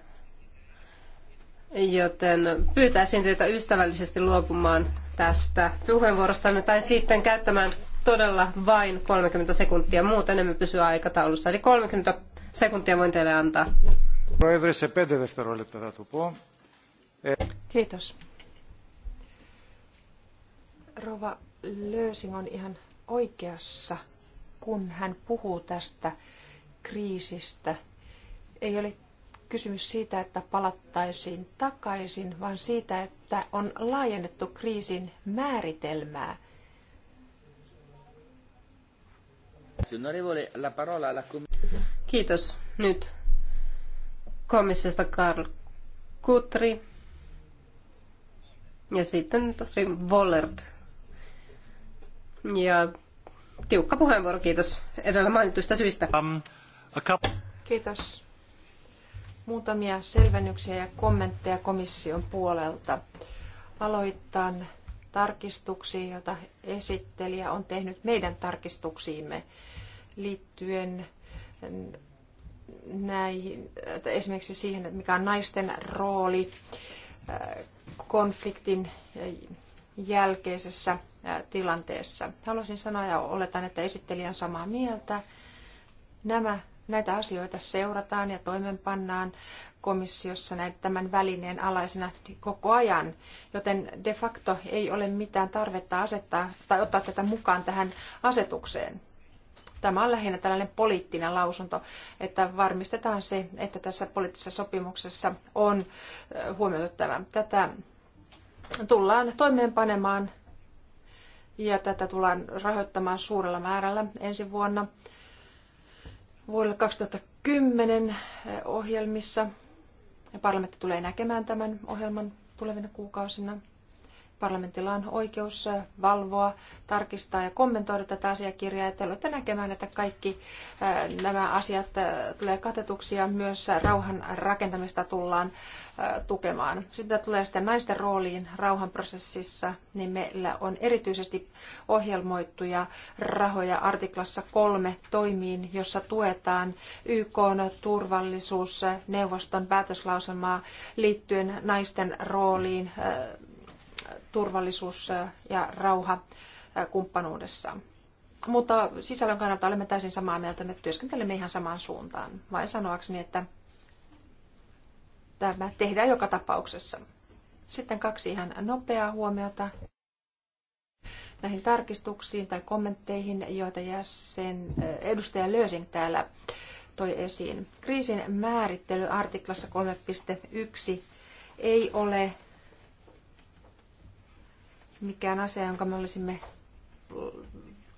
joten pyytäisin teitä ystävällisesti luopumaan tästä puheenvuorostanne tai sitten käyttämään todella vain 30 sekuntia, muuten emme pysy aikataulussa. Eli 30 sekuntia voin teille antaa. Kiitos. Rova Lösing on ihan oikeassa, kun hän puhuu tästä kriisistä. Ei ole kysymys siitä, että palattaisiin takaisin, vaan siitä, että on laajennettu kriisin määritelmää. Kiitos. Nyt komissiosta Karl Kutri ja sitten tosi Vollert ja tiukka puheenvuoro, kiitos edellä mainituista syistä. Um, Kiitos. Muutamia selvennyksiä ja kommentteja komission puolelta. Aloitan tarkistuksiin, joita esittelijä on tehnyt meidän tarkistuksiimme liittyen näihin, esimerkiksi siihen, mikä on naisten rooli äh, konfliktin äh, jälkeisessä tilanteessa. Haluaisin sanoa ja oletan, että esittelijän samaa mieltä. Nämä, näitä asioita seurataan ja toimenpannaan komissiossa näin, tämän välineen alaisena koko ajan, joten de facto ei ole mitään tarvetta asettaa tai ottaa tätä mukaan tähän asetukseen. Tämä on lähinnä tällainen poliittinen lausunto, että varmistetaan se, että tässä poliittisessa sopimuksessa on huomioitu Tätä tullaan toimeenpanemaan ja tätä tullaan rahoittamaan suurella määrällä ensi vuonna vuodelle 2010 eh, ohjelmissa. Ja parlamentti tulee näkemään tämän ohjelman tulevina kuukausina. Parlamentilla on oikeus äh, valvoa, tarkistaa ja kommentoida tätä asiakirjaa. Ja te olette näkemään, että kaikki äh, nämä asiat äh, tulee katetuksi ja myös rauhan rakentamista tullaan tukemaan. Sitä tulee sitten naisten rooliin rauhanprosessissa, niin meillä on erityisesti ohjelmoittuja rahoja artiklassa kolme toimiin, jossa tuetaan YK turvallisuusneuvoston päätöslauselmaa liittyen naisten rooliin turvallisuus ja rauha kumppanuudessa. Mutta sisällön kannalta olemme täysin samaa mieltä, me työskentelemme ihan samaan suuntaan. Vain sanoakseni, että tämä tehdään joka tapauksessa. Sitten kaksi ihan nopeaa huomiota näihin tarkistuksiin tai kommentteihin, joita jäsen, edustaja Löysin täällä toi esiin. Kriisin määrittely artiklassa 3.1 ei ole mikään asia, jonka me olisimme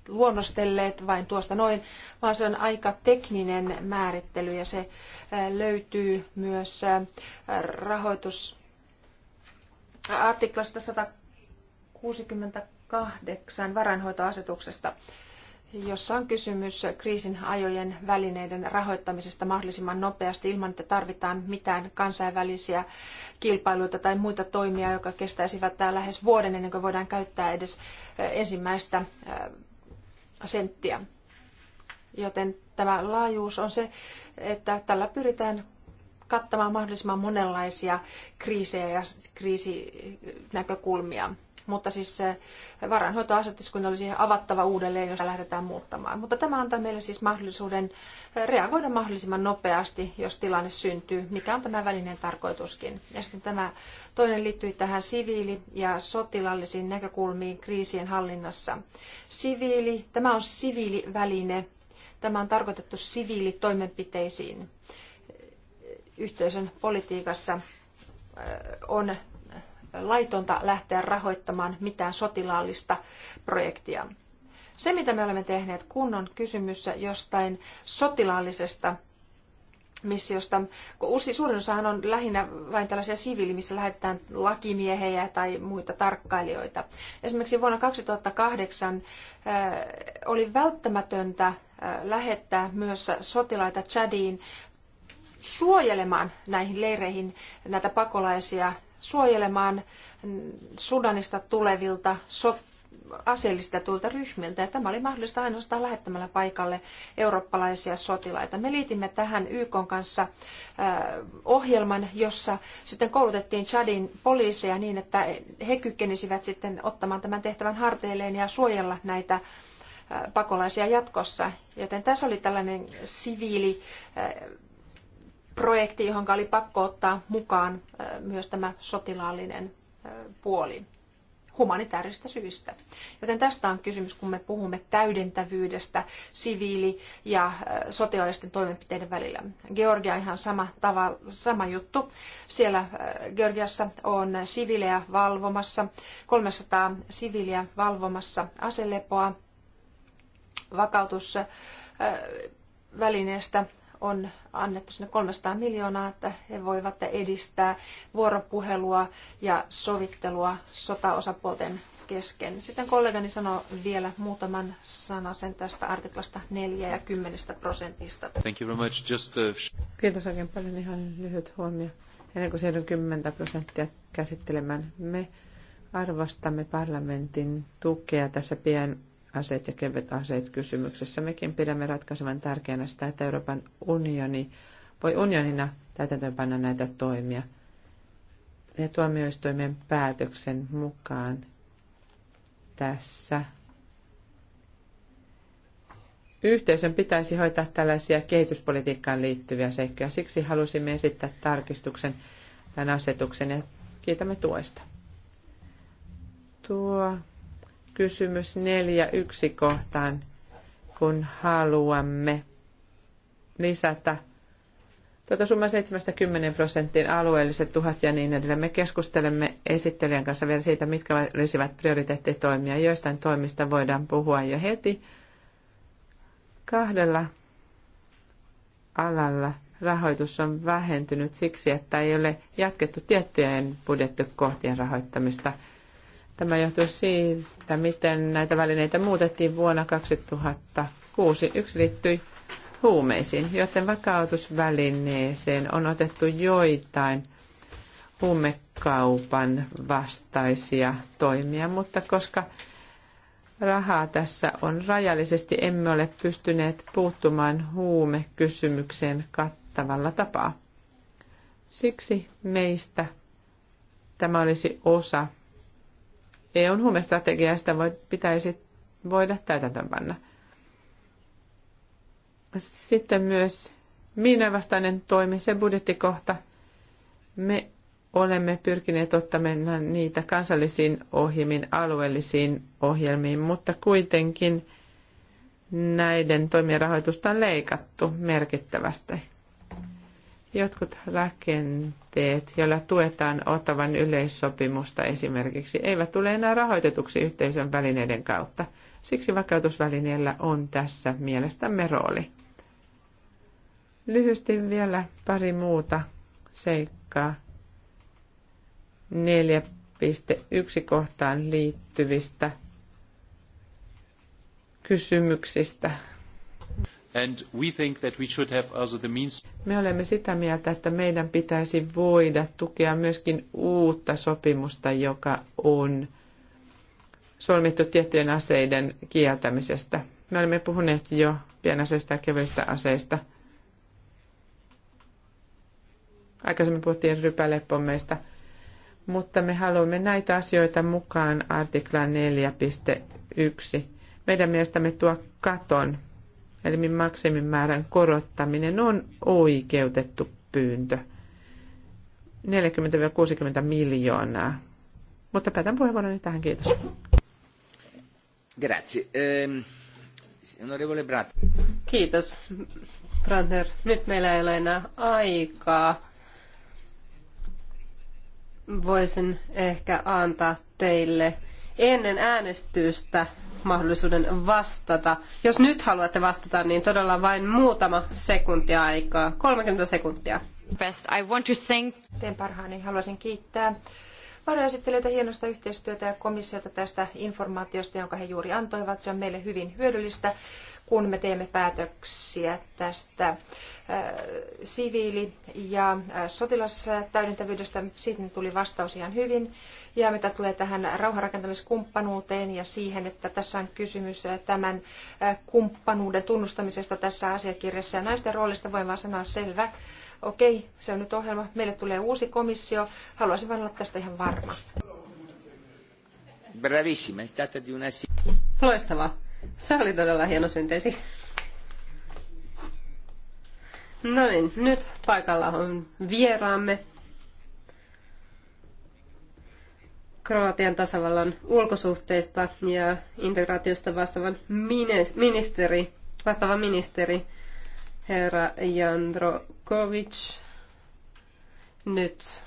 luonnostelleet vain tuosta noin, vaan se on aika tekninen määrittely ja se löytyy myös rahoitus artiklasta 168 varainhoitoasetuksesta jossa on kysymys kriisin ajojen välineiden rahoittamisesta mahdollisimman nopeasti ilman, että tarvitaan mitään kansainvälisiä kilpailuita tai muita toimia, jotka kestäisivät lähes vuoden ennen kuin voidaan käyttää edes eh, ensimmäistä eh, senttiä. Joten tämä laajuus on se, että tällä pyritään kattamaan mahdollisimman monenlaisia kriisejä ja kriisinäkökulmia mutta siis kun olisi avattava uudelleen, jos lähdetään muuttamaan. Mutta tämä antaa meille siis mahdollisuuden reagoida mahdollisimman nopeasti, jos tilanne syntyy, mikä on tämä välineen tarkoituskin. Ja sitten tämä toinen liittyy tähän siviili- ja sotilallisiin näkökulmiin kriisien hallinnassa. Siviili, tämä on siviiliväline, tämä on tarkoitettu siviilitoimenpiteisiin yhteisön politiikassa on laitonta lähteä rahoittamaan mitään sotilaallista projektia. Se, mitä me olemme tehneet, kun on kysymys jostain sotilaallisesta missiosta, kun suurin osahan on lähinnä vain tällaisia siviili, missä lähetetään lakimiehejä tai muita tarkkailijoita. Esimerkiksi vuonna 2008 oli välttämätöntä lähettää myös sotilaita Chadiin suojelemaan näihin leireihin näitä pakolaisia suojelemaan Sudanista tulevilta sot- tuolta ryhmiltä. Ja tämä oli mahdollista ainoastaan lähettämällä paikalle eurooppalaisia sotilaita. Me liitimme tähän YK kanssa äh, ohjelman, jossa sitten koulutettiin Chadin poliiseja niin, että he kykenisivät sitten ottamaan tämän tehtävän harteilleen ja suojella näitä äh, pakolaisia jatkossa. Joten tässä oli tällainen siviili äh, projekti, johon oli pakko ottaa mukaan myös tämä sotilaallinen puoli humanitaarista syistä. Joten tästä on kysymys, kun me puhumme täydentävyydestä siviili- ja sotilaallisten toimenpiteiden välillä. Georgia on ihan sama, tava, sama juttu. Siellä Georgiassa on siviilejä valvomassa, 300 siviiliä valvomassa aselepoa, vakautusvälineestä on annettu sinne 300 miljoonaa, että he voivat edistää vuoropuhelua ja sovittelua sotaosapuolten kesken. Sitten kollegani sanoi vielä muutaman sanasen tästä artiklasta 4 ja 10 prosentista. Thank you very much. Just, a... Uh, Kiitos oikein paljon. Ihan lyhyt huomio. Ennen kuin siirryn 10 prosenttia käsittelemään, me arvostamme parlamentin tukea tässä pian aseet ja kevyt aseet kysymyksessä. Mekin pidämme ratkaisevan tärkeänä sitä, että Euroopan unioni voi unionina täytäntöönpanna näitä toimia. Ja tuomioistuimen päätöksen mukaan tässä yhteisön pitäisi hoitaa tällaisia kehityspolitiikkaan liittyviä seikkoja. Siksi halusimme esittää tarkistuksen tämän asetuksen ja kiitämme tuesta. Tuo kysymys neljä yksi kohtaan, kun haluamme lisätä tuota summa 70 prosenttiin alueelliset tuhat ja niin edelleen. Me keskustelemme esittelijän kanssa vielä siitä, mitkä olisivat prioriteettitoimia. Joistain toimista voidaan puhua jo heti. Kahdella alalla rahoitus on vähentynyt siksi, että ei ole jatkettu tiettyjen budjettikohtien rahoittamista – Tämä johtuu siitä, miten näitä välineitä muutettiin vuonna 2006. Yksi liittyi huumeisiin, joten vakautusvälineeseen on otettu joitain huumekaupan vastaisia toimia, mutta koska rahaa tässä on rajallisesti, emme ole pystyneet puuttumaan huumekysymykseen kattavalla tapaa. Siksi meistä tämä olisi osa EUn huumestrategiasta voi, pitäisi voida täytäntöönpanna. Sitten myös miinavastainen toimi, se budjettikohta. Me olemme pyrkineet ottamaan niitä kansallisiin ohjelmiin, alueellisiin ohjelmiin, mutta kuitenkin näiden toimien rahoitusta on leikattu merkittävästi. Jotkut rakenteet, joilla tuetaan Ottavan yleissopimusta esimerkiksi, eivät tule enää rahoitetuksi yhteisön välineiden kautta. Siksi vakautusvälineellä on tässä mielestämme rooli. Lyhyesti vielä pari muuta seikkaa 4.1 kohtaan liittyvistä kysymyksistä. And we think that we should have also the means... Me olemme sitä mieltä, että meidän pitäisi voida tukea myöskin uutta sopimusta, joka on solmittu tiettyjen aseiden kieltämisestä. Me olemme puhuneet jo pienaseista ja kevyistä aseista. Aikaisemmin puhuttiin rypälepommeista, mutta me haluamme näitä asioita mukaan artikla 4.1. Meidän mielestämme tuo katon eli maksimimäärän korottaminen on oikeutettu pyyntö. 40-60 miljoonaa. Mutta päätän puheenvuoroni tähän, kiitos. Grazie. Ehm, onorevole Brandt. Kiitos, Brandner. Nyt meillä ei ole enää aikaa. Voisin ehkä antaa teille ennen äänestystä mahdollisuuden vastata. Jos nyt haluatte vastata, niin todella vain muutama sekuntia aikaa, 30 sekuntia. Best. I want to thank... Teen parhaani. Haluaisin kiittää esittelijöitä hienosta yhteistyötä ja komissiota tästä informaatiosta, jonka he juuri antoivat. Se on meille hyvin hyödyllistä, kun me teemme päätöksiä tästä äh, siviili- ja äh, sotilastäydentävyydestä. Siitä tuli vastaus ihan hyvin. Ja mitä tulee tähän rauhanrakentamiskumppanuuteen ja siihen, että tässä on kysymys äh, tämän kumppanuuden tunnustamisesta tässä asiakirjassa ja naisten roolista, voin vain sanoa selvä Okei, se on nyt ohjelma. Meille tulee uusi komissio. Haluaisin vain olla tästä ihan varma. Bravissima, stata di una... Loistavaa. Se oli todella hieno synteesi. No niin, nyt paikalla on vieraamme. Kroatian tasavallan ulkosuhteista ja integraatiosta vastaavan ministeri, vastaava ministeri herra Jandrokovic. Nyt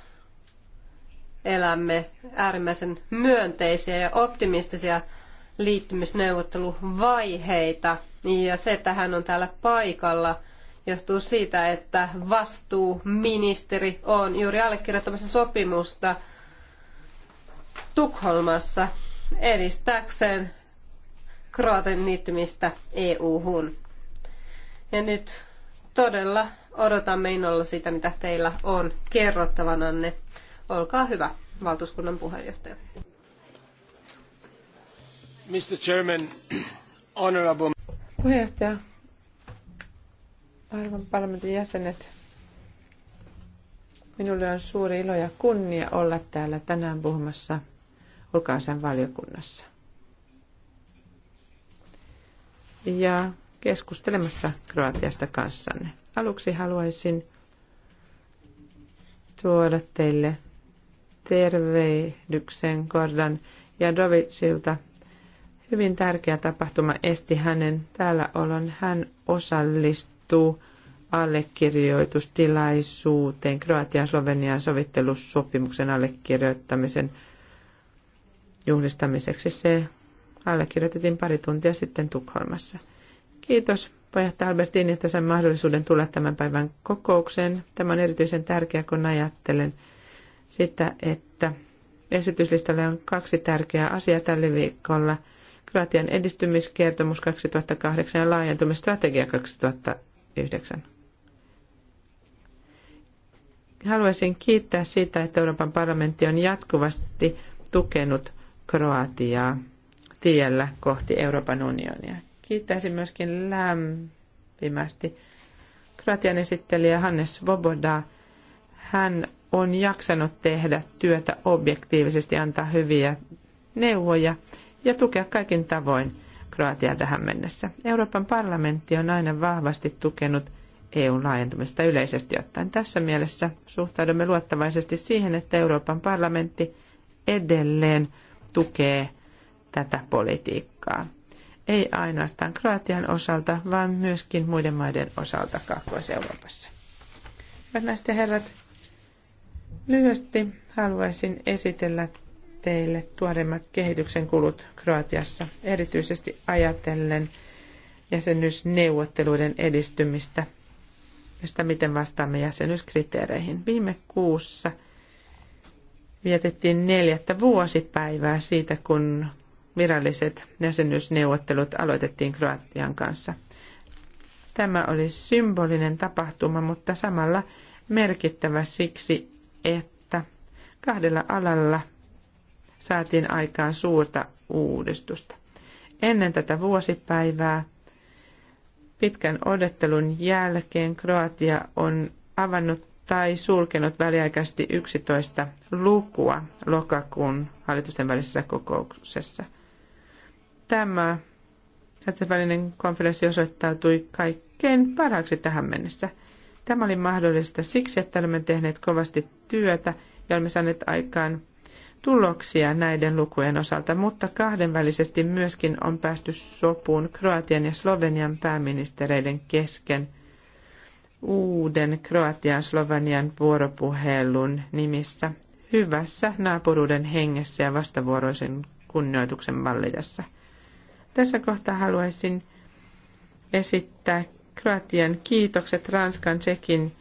elämme äärimmäisen myönteisiä ja optimistisia liittymisneuvotteluvaiheita. Ja se, että hän on täällä paikalla, johtuu siitä, että vastuuministeri on juuri allekirjoittamassa sopimusta Tukholmassa edistääkseen Kroatian liittymistä EU-hun. Ja nyt todella odotamme innolla sitä, mitä teillä on kerrottavananne. Olkaa hyvä, valtuuskunnan puheenjohtaja. Mr. Chairman, honorable... Puheenjohtaja, arvon parlamentin jäsenet, minulle on suuri ilo ja kunnia olla täällä tänään puhumassa ulkoasian valiokunnassa. Ja keskustelemassa Kroatiasta kanssanne. Aluksi haluaisin tuoda teille tervehdyksen Gordon Jadovicilta. Hyvin tärkeä tapahtuma esti hänen täällä olon. Hän osallistuu allekirjoitustilaisuuteen Kroatian Slovenian sovittelussopimuksen allekirjoittamisen juhlistamiseksi. Se allekirjoitettiin pari tuntia sitten Tukholmassa. Kiitos pojahtaja Albertin, että sain mahdollisuuden tulla tämän päivän kokoukseen. Tämä on erityisen tärkeää, kun ajattelen sitä, että esityslistalle on kaksi tärkeää asiaa tällä viikolla. Kroatian edistymiskertomus 2008 ja laajentumistrategia 2009. Haluaisin kiittää siitä, että Euroopan parlamentti on jatkuvasti tukenut Kroatiaa tiellä kohti Euroopan unionia. Kiittäisin myöskin lämpimästi Kroatian esittelijä Hannes Svoboda. Hän on jaksanut tehdä työtä objektiivisesti, antaa hyviä neuvoja ja tukea kaikin tavoin Kroatiaa tähän mennessä. Euroopan parlamentti on aina vahvasti tukenut EUn laajentumista yleisesti ottaen. Tässä mielessä suhtaudumme luottavaisesti siihen, että Euroopan parlamentti edelleen tukee tätä politiikkaa ei ainoastaan Kroatian osalta, vaan myöskin muiden maiden osalta Kaakkois-Euroopassa. Hyvät naiset ja herrat, lyhyesti haluaisin esitellä teille tuoreimmat kehityksen kulut Kroatiassa, erityisesti ajatellen jäsenyysneuvotteluiden edistymistä ja sitä, miten vastaamme jäsenyyskriteereihin. Viime kuussa vietettiin neljättä vuosipäivää siitä, kun viralliset jäsenyysneuvottelut aloitettiin Kroatian kanssa. Tämä oli symbolinen tapahtuma, mutta samalla merkittävä siksi, että kahdella alalla saatiin aikaan suurta uudistusta. Ennen tätä vuosipäivää pitkän odottelun jälkeen Kroatia on avannut tai sulkenut väliaikaisesti 11 lukua lokakuun hallitusten välisessä kokouksessa – tämä kansainvälinen konferenssi osoittautui kaikkein parhaaksi tähän mennessä. Tämä oli mahdollista siksi, että olemme tehneet kovasti työtä ja olemme saaneet aikaan tuloksia näiden lukujen osalta, mutta kahdenvälisesti myöskin on päästy sopuun Kroatian ja Slovenian pääministereiden kesken uuden Kroatian-Slovenian vuoropuhelun nimissä hyvässä naapuruuden hengessä ja vastavuoroisen kunnioituksen vallitessa – tässä kohtaa haluaisin esittää Kroatian kiitokset Ranskan, Tsekin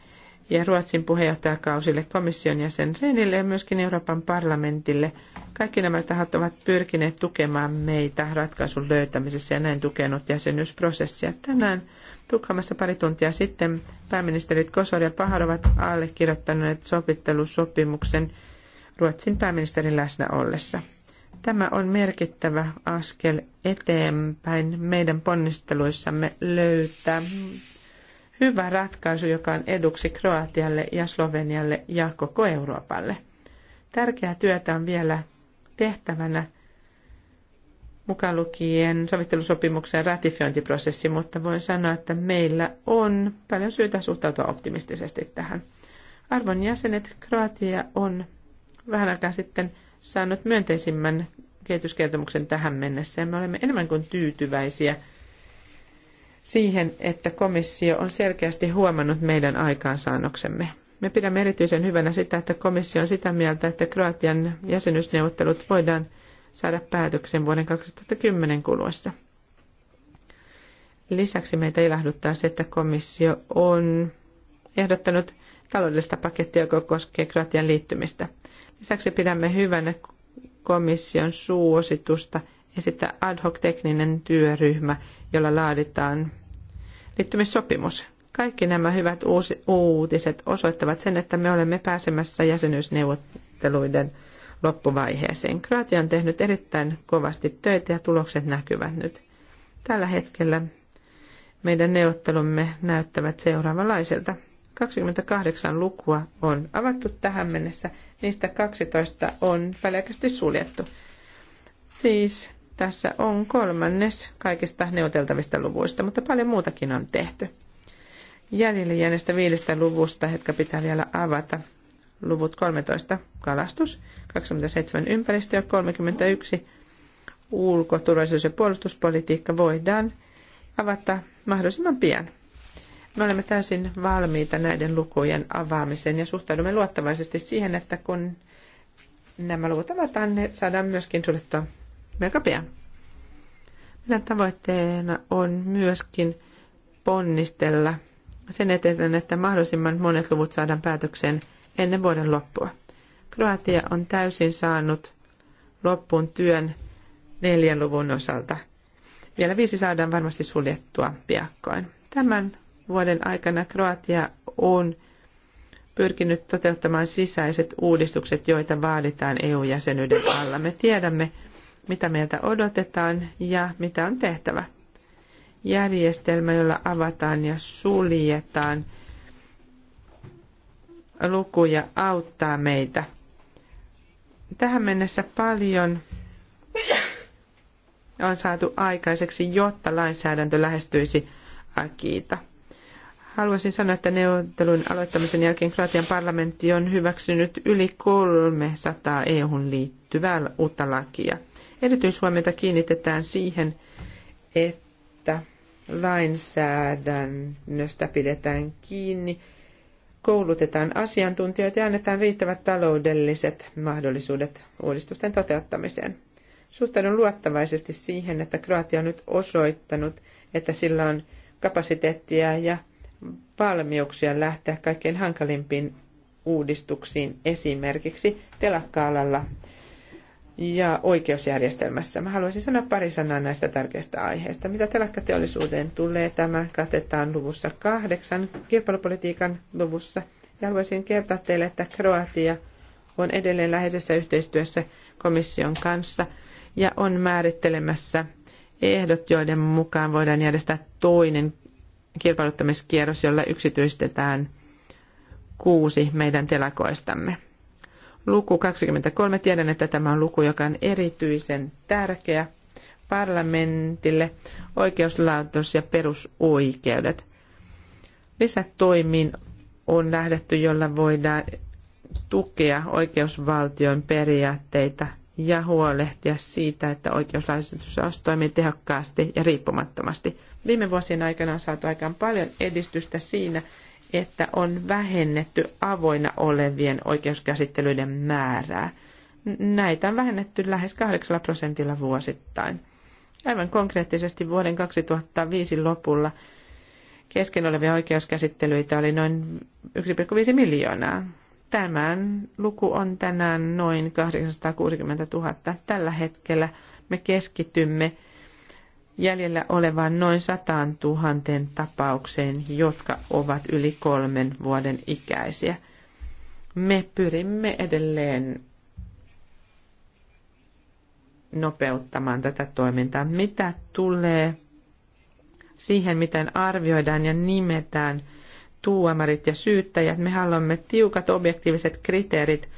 ja Ruotsin puheenjohtajakausille komission jäsen Renille ja myöskin Euroopan parlamentille. Kaikki nämä tahot ovat pyrkineet tukemaan meitä ratkaisun löytämisessä ja näin tukenut jäsenyysprosessia. Tänään Tukhamassa pari tuntia sitten pääministerit Kosor ja Pahar ovat allekirjoittaneet sopittelusopimuksen Ruotsin pääministerin läsnä ollessa. Tämä on merkittävä askel eteenpäin meidän ponnisteluissamme löytää hyvä ratkaisu, joka on eduksi Kroatialle ja Slovenialle ja koko Euroopalle. Tärkeää työtä on vielä tehtävänä mukaan lukien sovittelusopimuksen ratifiointiprosessi, mutta voin sanoa, että meillä on paljon syytä suhtautua optimistisesti tähän. Arvon jäsenet, Kroatia on vähän aikaa sitten – saanut myönteisimmän kehityskertomuksen tähän mennessä. Ja me olemme enemmän kuin tyytyväisiä siihen, että komissio on selkeästi huomannut meidän aikaansaannoksemme. Me pidämme erityisen hyvänä sitä, että komissio on sitä mieltä, että Kroatian jäsenyysneuvottelut voidaan saada päätöksen vuoden 2010 kuluessa. Lisäksi meitä ilahduttaa se, että komissio on ehdottanut taloudellista pakettia, joka koskee Kroatian liittymistä. Lisäksi pidämme hyvänä komission suositusta esittää ad hoc tekninen työryhmä, jolla laaditaan liittymissopimus. Kaikki nämä hyvät uusi, uutiset osoittavat sen, että me olemme pääsemässä jäsenyysneuvotteluiden loppuvaiheeseen. Kroatia on tehnyt erittäin kovasti töitä ja tulokset näkyvät nyt. Tällä hetkellä meidän neuvottelumme näyttävät seuraavanlaiselta. 28 lukua on avattu tähän mennessä niistä 12 on väliaikaisesti suljettu. Siis tässä on kolmannes kaikista neuvoteltavista luvuista, mutta paljon muutakin on tehty. Jäljelle jääneestä viidestä luvusta, jotka pitää vielä avata, luvut 13 kalastus, 27 ympäristö ja 31 ulko-, turvallisuus- ja puolustuspolitiikka voidaan avata mahdollisimman pian. Me olemme täysin valmiita näiden lukujen avaamiseen ja suhtaudumme luottavaisesti siihen, että kun nämä luvut avataan, ne saadaan myöskin suljettua melko pian. Meidän tavoitteena on myöskin ponnistella sen eteen, että mahdollisimman monet luvut saadaan päätökseen ennen vuoden loppua. Kroatia on täysin saanut loppuun työn neljän luvun osalta. Vielä viisi saadaan varmasti suljettua piakkoin. Tämän vuoden aikana Kroatia on pyrkinyt toteuttamaan sisäiset uudistukset, joita vaaditaan EU-jäsenyyden alla. Me tiedämme, mitä meiltä odotetaan ja mitä on tehtävä. Järjestelmä, jolla avataan ja suljetaan lukuja, auttaa meitä. Tähän mennessä paljon on saatu aikaiseksi, jotta lainsäädäntö lähestyisi Akiita haluaisin sanoa, että neuvottelun aloittamisen jälkeen Kroatian parlamentti on hyväksynyt yli 300 EU:hun liittyvää uutta lakia. Erityishuomiota kiinnitetään siihen, että lainsäädännöstä pidetään kiinni, koulutetaan asiantuntijoita ja annetaan riittävät taloudelliset mahdollisuudet uudistusten toteuttamiseen. Suhtaudun luottavaisesti siihen, että Kroatia on nyt osoittanut, että sillä on kapasiteettia ja valmiuksia lähteä kaikkein hankalimpiin uudistuksiin esimerkiksi telakka-alalla ja oikeusjärjestelmässä. Mä haluaisin sanoa pari sanaa näistä tärkeistä aiheista. Mitä telakkateollisuuteen tulee, tämä katetaan luvussa kahdeksan, kilpailupolitiikan luvussa. Ja haluaisin kertoa teille, että Kroatia on edelleen läheisessä yhteistyössä komission kanssa ja on määrittelemässä ehdot, joiden mukaan voidaan järjestää toinen kilpailuttamiskierros, jolla yksityistetään kuusi meidän telakoistamme. Luku 23. Tiedän, että tämä on luku, joka on erityisen tärkeä parlamentille, oikeuslaitos ja perusoikeudet. Lisätoimiin on lähdetty, jolla voidaan tukea oikeusvaltion periaatteita ja huolehtia siitä, että oikeuslaitos toimii tehokkaasti ja riippumattomasti. Viime vuosien aikana on saatu aikaan paljon edistystä siinä, että on vähennetty avoina olevien oikeuskäsittelyiden määrää. Näitä on vähennetty lähes 8 prosentilla vuosittain. Aivan konkreettisesti vuoden 2005 lopulla kesken olevia oikeuskäsittelyitä oli noin 1,5 miljoonaa. Tämän luku on tänään noin 860 000. Tällä hetkellä me keskitymme jäljellä olevaan noin 100 000 tapaukseen, jotka ovat yli kolmen vuoden ikäisiä. Me pyrimme edelleen nopeuttamaan tätä toimintaa. Mitä tulee siihen, miten arvioidaan ja nimetään tuomarit ja syyttäjät, me haluamme tiukat objektiiviset kriteerit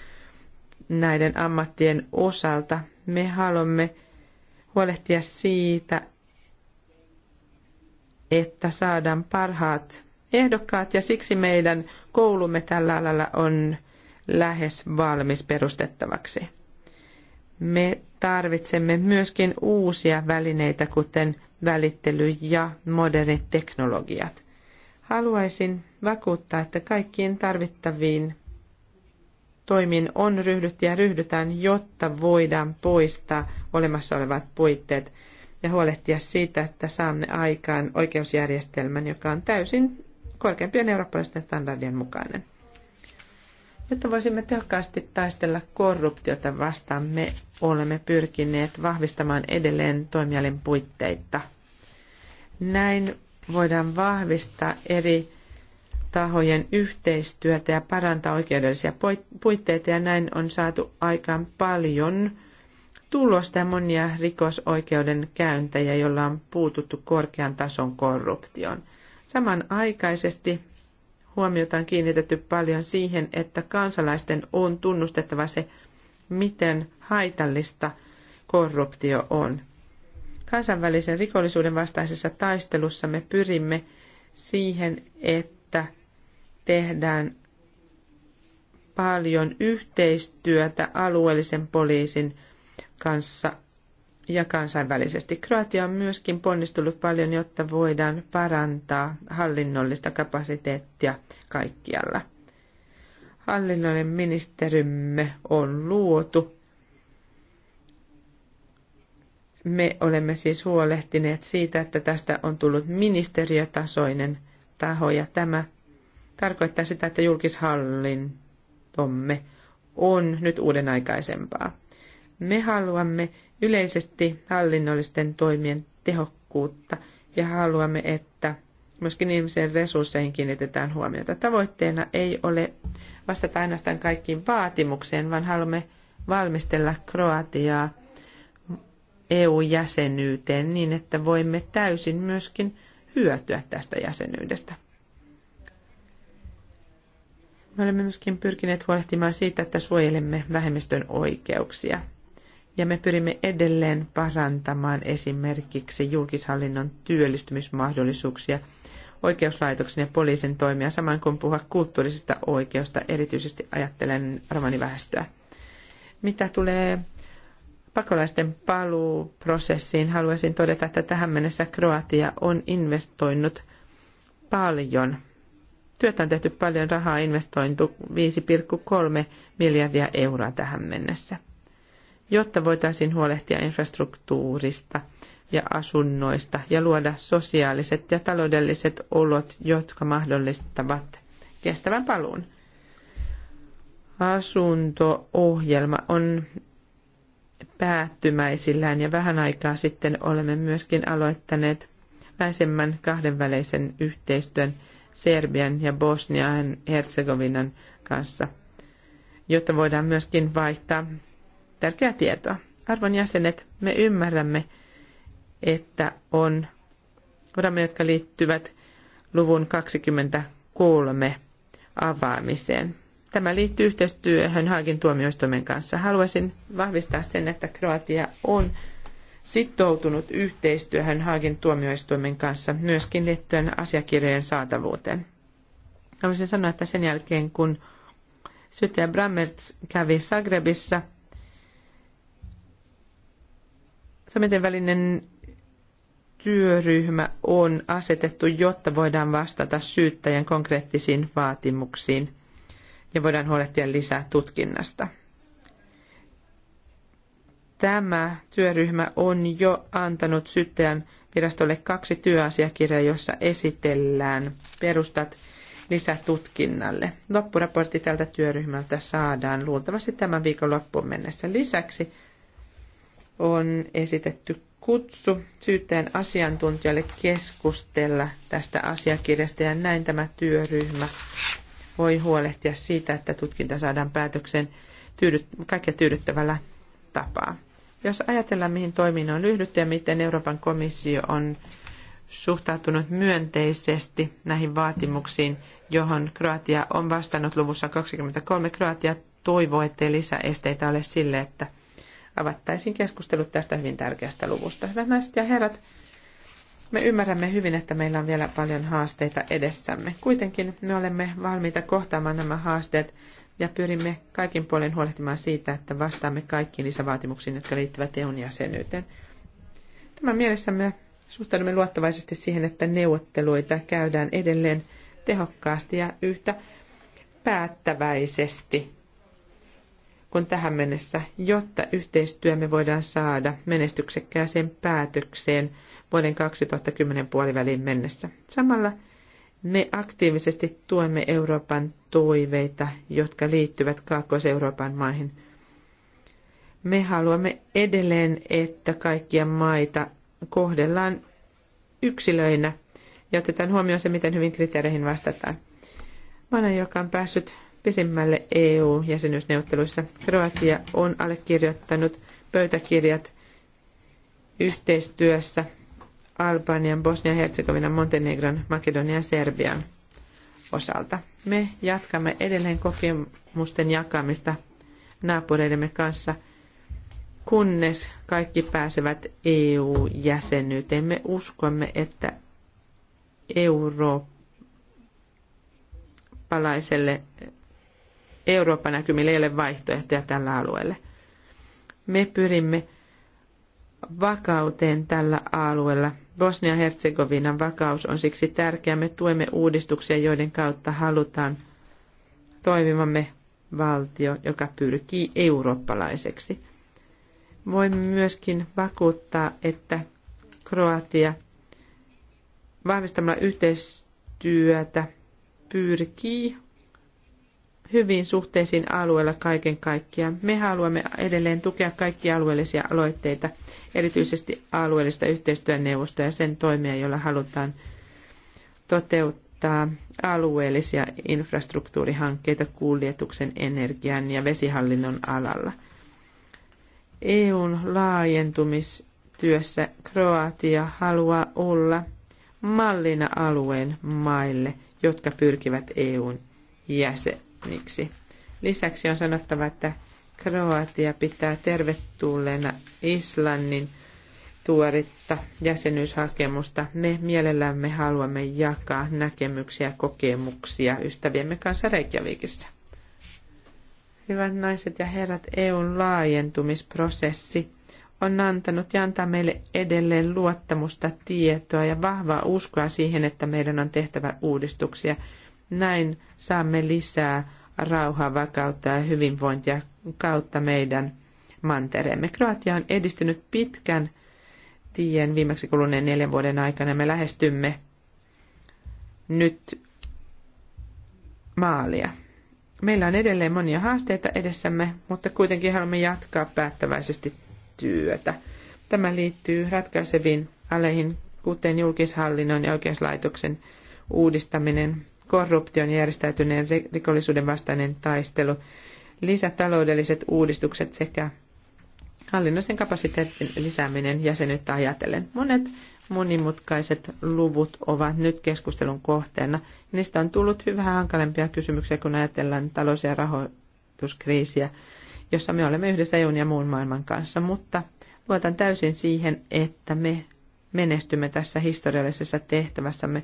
näiden ammattien osalta. Me haluamme huolehtia siitä, että saadaan parhaat ehdokkaat ja siksi meidän koulumme tällä alalla on lähes valmis perustettavaksi. Me tarvitsemme myöskin uusia välineitä, kuten välittely ja modernit teknologiat. Haluaisin vakuuttaa, että kaikkiin tarvittaviin toimiin on ryhdytty ja ryhdytään, jotta voidaan poistaa olemassa olevat puitteet – ja huolehtia siitä, että saamme aikaan oikeusjärjestelmän, joka on täysin korkeimpien eurooppalaisten standardien mukainen. Jotta voisimme tehokkaasti taistella korruptiota vastaan, me olemme pyrkineet vahvistamaan edelleen toimialin puitteita. Näin voidaan vahvistaa eri tahojen yhteistyötä ja parantaa oikeudellisia puitteita ja näin on saatu aikaan paljon – tulosta ja monia rikosoikeuden käyntejä, joilla on puututtu korkean tason korruptioon. Samanaikaisesti huomiota on kiinnitetty paljon siihen, että kansalaisten on tunnustettava se, miten haitallista korruptio on. Kansainvälisen rikollisuuden vastaisessa taistelussa me pyrimme siihen, että tehdään paljon yhteistyötä alueellisen poliisin kanssa ja kansainvälisesti. Kroatia on myöskin ponnistunut paljon, jotta voidaan parantaa hallinnollista kapasiteettia kaikkialla. Hallinnollinen ministerimme on luotu. Me olemme siis huolehtineet siitä, että tästä on tullut ministeriötasoinen taho ja tämä tarkoittaa sitä, että julkishallintomme on nyt uuden aikaisempaa. Me haluamme yleisesti hallinnollisten toimien tehokkuutta ja haluamme, että myöskin ihmisen resursseihin kiinnitetään huomiota. Tavoitteena ei ole vastata ainoastaan kaikkiin vaatimukseen, vaan haluamme valmistella Kroatiaa EU-jäsenyyteen niin, että voimme täysin myöskin hyötyä tästä jäsenyydestä. Me olemme myöskin pyrkineet huolehtimaan siitä, että suojelemme vähemmistön oikeuksia. Ja me pyrimme edelleen parantamaan esimerkiksi julkishallinnon työllistymismahdollisuuksia oikeuslaitoksen ja poliisin toimia, samoin kuin puhua kulttuurisesta oikeusta, erityisesti ajattelen romaniväestöä. Mitä tulee pakolaisten paluuprosessiin, haluaisin todeta, että tähän mennessä Kroatia on investoinut paljon. Työtä on tehty paljon rahaa, investointu 5,3 miljardia euroa tähän mennessä jotta voitaisiin huolehtia infrastruktuurista ja asunnoista ja luoda sosiaaliset ja taloudelliset olot, jotka mahdollistavat kestävän paluun. Asunto-ohjelma on päättymäisillään ja vähän aikaa sitten olemme myöskin aloittaneet läisemmän kahdenväleisen yhteistyön Serbian ja Bosnian Herzegovinan kanssa, jotta voidaan myöskin vaihtaa tärkeää tietoa. Arvon jäsenet, me ymmärrämme, että on odotamme, jotka liittyvät luvun 23 avaamiseen. Tämä liittyy yhteistyöhön Haagin tuomioistuimen kanssa. Haluaisin vahvistaa sen, että Kroatia on sitoutunut yhteistyöhön Haagin tuomioistuimen kanssa myöskin liittyen asiakirjojen saatavuuteen. Haluaisin sanoa, että sen jälkeen kun syyttäjä Brammerts kävi Zagrebissa, Samiten välinen työryhmä on asetettu, jotta voidaan vastata syyttäjän konkreettisiin vaatimuksiin ja voidaan huolehtia lisää tutkinnasta. Tämä työryhmä on jo antanut syyttäjän virastolle kaksi työasiakirjaa, jossa esitellään perustat lisätutkinnalle. Loppuraportti tältä työryhmältä saadaan luultavasti tämän viikon loppuun mennessä. Lisäksi on esitetty kutsu syyttäjän asiantuntijalle keskustella tästä asiakirjasta ja näin tämä työryhmä voi huolehtia siitä, että tutkinta saadaan päätökseen tyydyt- kaikkea tyydyttävällä tapaa. Jos ajatellaan, mihin toimiin on ryhdytty ja miten Euroopan komissio on suhtautunut myönteisesti näihin vaatimuksiin, johon Kroatia on vastannut luvussa 23. Kroatia toivoo, ettei lisäesteitä ole sille, että – avattaisiin keskustelut tästä hyvin tärkeästä luvusta. Hyvät naiset ja herrat, me ymmärrämme hyvin, että meillä on vielä paljon haasteita edessämme. Kuitenkin me olemme valmiita kohtaamaan nämä haasteet ja pyrimme kaikin puolin huolehtimaan siitä, että vastaamme kaikkiin lisävaatimuksiin, jotka liittyvät EUn jäsenyyteen. Tämän me suhtaudumme luottavaisesti siihen, että neuvotteluita käydään edelleen tehokkaasti ja yhtä päättäväisesti kuin tähän mennessä, jotta yhteistyömme voidaan saada menestyksekkääseen päätökseen vuoden 2010 puoliväliin mennessä. Samalla me aktiivisesti tuemme Euroopan toiveita, jotka liittyvät Kaakkois-Euroopan maihin. Me haluamme edelleen, että kaikkia maita kohdellaan yksilöinä ja otetaan huomioon se, miten hyvin kriteereihin vastataan. olen, joka on päässyt pisimmälle EU-jäsenyysneuvotteluissa. Kroatia on allekirjoittanut pöytäkirjat yhteistyössä Albanian, bosnia Herzegovina, Montenegron, Makedonian ja Serbian osalta. Me jatkamme edelleen kokemusten jakamista naapureidemme kanssa, kunnes kaikki pääsevät EU-jäsenyyteen. Me uskomme, että eurooppalaiselle Euroopan näkymille ei ole vaihtoehtoja tällä alueella. Me pyrimme vakauteen tällä alueella. Bosnia-Herzegovinan vakaus on siksi tärkeä. Me tuemme uudistuksia, joiden kautta halutaan toimivamme valtio, joka pyrkii eurooppalaiseksi. Voimme myöskin vakuuttaa, että Kroatia vahvistamalla yhteistyötä pyrkii hyviin suhteisiin alueella kaiken kaikkiaan. Me haluamme edelleen tukea kaikkia alueellisia aloitteita, erityisesti alueellista yhteistyöneuvostoa ja sen toimia, jolla halutaan toteuttaa alueellisia infrastruktuurihankkeita kuljetuksen, energian ja vesihallinnon alalla. EUn laajentumistyössä Kroatia haluaa olla mallina alueen maille, jotka pyrkivät EUn jäsen, jäseniksi. Lisäksi on sanottava, että Kroatia pitää tervetulleena Islannin tuoritta jäsenyyshakemusta. Me mielellämme haluamme jakaa näkemyksiä ja kokemuksia ystäviemme kanssa Reykjavikissa. Hyvät naiset ja herrat, EUn laajentumisprosessi on antanut ja antaa meille edelleen luottamusta, tietoa ja vahvaa uskoa siihen, että meidän on tehtävä uudistuksia – näin saamme lisää rauhaa, vakautta ja hyvinvointia kautta meidän mantereemme. Kroatia on edistynyt pitkän tien viimeksi kuluneen neljän vuoden aikana. Me lähestymme nyt maalia. Meillä on edelleen monia haasteita edessämme, mutta kuitenkin haluamme jatkaa päättäväisesti työtä. Tämä liittyy ratkaiseviin aleihin, kuten julkishallinnon ja oikeuslaitoksen uudistaminen, korruption ja järjestäytyneen rikollisuuden vastainen taistelu, lisätaloudelliset uudistukset sekä hallinnollisen kapasiteetin lisääminen jäsenyyttä ajatellen. Monet monimutkaiset luvut ovat nyt keskustelun kohteena. Niistä on tullut hyvä hankalempia kysymyksiä, kun ajatellaan talous- ja rahoituskriisiä, jossa me olemme yhdessä EUn ja muun maailman kanssa, mutta luotan täysin siihen, että me menestymme tässä historiallisessa tehtävässämme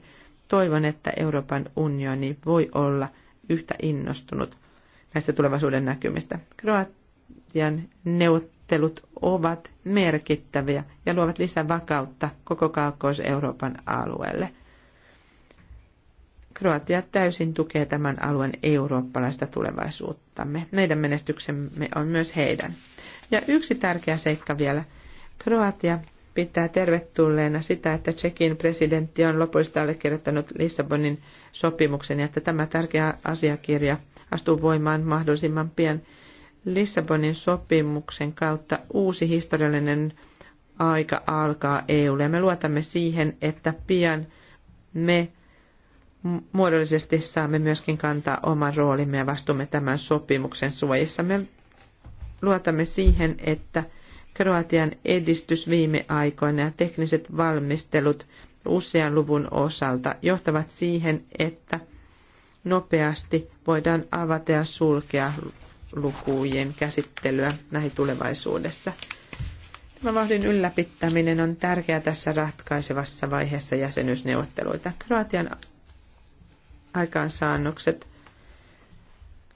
Toivon, että Euroopan unioni voi olla yhtä innostunut näistä tulevaisuuden näkymistä. Kroatian neuvottelut ovat merkittäviä ja luovat lisävakautta koko Kaakkois-Euroopan alueelle. Kroatia täysin tukee tämän alueen eurooppalaista tulevaisuuttamme. Meidän menestyksemme on myös heidän. Ja yksi tärkeä seikka vielä. Kroatia pitää tervetulleena sitä, että Tsekin presidentti on lopuista allekirjoittanut Lissabonin sopimuksen ja että tämä tärkeä asiakirja astuu voimaan mahdollisimman pian. Lissabonin sopimuksen kautta uusi historiallinen aika alkaa EUlle ja me luotamme siihen, että pian me muodollisesti saamme myöskin kantaa oman roolimme ja vastuumme tämän sopimuksen suojissa. Me luotamme siihen, että – Kroatian edistys viime aikoina ja tekniset valmistelut usean luvun osalta johtavat siihen, että nopeasti voidaan avata ja sulkea lukujen käsittelyä lähitulevaisuudessa. Tämä vahdin ylläpittäminen on tärkeää tässä ratkaisevassa vaiheessa jäsenyysneuvotteluita. Kroatian aikaansaannokset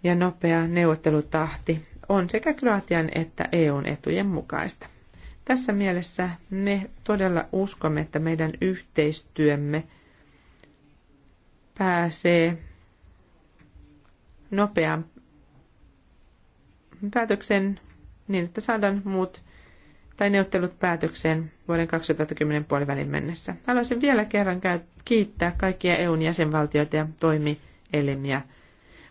ja nopea neuvottelutahti on sekä Kroatian että EUn etujen mukaista. Tässä mielessä me todella uskomme, että meidän yhteistyömme pääsee nopean päätöksen niin, että saadaan muut tai neuvottelut päätökseen vuoden 2010 puolivälin mennessä. Haluaisin vielä kerran kiittää kaikkia EUn jäsenvaltioita ja toimielimiä –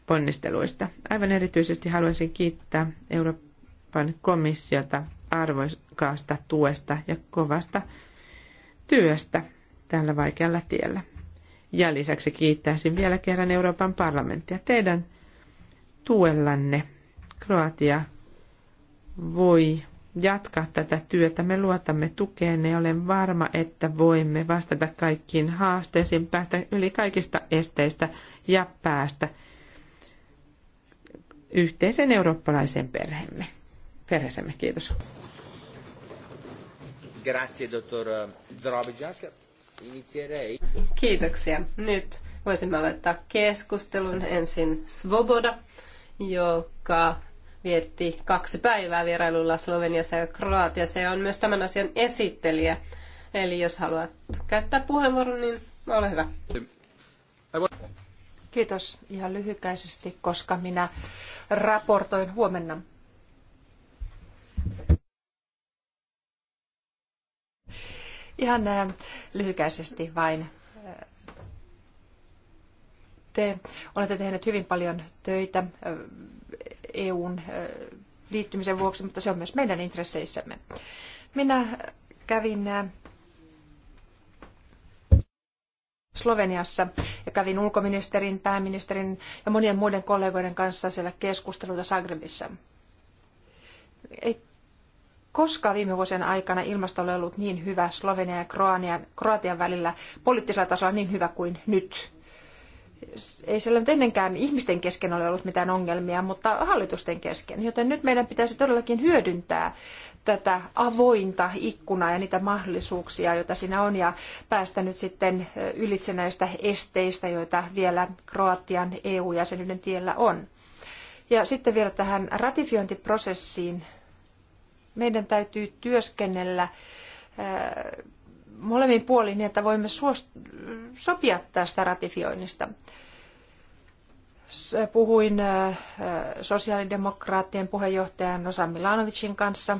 ponnisteluista. Aivan erityisesti haluaisin kiittää Euroopan komissiota arvoikaasta tuesta ja kovasta työstä tällä vaikealla tiellä. Ja lisäksi kiittäisin vielä kerran Euroopan parlamenttia teidän tuellanne. Kroatia voi jatkaa tätä työtä. Me luotamme tukeen ja olen varma, että voimme vastata kaikkiin haasteisiin, päästä yli kaikista esteistä ja päästä yhteisen eurooppalaisen perheemme. Perheemme, kiitos. Grazie, dottor Drobjak. Inizierei. Kiitoksia. Nyt voisimme aloittaa keskustelun ensin Svoboda, joka vietti kaksi päivää vierailulla Sloveniassa ja Kroatiassa ja on myös tämän asian esittelijä. Eli jos haluat käyttää puheenvuoron, niin ole hyvä. Kiitos ihan lyhykäisesti, koska minä raportoin huomenna. Ihan äh, lyhykäisesti vain. Äh, te olette tehneet hyvin paljon töitä äh, EUn liittymisen vuoksi, mutta se on myös meidän intresseissämme. Minä kävin Sloveniassa ja kävin ulkoministerin, pääministerin ja monien muiden kollegoiden kanssa siellä keskusteluita Zagrebissa. Ei koskaan viime vuosien aikana ilmasto ole ollut niin hyvä Slovenian ja Kroatian, välillä poliittisella tasolla niin hyvä kuin nyt ei siellä nyt ennenkään ihmisten kesken ole ollut mitään ongelmia, mutta hallitusten kesken. Joten nyt meidän pitäisi todellakin hyödyntää tätä avointa ikkunaa ja niitä mahdollisuuksia, joita siinä on, ja päästä nyt sitten ylitse näistä esteistä, joita vielä Kroatian EU-jäsenyyden tiellä on. Ja sitten vielä tähän ratifiointiprosessiin. Meidän täytyy työskennellä molemmin puolin, niin että voimme suost- sopia tästä ratifioinnista. Puhuin äh, äh, sosiaalidemokraattien puheenjohtajan Osa Milanovicin kanssa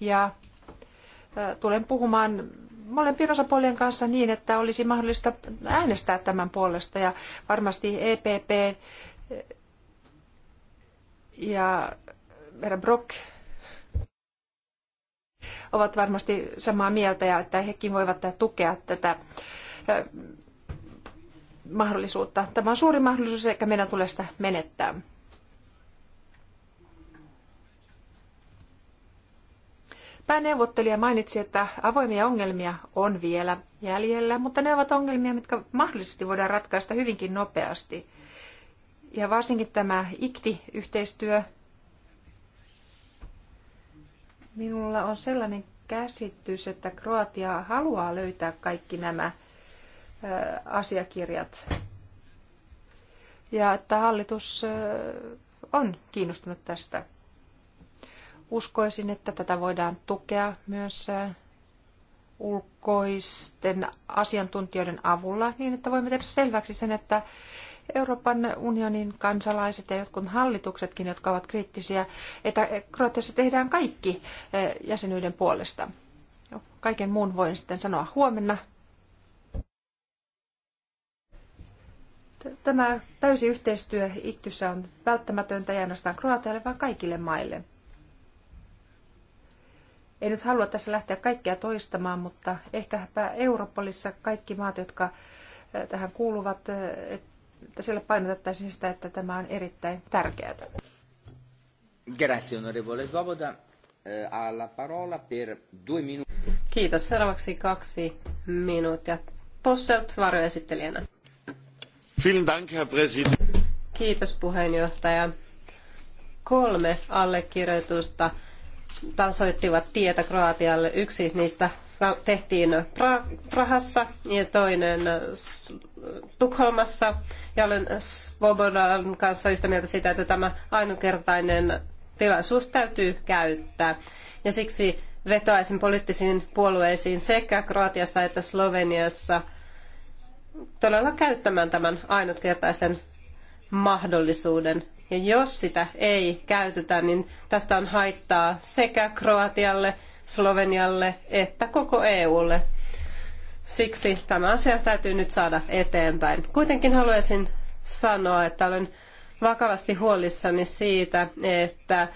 ja äh, tulen puhumaan molempien osapuolien kanssa niin, että olisi mahdollista äänestää tämän puolesta ja varmasti EPP ja herra Brock ovat varmasti samaa mieltä ja että hekin voivat tukea tätä mahdollisuutta. Tämä on suuri mahdollisuus eikä meidän tule sitä menettää. Pääneuvottelija mainitsi, että avoimia ongelmia on vielä jäljellä, mutta ne ovat ongelmia, mitkä mahdollisesti voidaan ratkaista hyvinkin nopeasti. Ja varsinkin tämä IKTI-yhteistyö, Minulla on sellainen käsitys, että Kroatia haluaa löytää kaikki nämä asiakirjat. Ja että hallitus on kiinnostunut tästä. Uskoisin, että tätä voidaan tukea myös ulkoisten asiantuntijoiden avulla niin, että voimme tehdä selväksi sen, että Euroopan unionin kansalaiset ja jotkut hallituksetkin, jotka ovat kriittisiä, että Kroatiassa tehdään kaikki eh, jäsenyyden puolesta. No, kaiken muun voin sitten sanoa huomenna. Tämä täysi yhteistyö Iktyssä on välttämätöntä ja ainoastaan Kroatialle, vaan kaikille maille. En nyt halua tässä lähteä kaikkea toistamaan, mutta ehkäpä Euroopassa kaikki maat, jotka eh, tähän kuuluvat, eh, että siellä painotettaisiin sitä, että tämä on erittäin tärkeää. Grazie, onorevole Svoboda. Eh, Alla parola per due minuti. Kiitos. Seuraavaksi kaksi minuuttia. Posselt varjoesittelijänä. Vielen Dank, Herr President. Kiitos puheenjohtaja. Kolme allekirjoitusta tasoittivat tietä Kroatialle. Yksi niistä tehtiin pra Prahassa ja toinen Tukholmassa ja olen Svobodan kanssa yhtä mieltä siitä, että tämä ainutkertainen tilaisuus täytyy käyttää. Ja siksi vetoaisin poliittisiin puolueisiin sekä Kroatiassa että Sloveniassa todella käyttämään tämän ainutkertaisen mahdollisuuden. Ja jos sitä ei käytetä, niin tästä on haittaa sekä Kroatialle, Slovenialle että koko EUlle. Siksi tämä asia täytyy nyt saada eteenpäin. Kuitenkin haluaisin sanoa, että olen vakavasti huolissani siitä, että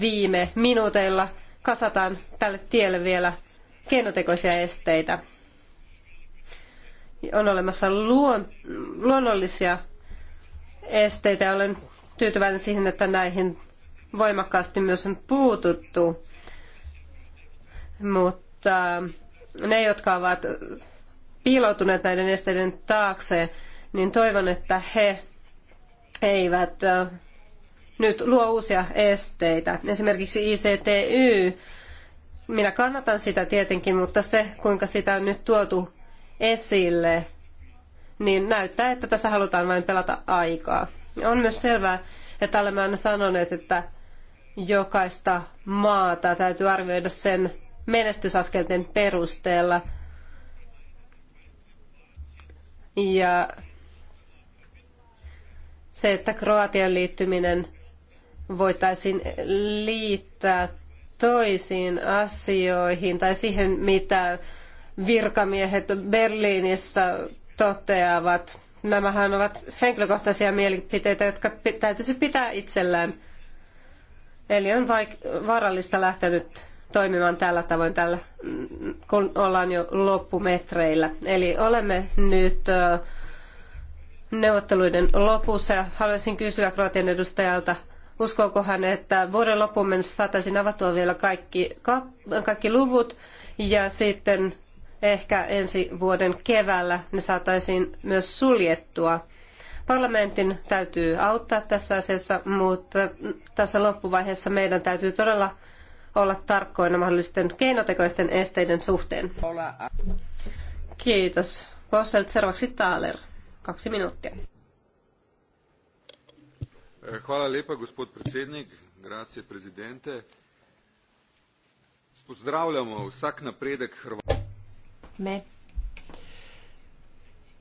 viime minuuteilla kasataan tälle tielle vielä keinotekoisia esteitä. On olemassa luon, luonnollisia esteitä ja olen tyytyväinen siihen, että näihin voimakkaasti myös on puututtu. Mutta ne, jotka ovat piiloutuneet näiden esteiden taakse, niin toivon, että he eivät nyt luo uusia esteitä. Esimerkiksi ICTY, minä kannatan sitä tietenkin, mutta se, kuinka sitä on nyt tuotu esille, niin näyttää, että tässä halutaan vain pelata aikaa. On myös selvää, että olemme aina sanoneet, että jokaista maata täytyy arvioida sen menestysaskelten perusteella. Ja se, että Kroatian liittyminen voitaisiin liittää toisiin asioihin tai siihen, mitä virkamiehet Berliinissä toteavat. Nämähän ovat henkilökohtaisia mielipiteitä, jotka täytyisi pitää itsellään. Eli on vaik- varallista lähteä nyt toimimaan tällä tavoin, tällä, kun ollaan jo loppumetreillä. Eli olemme nyt neuvotteluiden lopussa ja haluaisin kysyä Kroatian edustajalta, uskooko hän, että vuoden loppuun mennessä saataisiin avattua vielä kaikki, kaikki luvut ja sitten ehkä ensi vuoden keväällä ne saataisiin myös suljettua. Parlamentin täytyy auttaa tässä asiassa, mutta tässä loppuvaiheessa meidän täytyy todella olla tarkkoina mahdollisten keinotekoisten esteiden suhteen. Kiitos. Posselt seuraavaksi Thaler. Kaksi minuuttia. Hvala lepa, gospod predsednik. Grazie, presidente. Pozdravljamo vsak napredek Hrvatskog. Me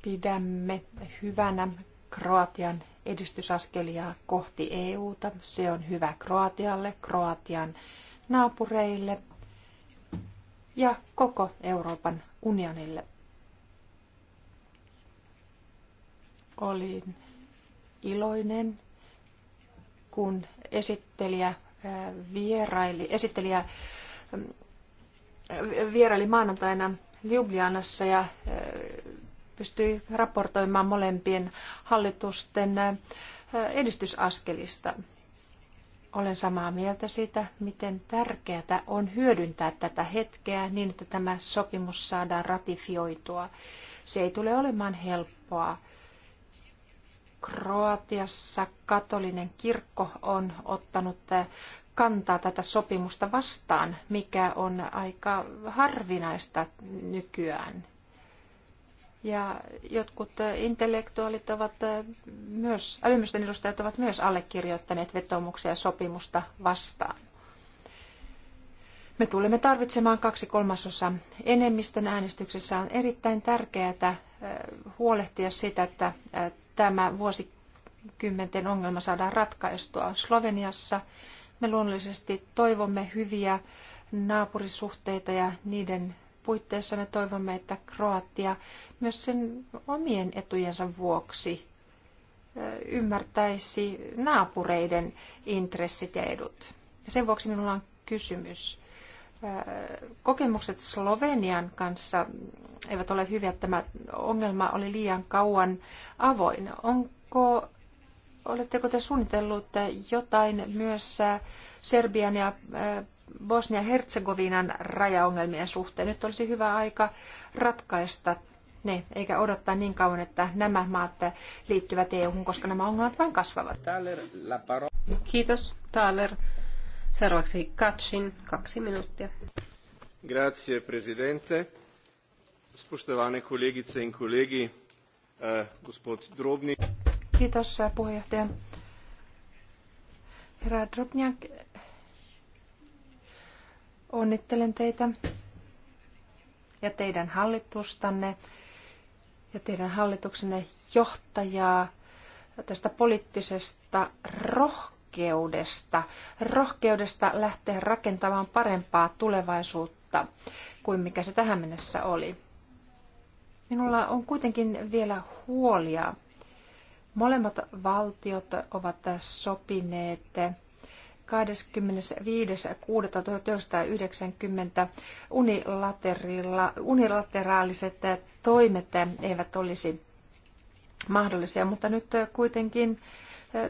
pidämme hyvänä Kroatian edistysaskelia kohti EUta. Se on hyvä Kroatialle, Kroatian naapureille ja koko Euroopan unionille. Olin iloinen, kun esittelijä vieraili, esittelijä vieraili maanantaina Ljubljanassa ja pystyi raportoimaan molempien hallitusten edistysaskelista olen samaa mieltä siitä, miten tärkeää on hyödyntää tätä hetkeä niin, että tämä sopimus saadaan ratifioitua. Se ei tule olemaan helppoa. Kroatiassa katolinen kirkko on ottanut kantaa tätä sopimusta vastaan, mikä on aika harvinaista nykyään. Ja jotkut äh, intellektuaalit ovat äh, myös, älymysten edustajat ovat myös allekirjoittaneet vetomuksia sopimusta vastaan. Me tulemme tarvitsemaan kaksi kolmasosa enemmistön äänestyksessä. On erittäin tärkeää äh, huolehtia siitä, että tämä vuosikymmenten ongelma saadaan ratkaistua. Sloveniassa me luonnollisesti toivomme hyviä naapurisuhteita ja niiden puitteissa me toivomme, että Kroatia myös sen omien etujensa vuoksi ymmärtäisi naapureiden intressit ja edut. Ja sen vuoksi minulla on kysymys. Kokemukset Slovenian kanssa eivät ole hyviä. Tämä ongelma oli liian kauan avoin. Onko, oletteko te suunnitellut jotain myös Serbian ja Bosnia-Herzegovinan rajaongelmien suhteen. Nyt olisi hyvä aika ratkaista ne, eikä odottaa niin kauan, että nämä maat liittyvät eu koska nämä ongelmat vain kasvavat. Kiitos, Thaler. Seuraavaksi Katsin, kaksi minuuttia. Grazie, presidente. Spoštovane kolegice in kolegi, eh, gospod Drobni. Kiitos, eh, puheenjohtaja. Herra Drobniak, Onnittelen teitä ja teidän hallitustanne ja teidän hallituksenne johtajaa tästä poliittisesta rohkeudesta, rohkeudesta lähteä rakentamaan parempaa tulevaisuutta kuin mikä se tähän mennessä oli. Minulla on kuitenkin vielä huolia. Molemmat valtiot ovat sopineet 25.6.1990 unilateraaliset toimet eivät olisi mahdollisia, mutta nyt kuitenkin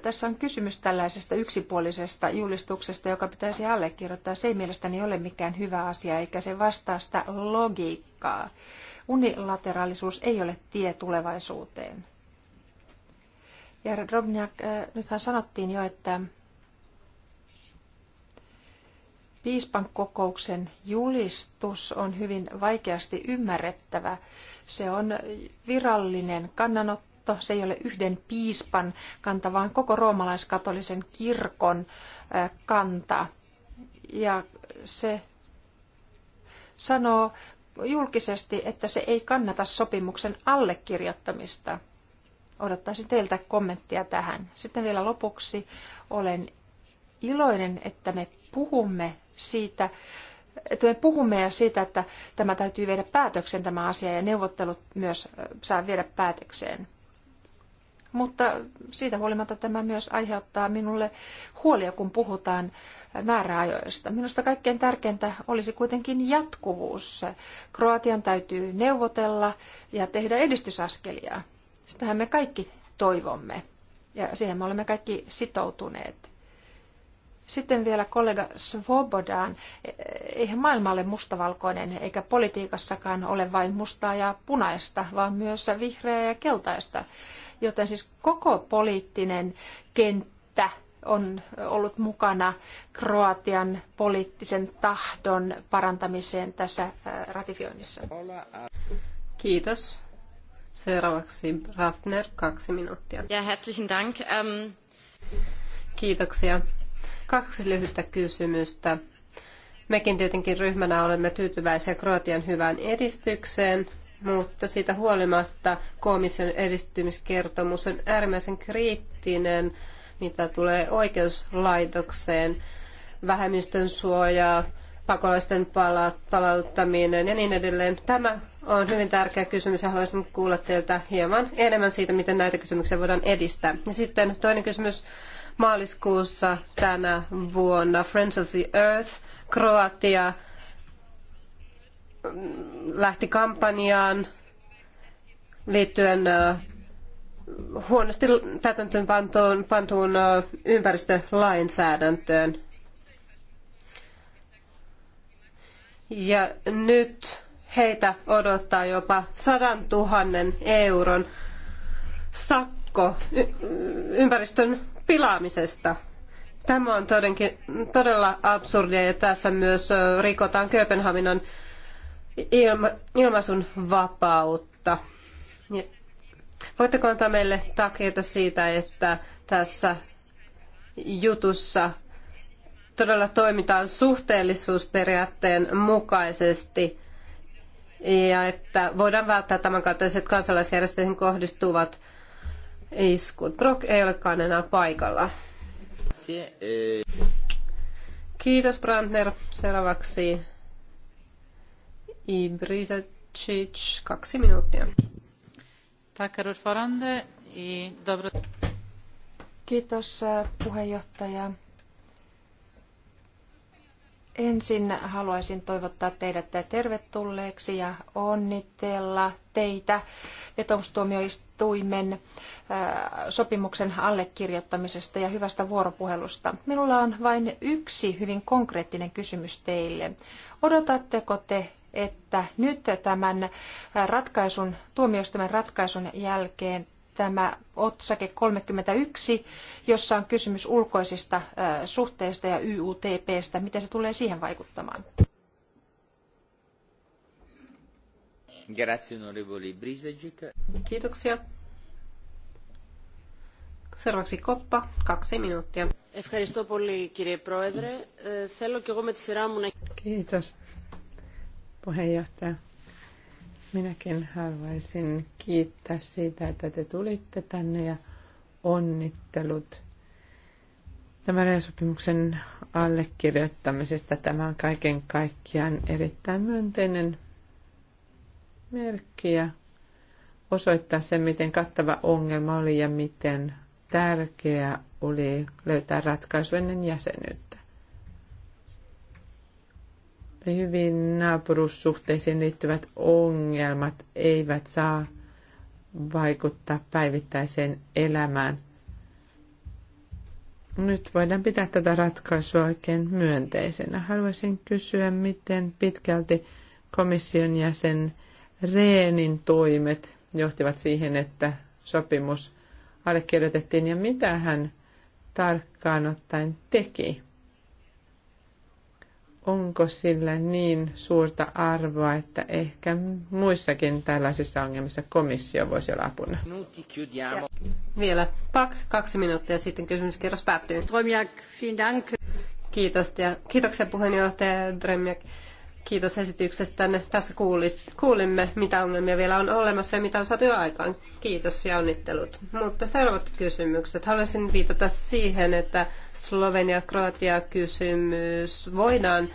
tässä on kysymys tällaisesta yksipuolisesta julistuksesta, joka pitäisi allekirjoittaa. Se ei mielestäni ole mikään hyvä asia, eikä se vastaa sitä logiikkaa. Unilateraalisuus ei ole tie tulevaisuuteen. Ja Robniak, nythän sanottiin jo, että Piispan kokouksen julistus on hyvin vaikeasti ymmärrettävä. Se on virallinen kannanotto, se ei ole yhden piispan kanta, vaan koko roomalaiskatolisen kirkon kanta. Ja se sanoo julkisesti, että se ei kannata sopimuksen allekirjoittamista. Odottaisin teiltä kommenttia tähän. Sitten vielä lopuksi olen iloinen, että me puhumme siitä, että me puhumme ja siitä, että tämä täytyy viedä päätökseen tämä asia ja neuvottelut myös saa viedä päätökseen. Mutta siitä huolimatta tämä myös aiheuttaa minulle huolia, kun puhutaan määräajoista. Minusta kaikkein tärkeintä olisi kuitenkin jatkuvuus. Kroatian täytyy neuvotella ja tehdä edistysaskelia. Sitähän me kaikki toivomme ja siihen me olemme kaikki sitoutuneet. Sitten vielä kollega Svobodaan. Eihän maailma ole mustavalkoinen, eikä politiikassakaan ole vain mustaa ja punaista, vaan myös vihreää ja keltaista. Joten siis koko poliittinen kenttä on ollut mukana Kroatian poliittisen tahdon parantamiseen tässä äh, ratifioinnissa. Kiitos. Seuraavaksi Raffner, kaksi minuuttia. Ja herzlichen Dank. Ähm, Kiitoksia. Kaksi lyhyttä kysymystä. Mekin tietenkin ryhmänä olemme tyytyväisiä Kroatian hyvään edistykseen, mutta siitä huolimatta komission edistymiskertomus on äärimmäisen kriittinen, mitä tulee oikeuslaitokseen, vähemmistön suojaa, pakolaisten palauttaminen ja niin edelleen. Tämä on hyvin tärkeä kysymys ja haluaisin kuulla teiltä hieman enemmän siitä, miten näitä kysymyksiä voidaan edistää. Ja sitten toinen kysymys maaliskuussa tänä vuonna Friends of the Earth, Kroatia mm, lähti kampanjaan liittyen huonosti täytäntöön pantuun, pantuun ympäristölainsäädäntöön. Ja nyt heitä odottaa jopa 100 000 euron sakko ympäristön pilaamisesta. Tämä on todenkin, todella absurdia ja tässä myös rikotaan Kööpenhaminan ilma, ilmaisun vapautta. Ja voitteko antaa meille takeita siitä, että tässä jutussa todella toimitaan suhteellisuusperiaatteen mukaisesti ja että voidaan välttää tämän kaltaiset kansalaisjärjestöihin kohdistuvat iskut. Brock ei olekaan enää paikalla. Kiitos Brandner. Seuraavaksi Ibrisacic, kaksi minuuttia. Tackar ordförande. Kiitos eh, puheenjohtaja. Ensin haluaisin toivottaa teidät tervetulleeksi ja onnitella teitä vetomustuomioistuimen sopimuksen allekirjoittamisesta ja hyvästä vuoropuhelusta. Minulla on vain yksi hyvin konkreettinen kysymys teille. Odotatteko te, että nyt tämän ratkaisun, tuomioistuimen ratkaisun jälkeen tämä otsake 31, jossa on kysymys ulkoisista suhteista ja YUTPstä. Miten se tulee siihen vaikuttamaan? Grazie, onorevoli Brisegit. Kiitoksia. Seuraavaksi Koppa, kaksi minuuttia. Ευχαριστώ πολύ κύριε Πρόεδρε. Θέλω και εγώ με τη σειρά μου να... Kiitos puheenjohtaja. Minäkin haluaisin kiittää siitä, että te tulitte tänne ja onnittelut tämän sopimuksen allekirjoittamisesta. Tämä on kaiken kaikkiaan erittäin myönteinen merkki ja osoittaa sen, miten kattava ongelma oli ja miten tärkeää oli löytää ratkaisu ennen jäsenyyttä hyvin naapuruussuhteisiin liittyvät ongelmat eivät saa vaikuttaa päivittäiseen elämään. Nyt voidaan pitää tätä ratkaisua oikein myönteisenä. Haluaisin kysyä, miten pitkälti komission jäsen Reenin toimet johtivat siihen, että sopimus allekirjoitettiin ja mitä hän tarkkaan ottaen teki onko sillä niin suurta arvoa, että ehkä muissakin tällaisissa ongelmissa komissio voisi olla apuna. Ja. Vielä pak, kaksi minuuttia sitten kysymyskierros päättyy. Kiitos ja kiitoksia puheenjohtaja Dremjak. Kiitos esityksestänne. Tässä kuulit, kuulimme, mitä ongelmia vielä on olemassa ja mitä on saatu jo aikaan. Kiitos ja onnittelut. Mutta seuraavat kysymykset. Haluaisin viitata siihen, että Slovenia-Kroatia-kysymys voidaan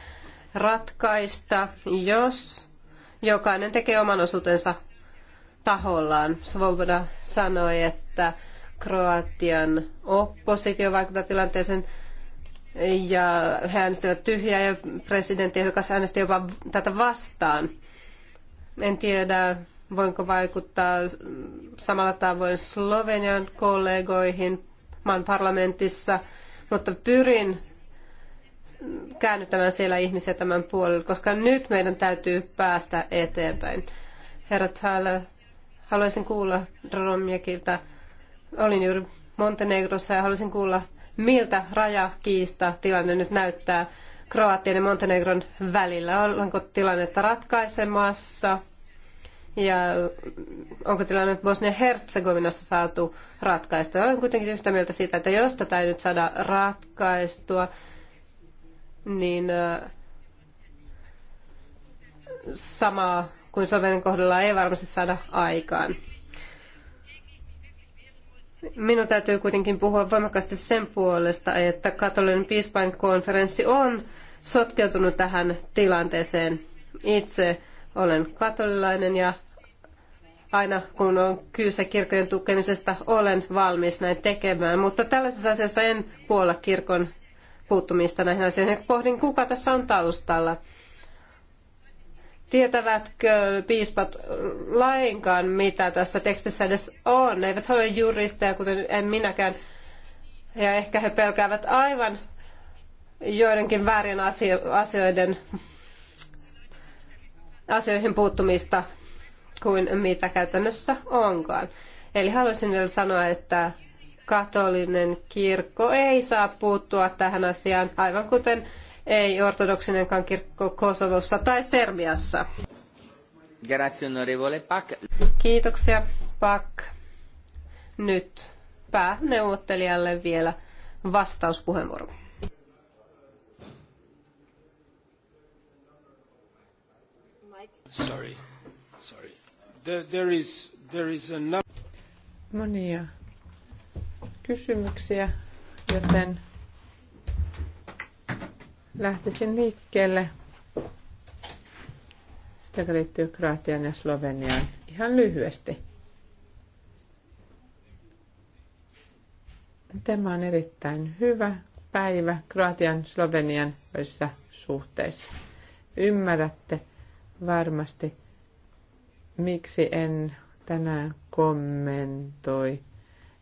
ratkaista, jos jokainen tekee oman osuutensa tahollaan. Svoboda sanoi, että Kroatian oppositio vaikuttaa tilanteeseen ja he äänestivät tyhjää ja presidenttiehdokas äänesti jopa tätä vastaan. En tiedä, voinko vaikuttaa samalla tavoin Slovenian kollegoihin maan parlamentissa, mutta pyrin käännyttämään siellä ihmisiä tämän puolelle, koska nyt meidän täytyy päästä eteenpäin. Herra Tyler, haluaisin kuulla Romjakilta. Olin juuri Montenegrossa ja haluaisin kuulla miltä rajakiista tilanne nyt näyttää Kroatian ja Montenegron välillä. Onko tilannetta ratkaisemassa? Ja onko tilanne Bosnia-Herzegovinassa saatu ratkaistua? Olen kuitenkin yhtä mieltä siitä, että jos tätä ei nyt saada ratkaistua, niin äh, samaa kuin Slovenian kohdalla ei varmasti saada aikaan. Minun täytyy kuitenkin puhua voimakkaasti sen puolesta, että katolinen piispainkonferenssi on sotkeutunut tähän tilanteeseen. Itse olen katolilainen ja aina kun on kyse kirkon tukemisesta, olen valmis näin tekemään. Mutta tällaisessa asiassa en puolla kirkon puuttumista näihin asioihin. Pohdin, kuka tässä on taustalla. Tietävätkö piispat lainkaan, mitä tässä tekstissä edes on? Ne eivät ole juristeja, kuten en minäkään. Ja ehkä he pelkäävät aivan joidenkin väärien asioiden asioihin puuttumista kuin mitä käytännössä onkaan. Eli haluaisin vielä sanoa, että katolinen kirkko ei saa puuttua tähän asiaan, aivan kuten ei ortodoksinenkaan kirkko Kosovossa tai Serbiassa. Grazie onorevole Pak. Kiitoksia Pak. Nyt pääneuvottelijalle vielä vastauspuheenvuoro. Sorry. Sorry. There, there is, there is a... Monia no niin, kysymyksiä, joten Lähtisin liikkeelle sitä, joka liittyy Kroatian ja Sloveniaan ihan lyhyesti. Tämä on erittäin hyvä päivä Kroatian Slovenian välisissä suhteissa. Ymmärrätte varmasti, miksi en tänään kommentoi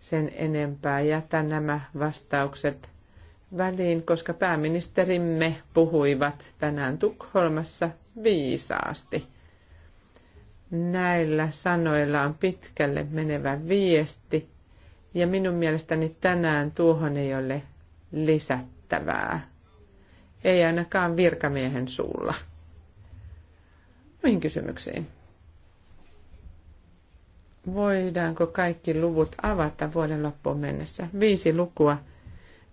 sen enempää. Jätän nämä vastaukset väliin, koska pääministerimme puhuivat tänään Tukholmassa viisaasti. Näillä sanoilla on pitkälle menevä viesti, ja minun mielestäni tänään tuohon ei ole lisättävää. Ei ainakaan virkamiehen suulla. Muihin kysymyksiin. Voidaanko kaikki luvut avata vuoden loppuun mennessä? Viisi lukua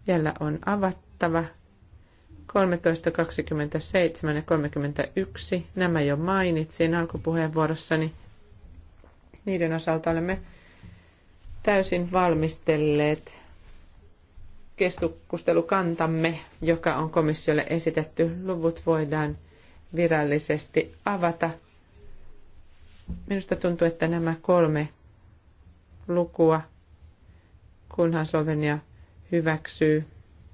vielä on avattava. 13, 27 ja 31, nämä jo mainitsin alkupuheenvuorossani. Niiden osalta olemme täysin valmistelleet keskustelukantamme, joka on komissiolle esitetty. Luvut voidaan virallisesti avata. Minusta tuntuu, että nämä kolme lukua, kunhan Slovenia – hyväksyy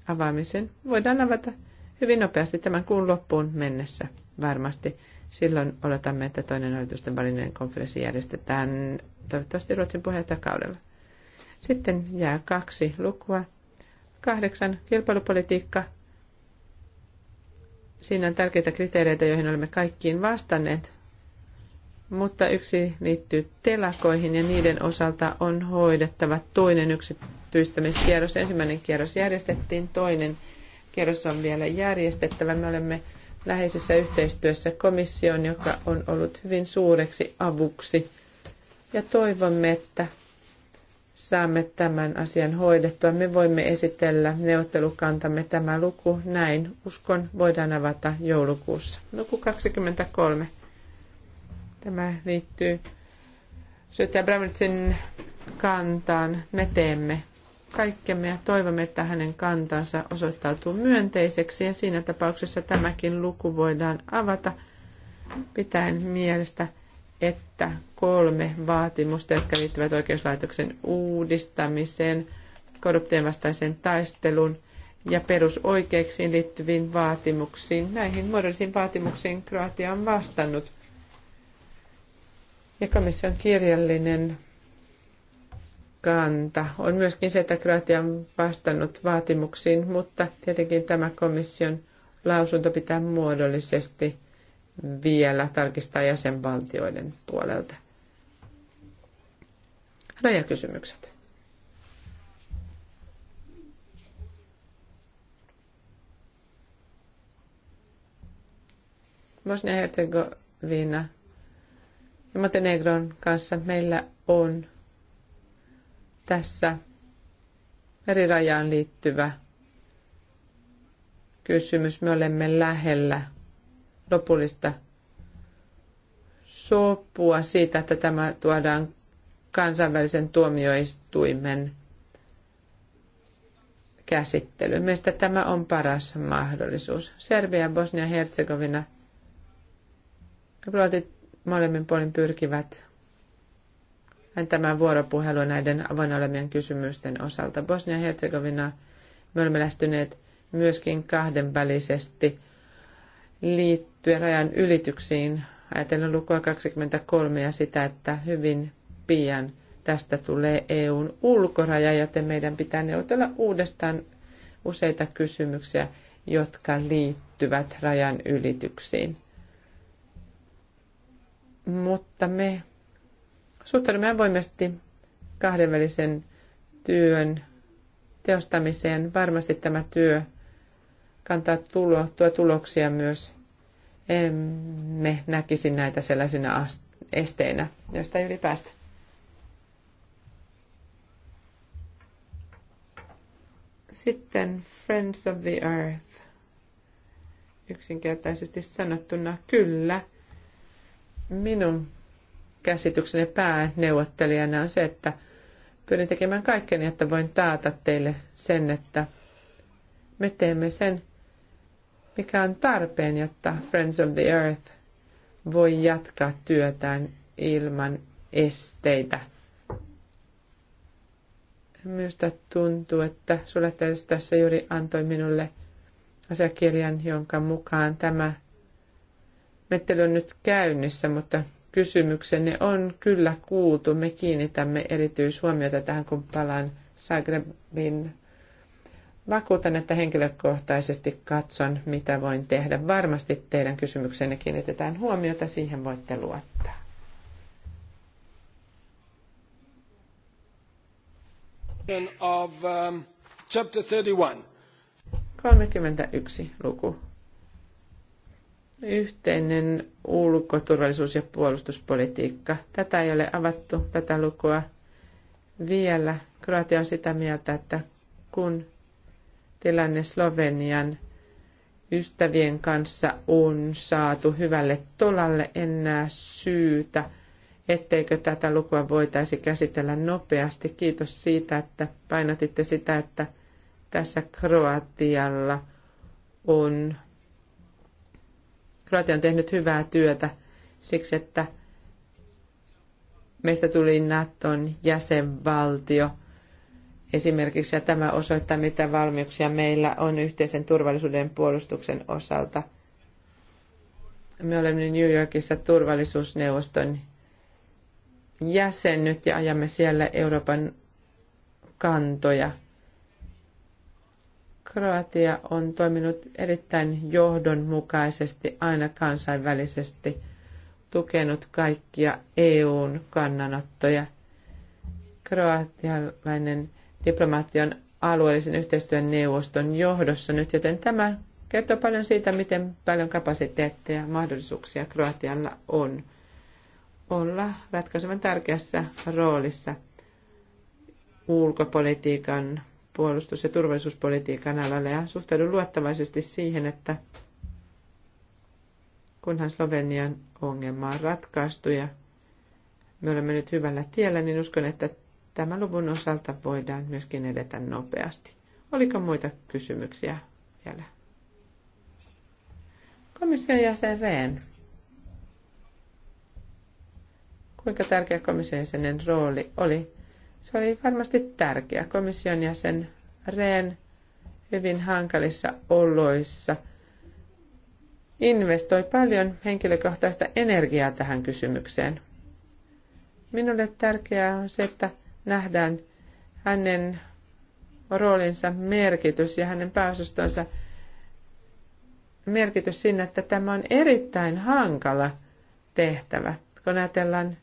avaamisen, voidaan avata hyvin nopeasti tämän kuun loppuun mennessä varmasti. Silloin odotamme, että toinen hallitusten välinen konferenssi järjestetään toivottavasti Ruotsin puheenjohtajakaudella. Sitten jää kaksi lukua. Kahdeksan, kilpailupolitiikka. Siinä on tärkeitä kriteereitä, joihin olemme kaikkiin vastanneet mutta yksi liittyy telakoihin ja niiden osalta on hoidettava toinen yksityistämiskierros. Ensimmäinen kierros järjestettiin, toinen kierros on vielä järjestettävä. Me olemme läheisessä yhteistyössä komission, joka on ollut hyvin suureksi avuksi. Ja toivomme, että saamme tämän asian hoidettua. Me voimme esitellä neuvottelukantamme tämä luku. Näin uskon voidaan avata joulukuussa. Luku 23 Tämä liittyy Syöttäjä Bramiltsin kantaan. Me teemme kaikkemme ja toivomme, että hänen kantansa osoittautuu myönteiseksi ja siinä tapauksessa tämäkin luku voidaan avata pitäen mielestä, että kolme vaatimusta, jotka liittyvät oikeuslaitoksen uudistamiseen, korruptien vastaiseen taisteluun ja perusoikeuksiin liittyviin vaatimuksiin. Näihin muodollisiin vaatimuksiin Kroatia on vastannut missä on kirjallinen kanta on myöskin se, että Kroatia on vastannut vaatimuksiin, mutta tietenkin tämä komission lausunto pitää muodollisesti vielä tarkistaa jäsenvaltioiden puolelta. Rajakysymykset. Bosnia-Herzegovina ja Matenegron kanssa meillä on tässä merirajaan liittyvä kysymys. Me olemme lähellä lopullista sopua siitä, että tämä tuodaan kansainvälisen tuomioistuimen käsittely. Meistä tämä on paras mahdollisuus. Serbia, Bosnia, Herzegovina, Kroatit, molemmin puolin pyrkivät tämän vuoropuhelu näiden avoinna olevien kysymysten osalta. Bosnia-Herzegovina me olemme lähtyneet myöskin kahdenvälisesti liittyen rajan ylityksiin. Ajatellen lukua 23 ja sitä, että hyvin pian tästä tulee EUn ulkoraja, joten meidän pitää neuvotella uudestaan useita kysymyksiä, jotka liittyvät rajan ylityksiin mutta me suhtaudumme avoimesti kahdenvälisen työn teostamiseen. Varmasti tämä työ kantaa tulo, tuo tuloksia myös. Emme näkisi näitä sellaisina esteinä, joista ei ylipäästä. Sitten Friends of the Earth. Yksinkertaisesti sanottuna, kyllä – Minun käsitykseni pääneuvottelijana on se, että pyrin tekemään kaikkeni, että voin taata teille sen, että me teemme sen, mikä on tarpeen, jotta Friends of the Earth voi jatkaa työtään ilman esteitä. Minusta tuntuu, että sulle tässä juuri antoi minulle asiakirjan, jonka mukaan tämä mettely on nyt käynnissä, mutta kysymyksenne on kyllä kuultu. Me kiinnitämme erityishuomiota tähän, kun palaan Zagrebin. Vakuutan, että henkilökohtaisesti katson, mitä voin tehdä. Varmasti teidän kysymyksenne kiinnitetään huomiota, siihen voitte luottaa. Of, um, chapter 31. 31 luku. Yhteinen ulko-, turvallisuus- ja puolustuspolitiikka. Tätä ei ole avattu, tätä lukua vielä. Kroatia on sitä mieltä, että kun tilanne Slovenian ystävien kanssa on saatu hyvälle tolalle enää syytä, etteikö tätä lukua voitaisi käsitellä nopeasti. Kiitos siitä, että painotitte sitä, että tässä Kroatialla on Kroatia on tehnyt hyvää työtä siksi, että meistä tuli Naton jäsenvaltio esimerkiksi, ja tämä osoittaa, mitä valmiuksia meillä on yhteisen turvallisuuden puolustuksen osalta. Me olemme New Yorkissa turvallisuusneuvoston jäsen nyt ja ajamme siellä Euroopan kantoja – Kroatia on toiminut erittäin johdonmukaisesti aina kansainvälisesti, tukenut kaikkia EUn kannanottoja. Kroatialainen diplomaattia on alueellisen yhteistyön neuvoston johdossa nyt, joten tämä kertoo paljon siitä, miten paljon kapasiteetteja ja mahdollisuuksia Kroatialla on olla ratkaisevan tärkeässä roolissa ulkopolitiikan puolustus- ja turvallisuuspolitiikan alalle ja suhtaudun luottavaisesti siihen, että kunhan Slovenian ongelma on ratkaistu ja me olemme nyt hyvällä tiellä, niin uskon, että tämän luvun osalta voidaan myöskin edetä nopeasti. Oliko muita kysymyksiä vielä? Komission jäsen Rehn. Kuinka tärkeä komission jäsenen rooli oli se oli varmasti tärkeä komission jäsen Rehn hyvin hankalissa oloissa investoi paljon henkilökohtaista energiaa tähän kysymykseen. Minulle tärkeää on se, että nähdään hänen roolinsa merkitys ja hänen pääosastonsa merkitys siinä, että tämä on erittäin hankala tehtävä, kun ajatellaan,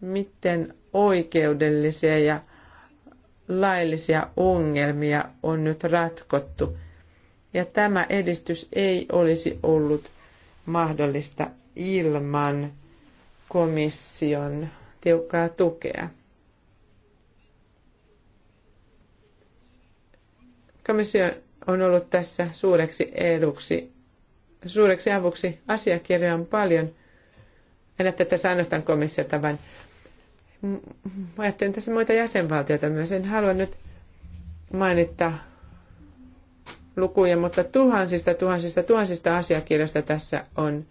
miten oikeudellisia ja laillisia ongelmia on nyt ratkottu. Ja tämä edistys ei olisi ollut mahdollista ilman komission tiukkaa tukea. Komissio on ollut tässä suureksi eduksi, suureksi avuksi. Asiakirjoja on paljon. En tätä ainoastaan komissiota, vaan Mä ajattelen tässä muita jäsenvaltioita myös. En halua nyt mainita lukuja, mutta tuhansista, tuhansista, tuhansista asiakirjoista tässä on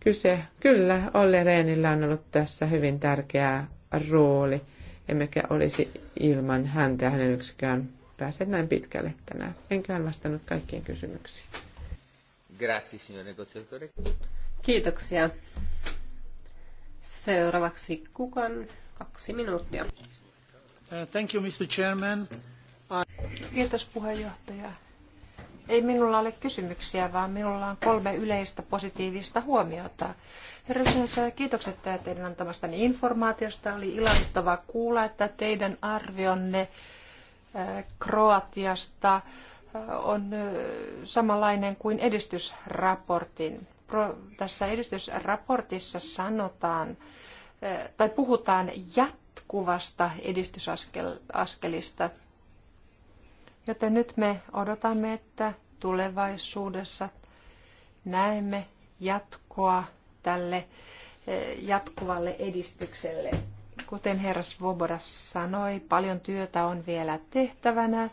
kyse. Kyllä, Olli Reenillä on ollut tässä hyvin tärkeä rooli, emmekä olisi ilman häntä ja hänen yksikään pääse näin pitkälle tänään. Enköhän vastannut kaikkiin kysymyksiin. Grazie, signore Kiitoksia, Seuraavaksi Kukan kaksi minuuttia. Uh, thank you, Mr. Chairman. I... Kiitos puheenjohtaja. Ei minulla ole kysymyksiä, vaan minulla on kolme yleistä positiivista huomiota. Herra kiitokset teidän antamastani informaatiosta. Oli ilahduttavaa kuulla, että teidän arvionne eh, Kroatiasta eh, on eh, samanlainen kuin edistysraportin tässä edistysraportissa sanotaan, eh, tai puhutaan jatkuvasta edistysaskelista. Joten nyt me odotamme, että tulevaisuudessa näemme jatkoa tälle eh, jatkuvalle edistykselle. Kuten herra Svoboda sanoi, paljon työtä on vielä tehtävänä,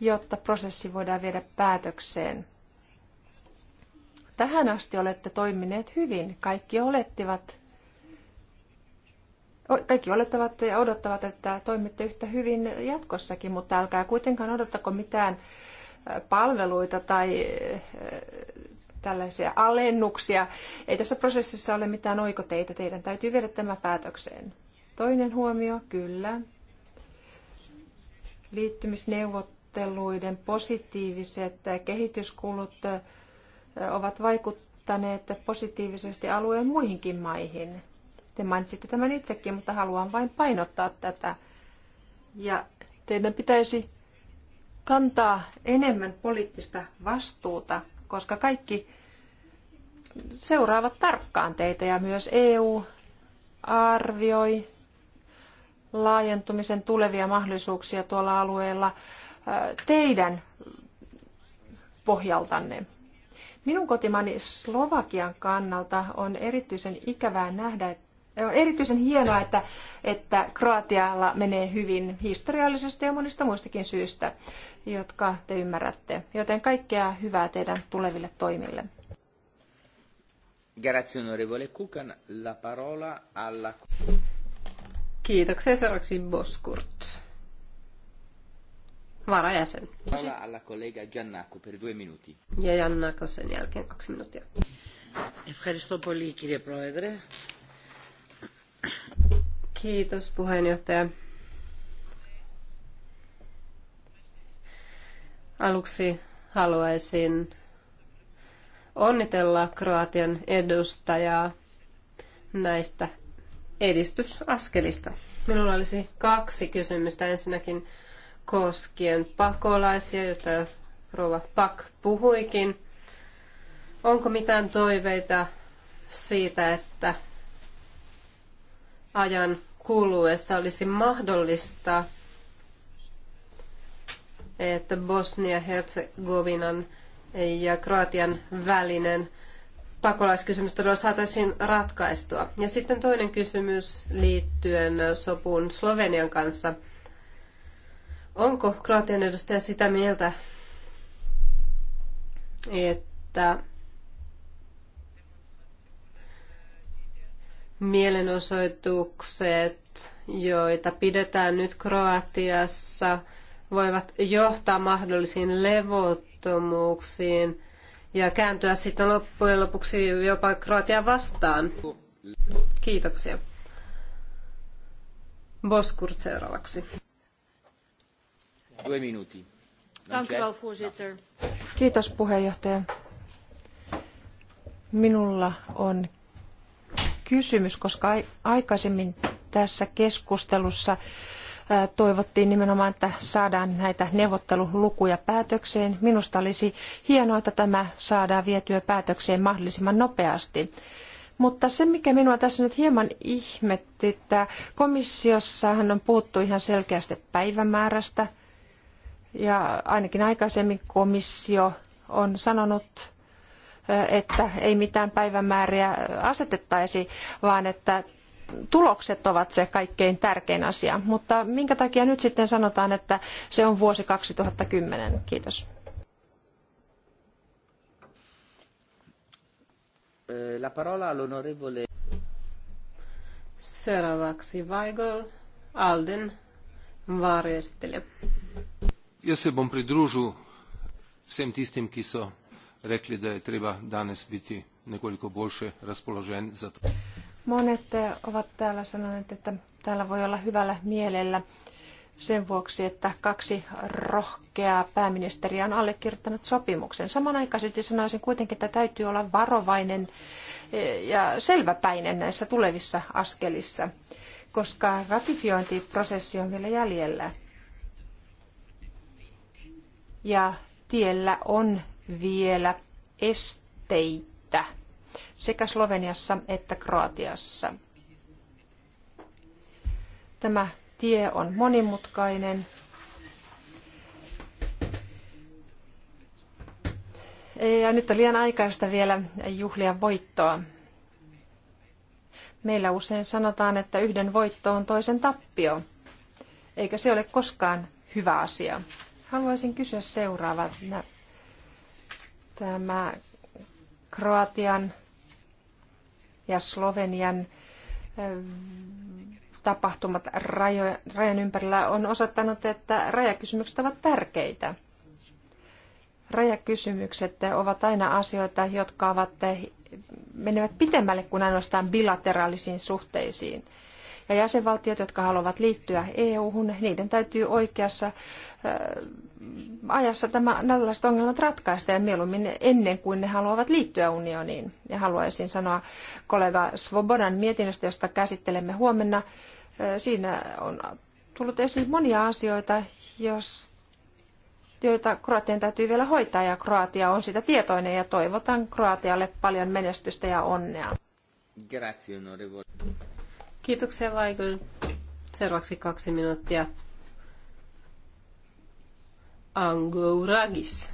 jotta prosessi voidaan viedä päätökseen tähän asti olette toimineet hyvin. Kaikki olettivat, kaikki olettavat ja odottavat, että toimitte yhtä hyvin jatkossakin, mutta älkää kuitenkaan odottako mitään palveluita tai tällaisia alennuksia. Ei tässä prosessissa ole mitään oikoteita, teidän täytyy viedä tämä päätökseen. Toinen huomio, kyllä. Liittymisneuvotteluiden positiiviset kehityskulut ovat vaikuttaneet positiivisesti alueen muihinkin maihin. Te mainitsitte tämän itsekin, mutta haluan vain painottaa tätä. Ja teidän pitäisi kantaa enemmän poliittista vastuuta, koska kaikki seuraavat tarkkaan teitä ja myös EU arvioi laajentumisen tulevia mahdollisuuksia tuolla alueella teidän pohjaltanne. Minun kotimani Slovakian kannalta on erityisen ikävää nähdä, että on erityisen hienoa, että, että Kroatialla menee hyvin historiallisesta ja monista muistakin syistä, jotka te ymmärrätte. Joten kaikkea hyvää teidän tuleville toimille. Grazie onorevole Kukan. La parola alla... Kiitoksia seuraavaksi Boskurt. Vara varajäsen. Alla kollega Giannaku per due minuti. Ja Giannaku sen jälkeen kaksi minuuttia. Ευχαριστώ πολύ κύριε Πρόεδρε. Kiitos puheenjohtaja. Aluksi haluaisin onnitella Kroatian edustajaa näistä edistysaskelista. Minulla olisi kaksi kysymystä. Ensinnäkin koskien pakolaisia, joista Rova Pak puhuikin. Onko mitään toiveita siitä, että ajan kuluessa olisi mahdollista, että Bosnia-Herzegovinan ja Kroatian välinen pakolaiskysymys todella saataisiin ratkaistua. Ja sitten toinen kysymys liittyen sopuun Slovenian kanssa – Onko Kroatian edustaja sitä mieltä, että mielenosoitukset, joita pidetään nyt Kroatiassa, voivat johtaa mahdollisiin levottomuuksiin ja kääntyä sitten loppujen lopuksi jopa Kroatia vastaan. Kiitoksia. Boskurt seuraavaksi voorzitter. No. Kiitos puheenjohtaja. Minulla on kysymys, koska aikaisemmin tässä keskustelussa toivottiin nimenomaan, että saadaan näitä neuvottelulukuja päätökseen. Minusta olisi hienoa, että tämä saadaan vietyä päätökseen mahdollisimman nopeasti. Mutta se, mikä minua tässä nyt hieman ihmetti, että komissiossahan on puhuttu ihan selkeästi päivämäärästä – ja ainakin aikaisemmin komissio on sanonut, eh, että ei mitään päivämääriä asetettaisi, vaan että tulokset ovat se kaikkein tärkein asia. Mutta minkä takia nyt sitten sanotaan, että se on vuosi 2010? Kiitos. Eh, la parola all'onorevole. Seuraavaksi Weigel, Alden, vaariesittelijä. Jaz se bom pridružil vsem tistim, ki so rekli, da je treba danes biti nekoliko boljše razpoložen za to. Monet eh, ovat täällä sanoneet, että täällä voi olla hyvällä mielellä sen vuoksi, että kaksi rohkeaa pääministeriä on allekirjoittanut sopimuksen. Samanaikaisesti sanoisin kuitenkin, että täytyy olla varovainen eh, ja selväpäinen näissä tulevissa askelissa, koska ratifiointiprosessi on vielä jäljellä ja tiellä on vielä esteitä sekä Sloveniassa että Kroatiassa. Tämä tie on monimutkainen Ja nyt on liian aikaista vielä juhlia voittoa. Meillä usein sanotaan, että yhden voitto on toisen tappio, eikä se ole koskaan hyvä asia. Haluaisin kysyä seuraavaa. Tämä Kroatian ja Slovenian tapahtumat rajan ympärillä on osoittanut, että rajakysymykset ovat tärkeitä. Rajakysymykset ovat aina asioita, jotka ovat menevät pitemmälle kuin ainoastaan bilateraalisiin suhteisiin. Ja jäsenvaltiot, jotka haluavat liittyä EU-hun, niiden täytyy oikeassa äh, ajassa tämä, tällaiset ongelmat ratkaista ja mieluummin ennen kuin ne haluavat liittyä unioniin. Ja haluaisin sanoa kollega Svobodan mietinnöstä, josta käsittelemme huomenna, äh, siinä on tullut esiin monia asioita, jos, joita Kroatian täytyy vielä hoitaa ja Kroatia on sitä tietoinen ja toivotan Kroatialle paljon menestystä ja onnea. Kiitoksia Vaikun. Seuraavaksi kaksi minuuttia. Angouragis.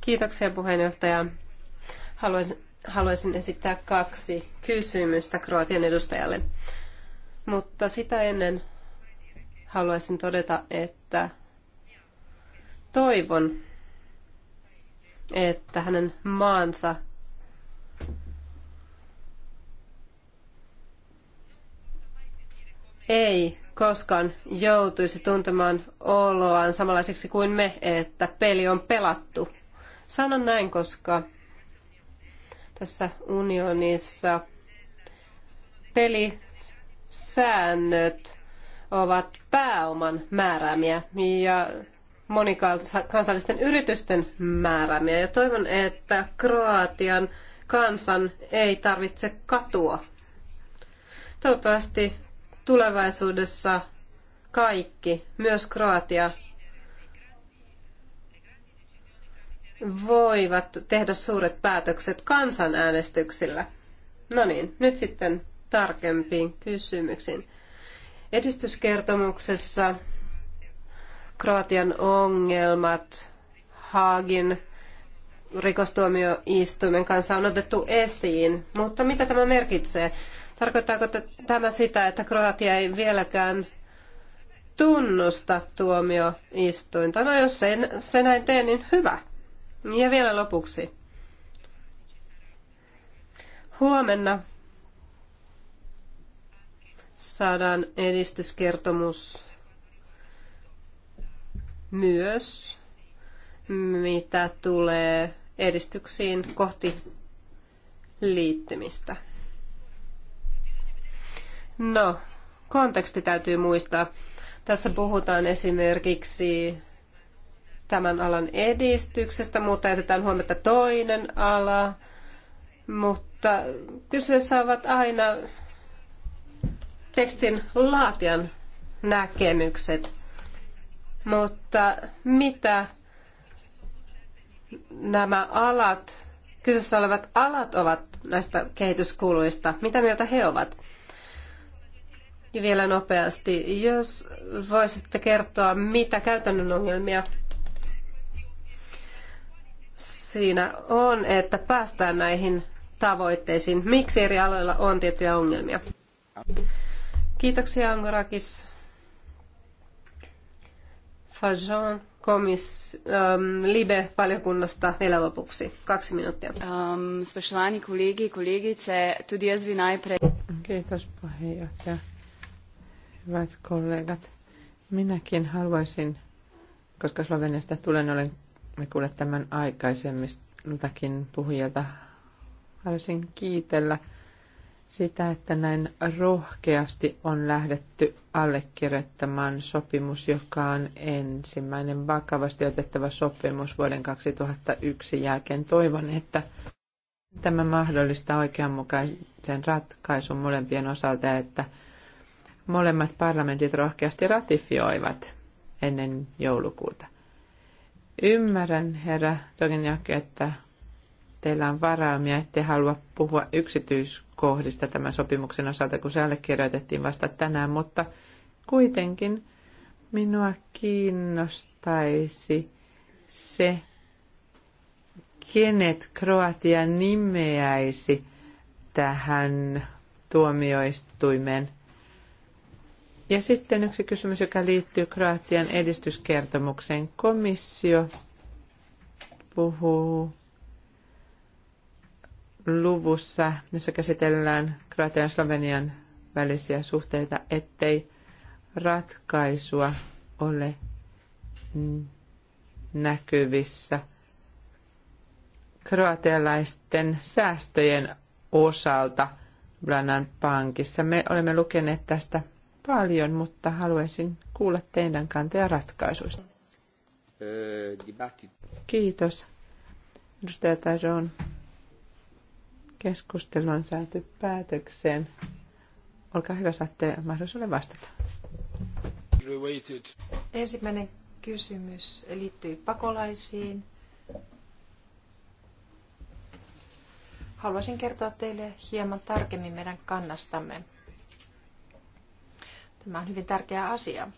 Kiitoksia puheenjohtaja. Haluaisin, haluaisin esittää kaksi kysymystä Kroatian edustajalle. Mutta sitä ennen haluaisin todeta, että toivon, että hänen maansa ei koskaan joutuisi tuntemaan oloaan samanlaiseksi kuin me, että peli on pelattu. Sanon näin, koska tässä unionissa pelisäännöt ovat pääoman määräämiä ja monikansallisten yritysten määrämiä Ja toivon, että Kroatian kansan ei tarvitse katua. Toivottavasti tulevaisuudessa kaikki, myös Kroatia, voivat tehdä suuret päätökset kansanäänestyksillä. No niin, nyt sitten tarkempiin kysymyksiin. Edistyskertomuksessa Kroatian ongelmat Haagin rikostuomioistuimen kanssa on otettu esiin. Mutta mitä tämä merkitsee? Tarkoittaako tämä sitä, että Kroatia ei vieläkään tunnusta tuomioistuinta? No jos se, se näin tee, niin hyvä. Ja vielä lopuksi. Huomenna saadaan edistyskertomus myös, mitä tulee edistyksiin kohti liittymistä. No, konteksti täytyy muistaa. Tässä puhutaan esimerkiksi tämän alan edistyksestä, mutta jätetään huomata toinen ala. Mutta kyseessä ovat aina tekstin laatian näkemykset. Mutta mitä nämä alat, kyseessä olevat alat ovat näistä kehityskuluista? Mitä mieltä he ovat? Ja vielä nopeasti, jos voisitte kertoa, mitä käytännön ongelmia siinä on, että päästään näihin tavoitteisiin. Miksi eri aloilla on tiettyjä ongelmia? Kiitoksia Angorakis. Fajon komis, ähm, Libe-valiokunnasta vielä lopuksi. Kaksi minuuttia. Um, spoštovani kollegi, kolegice, tudi jaz bi najprej... Kiitos puheenjohtaja. Hyvät kollegat, minäkin haluaisin, koska Sloveniasta tulen, olen kuullut tämän aikaisemmistakin puhujilta, haluaisin kiitellä – sitä, että näin rohkeasti on lähdetty allekirjoittamaan sopimus, joka on ensimmäinen vakavasti otettava sopimus vuoden 2001 jälkeen. Toivon, että tämä mahdollistaa oikeanmukaisen ratkaisun molempien osalta, että molemmat parlamentit rohkeasti ratifioivat ennen joulukuuta. Ymmärrän, herra Dogenjak, että teillä on varaamia, ette halua puhua yksityiskohdista tämän sopimuksen osalta, kun se allekirjoitettiin vasta tänään, mutta kuitenkin minua kiinnostaisi se, kenet Kroatia nimeäisi tähän tuomioistuimeen. Ja sitten yksi kysymys, joka liittyy Kroatian edistyskertomukseen. Komissio puhuu luvussa, jossa käsitellään Kroatian ja Slovenian välisiä suhteita, ettei ratkaisua ole näkyvissä kroatialaisten säästöjen osalta Blanan pankissa. Me olemme lukeneet tästä paljon, mutta haluaisin kuulla teidän kantoja ratkaisuista. Eh, Kiitos. Edustaja Tajon Keskustelu on saatu päätökseen. Olkaa hyvä, saatte mahdollisuuden vastata. Ensimmäinen kysymys liittyy pakolaisiin. Haluaisin kertoa teille hieman tarkemmin meidän kannastamme. Tämä on hyvin tärkeä asia,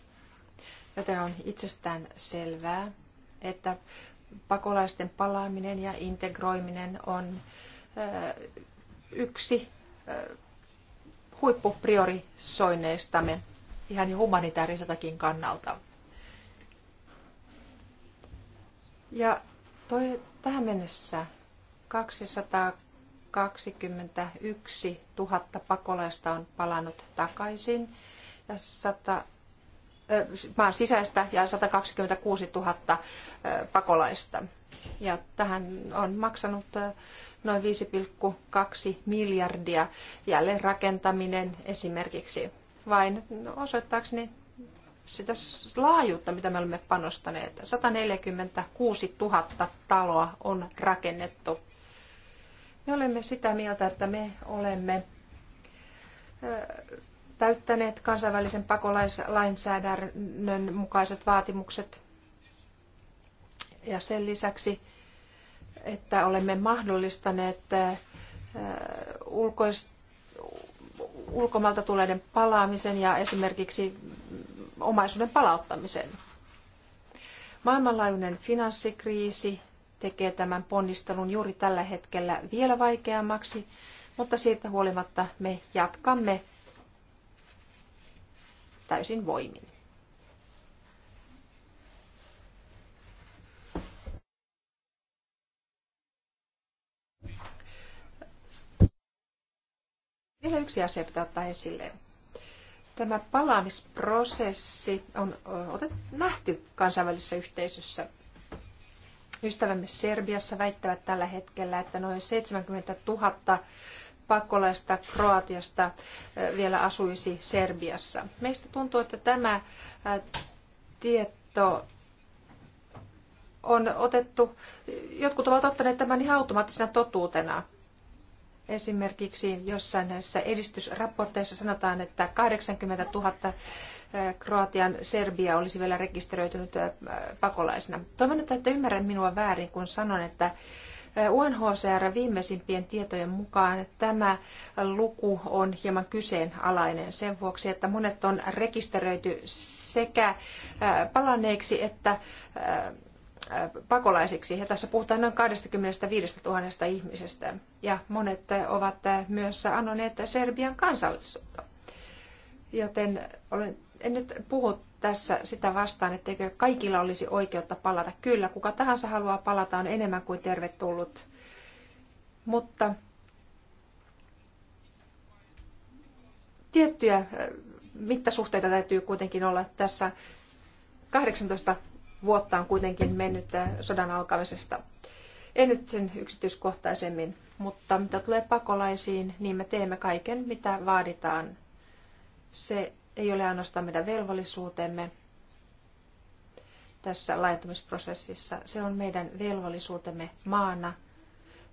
joten on itsestään selvää, että pakolaisten palaaminen ja integroiminen on yksi huippupriorisoinneistamme ihan jo humanitaariseltakin kannalta. Ja toi, tähän mennessä 221 000 pakolaista on palannut takaisin ja 100, maan sisäistä ja 126 000 pakolaista. Ja tähän on maksanut noin 5,2 miljardia jälleen rakentaminen esimerkiksi. Vain no, osoittaakseni sitä laajuutta, mitä me olemme panostaneet. 146 000 taloa on rakennettu. Me olemme sitä mieltä, että me olemme täyttäneet kansainvälisen pakolaislainsäädännön mukaiset vaatimukset ja sen lisäksi, että olemme mahdollistaneet äh, ulkois, ulkomalta tuleiden palaamisen ja esimerkiksi omaisuuden palauttamisen. Maailmanlaajuinen finanssikriisi tekee tämän ponnistelun juuri tällä hetkellä vielä vaikeammaksi, mutta siitä huolimatta me jatkamme täysin voimin. Vielä yksi asia pitää ottaa esille. Tämä palaamisprosessi on otettu, nähty kansainvälisessä yhteisössä. Ystävämme Serbiassa väittävät tällä hetkellä, että noin 70 000 pakolaista Kroatiasta vielä asuisi Serbiassa. Meistä tuntuu, että tämä tieto on otettu, jotkut ovat ottaneet tämän ihan automaattisena totuutena. Esimerkiksi jossain näissä edistysraporteissa sanotaan, että 80 000 Kroatian Serbia olisi vielä rekisteröitynyt pakolaisena. Toivon, että ette ymmärrä minua väärin, kun sanon, että UNHCR viimeisimpien tietojen mukaan tämä luku on hieman kyseenalainen sen vuoksi, että monet on rekisteröity sekä palanneiksi että pakolaisiksi. Ja tässä puhutaan noin 25 000 ihmisestä. Ja monet ovat myös anoneet Serbian kansallisuutta. Joten olen, en nyt puhu tässä sitä vastaan, etteikö kaikilla olisi oikeutta palata. Kyllä, kuka tahansa haluaa palata on enemmän kuin tervetullut. Mutta tiettyjä eh, mittasuhteita täytyy kuitenkin olla tässä 18 vuotta on kuitenkin mennyt äh, sodan alkamisesta. En nyt sen yksityiskohtaisemmin, mutta mitä tulee pakolaisiin, niin me teemme kaiken, mitä vaaditaan. Se ei ole ainoastaan meidän velvollisuutemme tässä laajentumisprosessissa. Se on meidän velvollisuutemme maana,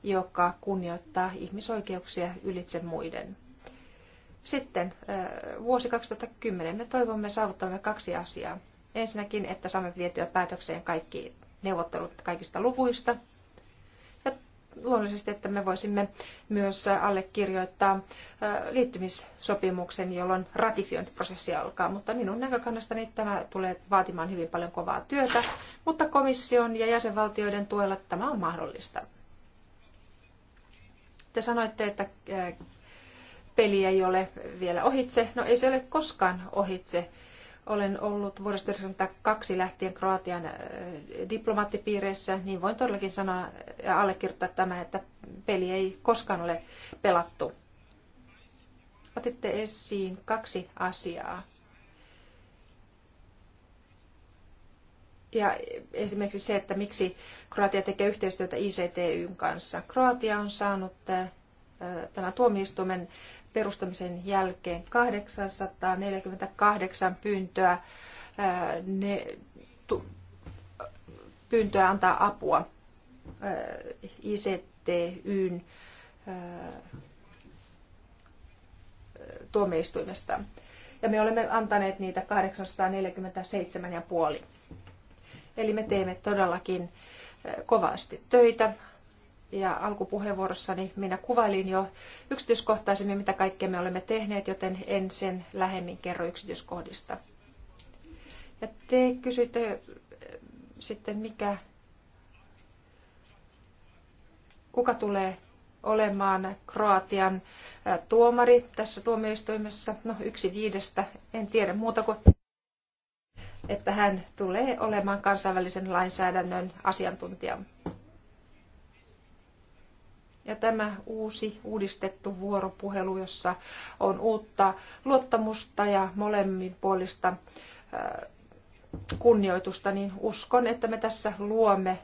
joka kunnioittaa ihmisoikeuksia ylitse muiden. Sitten äh, vuosi 2010 me toivomme saavuttavamme kaksi asiaa. Ensinnäkin, että saamme vietyä päätökseen kaikki neuvottelut kaikista luvuista. Ja luonnollisesti, että me voisimme myös allekirjoittaa liittymissopimuksen, jolloin ratifiointiprosessi alkaa. Mutta minun näkökannastani tämä tulee vaatimaan hyvin paljon kovaa työtä, mutta komission ja jäsenvaltioiden tuella tämä on mahdollista. Te sanoitte, että peli ei ole vielä ohitse. No ei se ole koskaan ohitse olen ollut vuodesta 1992 lähtien Kroatian äh, diplomaattipiireissä, niin voin todellakin sanoa ja allekirjoittaa tämä, että peli ei koskaan ole pelattu. Otitte esiin kaksi asiaa. Ja esimerkiksi se, että miksi Kroatia tekee yhteistyötä ICTYn kanssa. Kroatia on saanut äh, tämän tuomioistuimen perustamisen jälkeen 848 pyyntöä, ne, tu, pyyntöä antaa apua ICTYn tuomioistuimesta. Ja me olemme antaneet niitä 847,5. Eli me teemme todellakin kovasti töitä ja alkupuheenvuorossani minä kuvailin jo yksityiskohtaisemmin, mitä kaikkea me olemme tehneet, joten en sen lähemmin kerro yksityiskohdista. Ja te kysyitte äh, sitten, mikä, kuka tulee olemaan Kroatian äh, tuomari tässä tuomioistuimessa. No yksi viidestä, en tiedä muuta kuin, että hän tulee olemaan kansainvälisen lainsäädännön asiantuntija. Ja tämä uusi uudistettu vuoropuhelu, jossa on uutta luottamusta ja molemmin puolista äh, kunnioitusta, niin uskon, että me tässä luomme äh,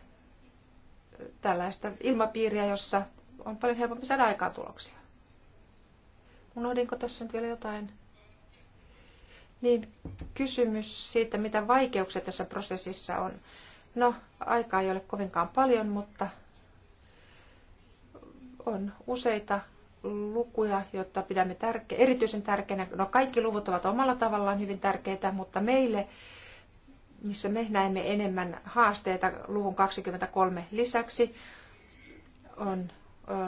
tällaista ilmapiiriä, jossa on paljon helpompi saada aikaan tuloksia. Unohdinko tässä nyt vielä jotain? Niin, kysymys siitä, mitä vaikeuksia tässä prosessissa on. No, aikaa ei ole kovinkaan paljon, mutta on useita lukuja, joita pidämme tärke- erityisen tärkeänä. No kaikki luvut ovat omalla tavallaan hyvin tärkeitä, mutta meille, missä me näemme enemmän haasteita luvun 23 lisäksi, on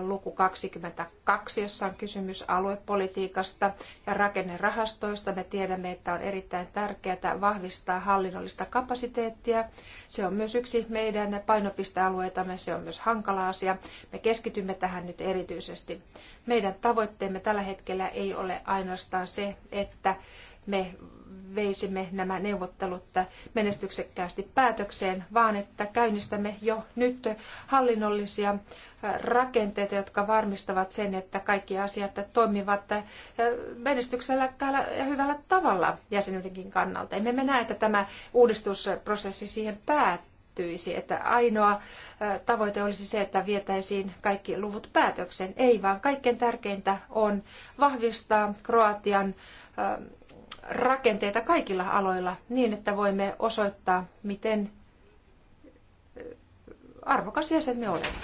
luku 22, jossa on kysymys aluepolitiikasta ja rakennerahastoista. Me tiedämme, että on erittäin tärkeää vahvistaa hallinnollista kapasiteettia. Se on myös yksi meidän painopistealueitamme, se on myös hankala asia. Me keskitymme tähän nyt erityisesti. Meidän tavoitteemme tällä hetkellä ei ole ainoastaan se, että me veisimme nämä neuvottelut menestyksekkäästi päätökseen, vaan että käynnistämme jo nyt hallinnollisia äh, rakenteita, jotka varmistavat sen, että kaikki asiat toimivat äh, menestyksellä ja hyvällä tavalla jäsenyydenkin kannalta. Emme me näe, että tämä uudistusprosessi siihen päättyisi, että ainoa äh, tavoite olisi se, että vietäisiin kaikki luvut päätökseen. Ei, vaan kaikkein tärkeintä on vahvistaa Kroatian rakenteita kaikilla aloilla niin, että voimme osoittaa, miten arvokas jäsen me olemme.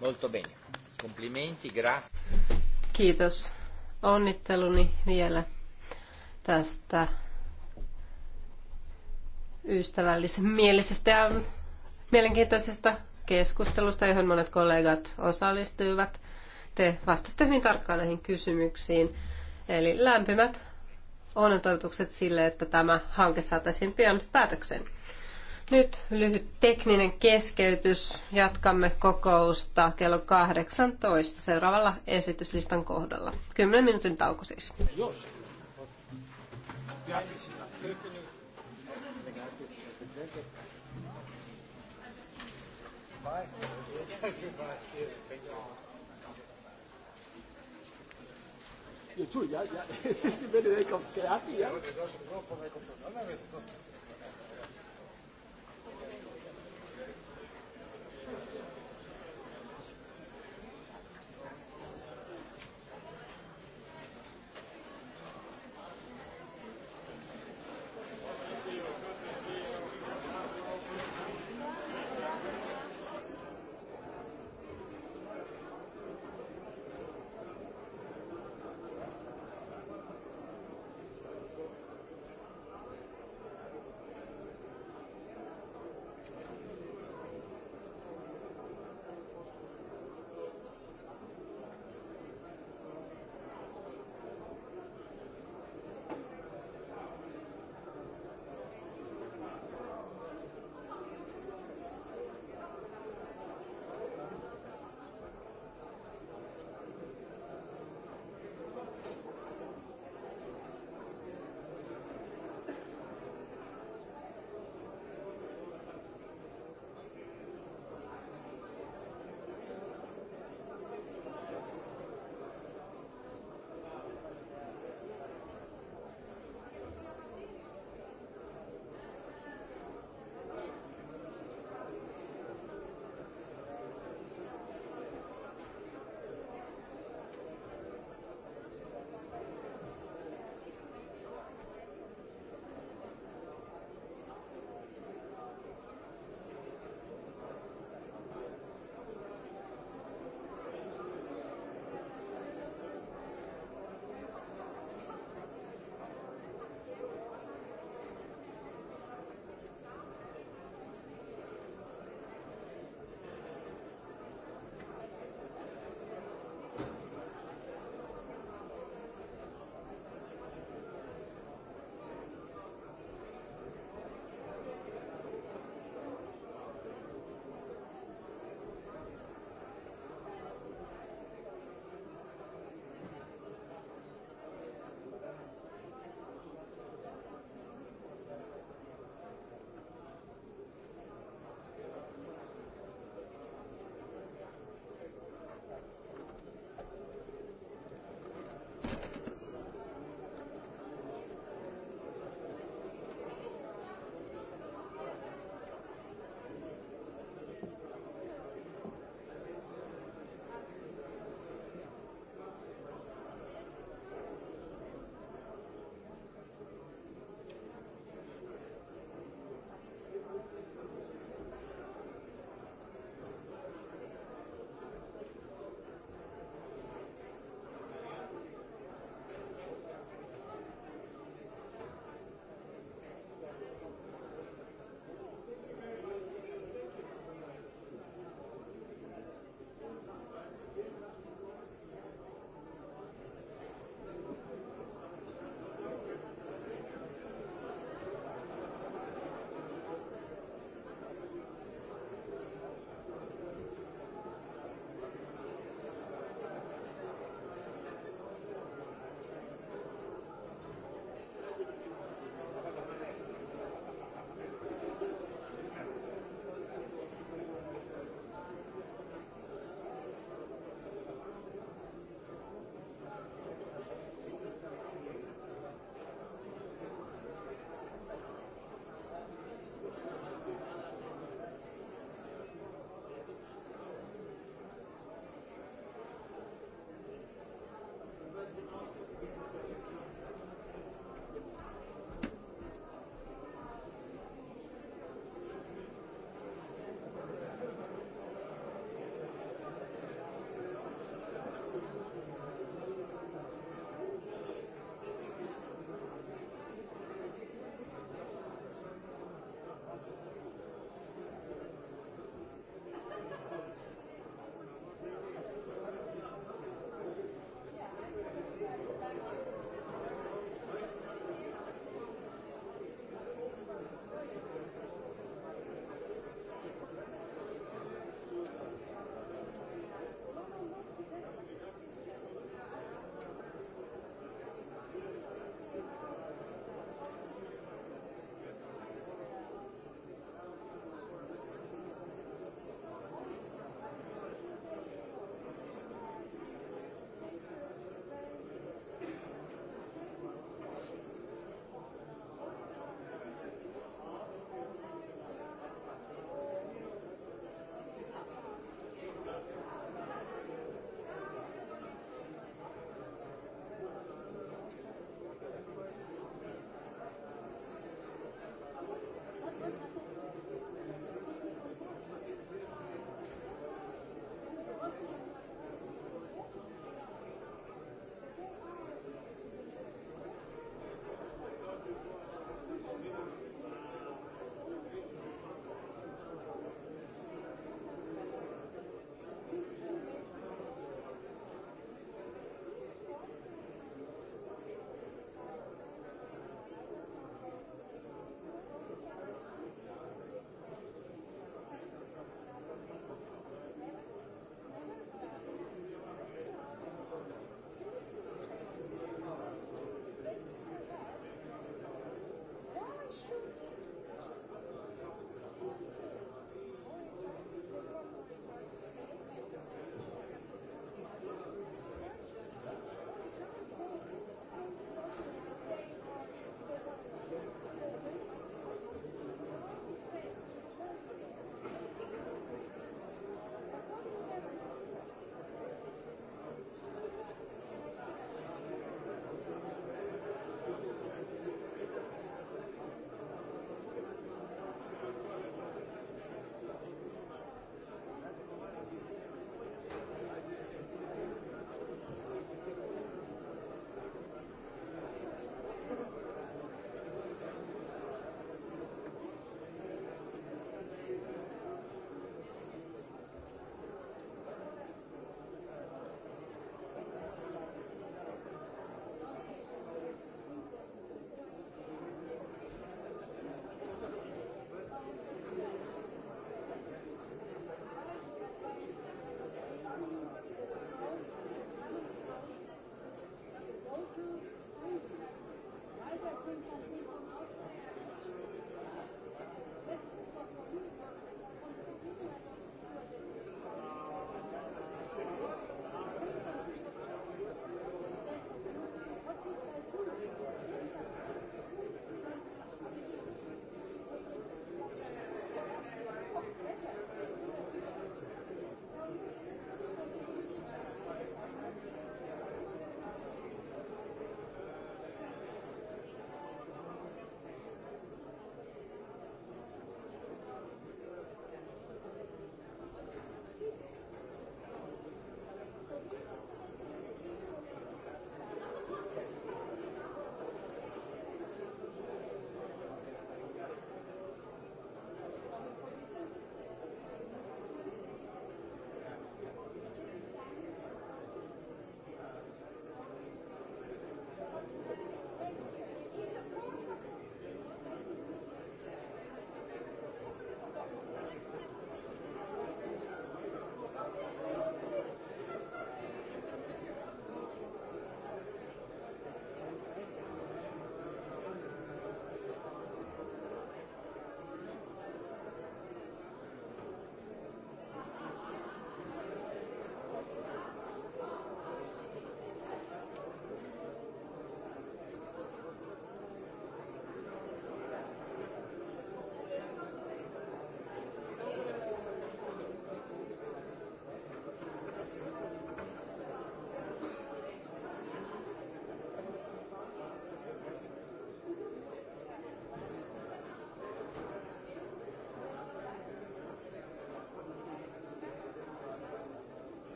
Molto bene. Complimenti, grazie. Kiitos. Onnitteluni vielä tästä ystävällisen mielisestä ja mielenkiintoisesta keskustelusta, johon monet kollegat osallistuivat te vastasitte hyvin tarkkaan näihin kysymyksiin. Eli lämpimät onnentoivotukset sille, että tämä hanke saataisiin pian päätökseen. Nyt lyhyt tekninen keskeytys. Jatkamme kokousta kello 18 seuraavalla esityslistan kohdalla. 10 minuutin tauko siis. Io čuj, ja, ja, ti meni rekao skrati, ja. Ja, ja došao u Europu, rekao, da, da,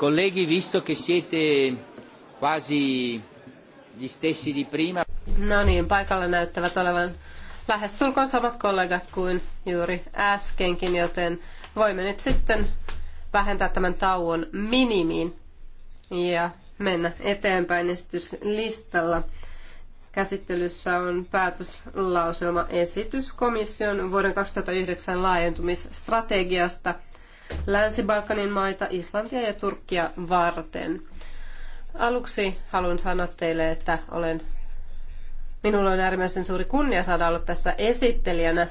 Colleghi, visto che siete quasi gli stessi di prima. No niin, paikalla näyttävät olevan lähestulkoon samat kollegat kuin juuri äskenkin, joten voimme nyt sitten vähentää tämän tauon minimiin ja mennä eteenpäin esityslistalla. Käsittelyssä on päätöslauselma esitys komission vuoden 2009 laajentumisstrategiasta – Länsi-Balkanin maita, Islantia ja Turkkia varten. Aluksi haluan sanoa teille, että olen, minulla on äärimmäisen suuri kunnia saada olla tässä esittelijänä,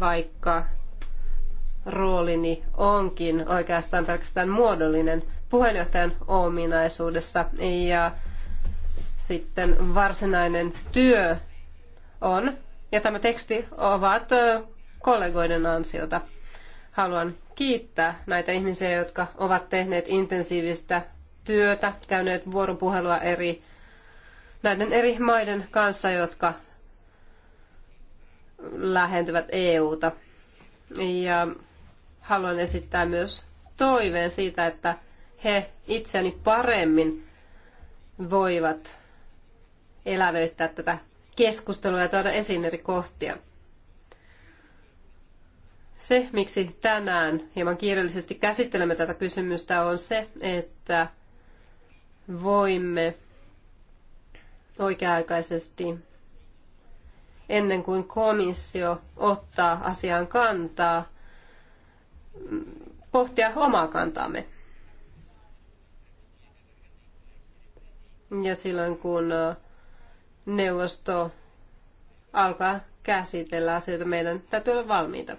vaikka roolini onkin oikeastaan pelkästään muodollinen puheenjohtajan ominaisuudessa. Ja sitten varsinainen työ on, ja tämä teksti ovat kollegoiden ansiota. Haluan kiittää näitä ihmisiä, jotka ovat tehneet intensiivistä työtä, käyneet vuoropuhelua eri, näiden eri maiden kanssa, jotka lähentyvät EUta. Ja haluan esittää myös toiveen siitä, että he itseäni paremmin voivat elävöittää tätä keskustelua ja tuoda esiin eri kohtia. Se, miksi tänään hieman kiireellisesti käsittelemme tätä kysymystä, on se, että voimme oikea-aikaisesti ennen kuin komissio ottaa asiaan kantaa, pohtia omaa kantaamme. Ja silloin kun äh, neuvosto alkaa käsitellä asioita, meidän täytyy olla valmiita.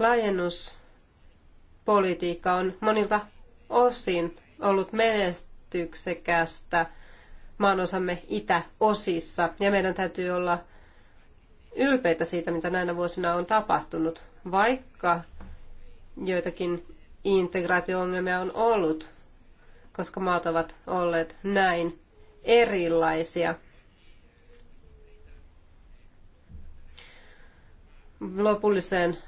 Laajennuspolitiikka on monilta osin ollut menestyksekästä maanosamme itäosissa ja meidän täytyy olla ylpeitä siitä, mitä näinä vuosina on tapahtunut, vaikka joitakin integraatio-ongelmia on ollut, koska maat ovat olleet näin erilaisia. Lopulliseen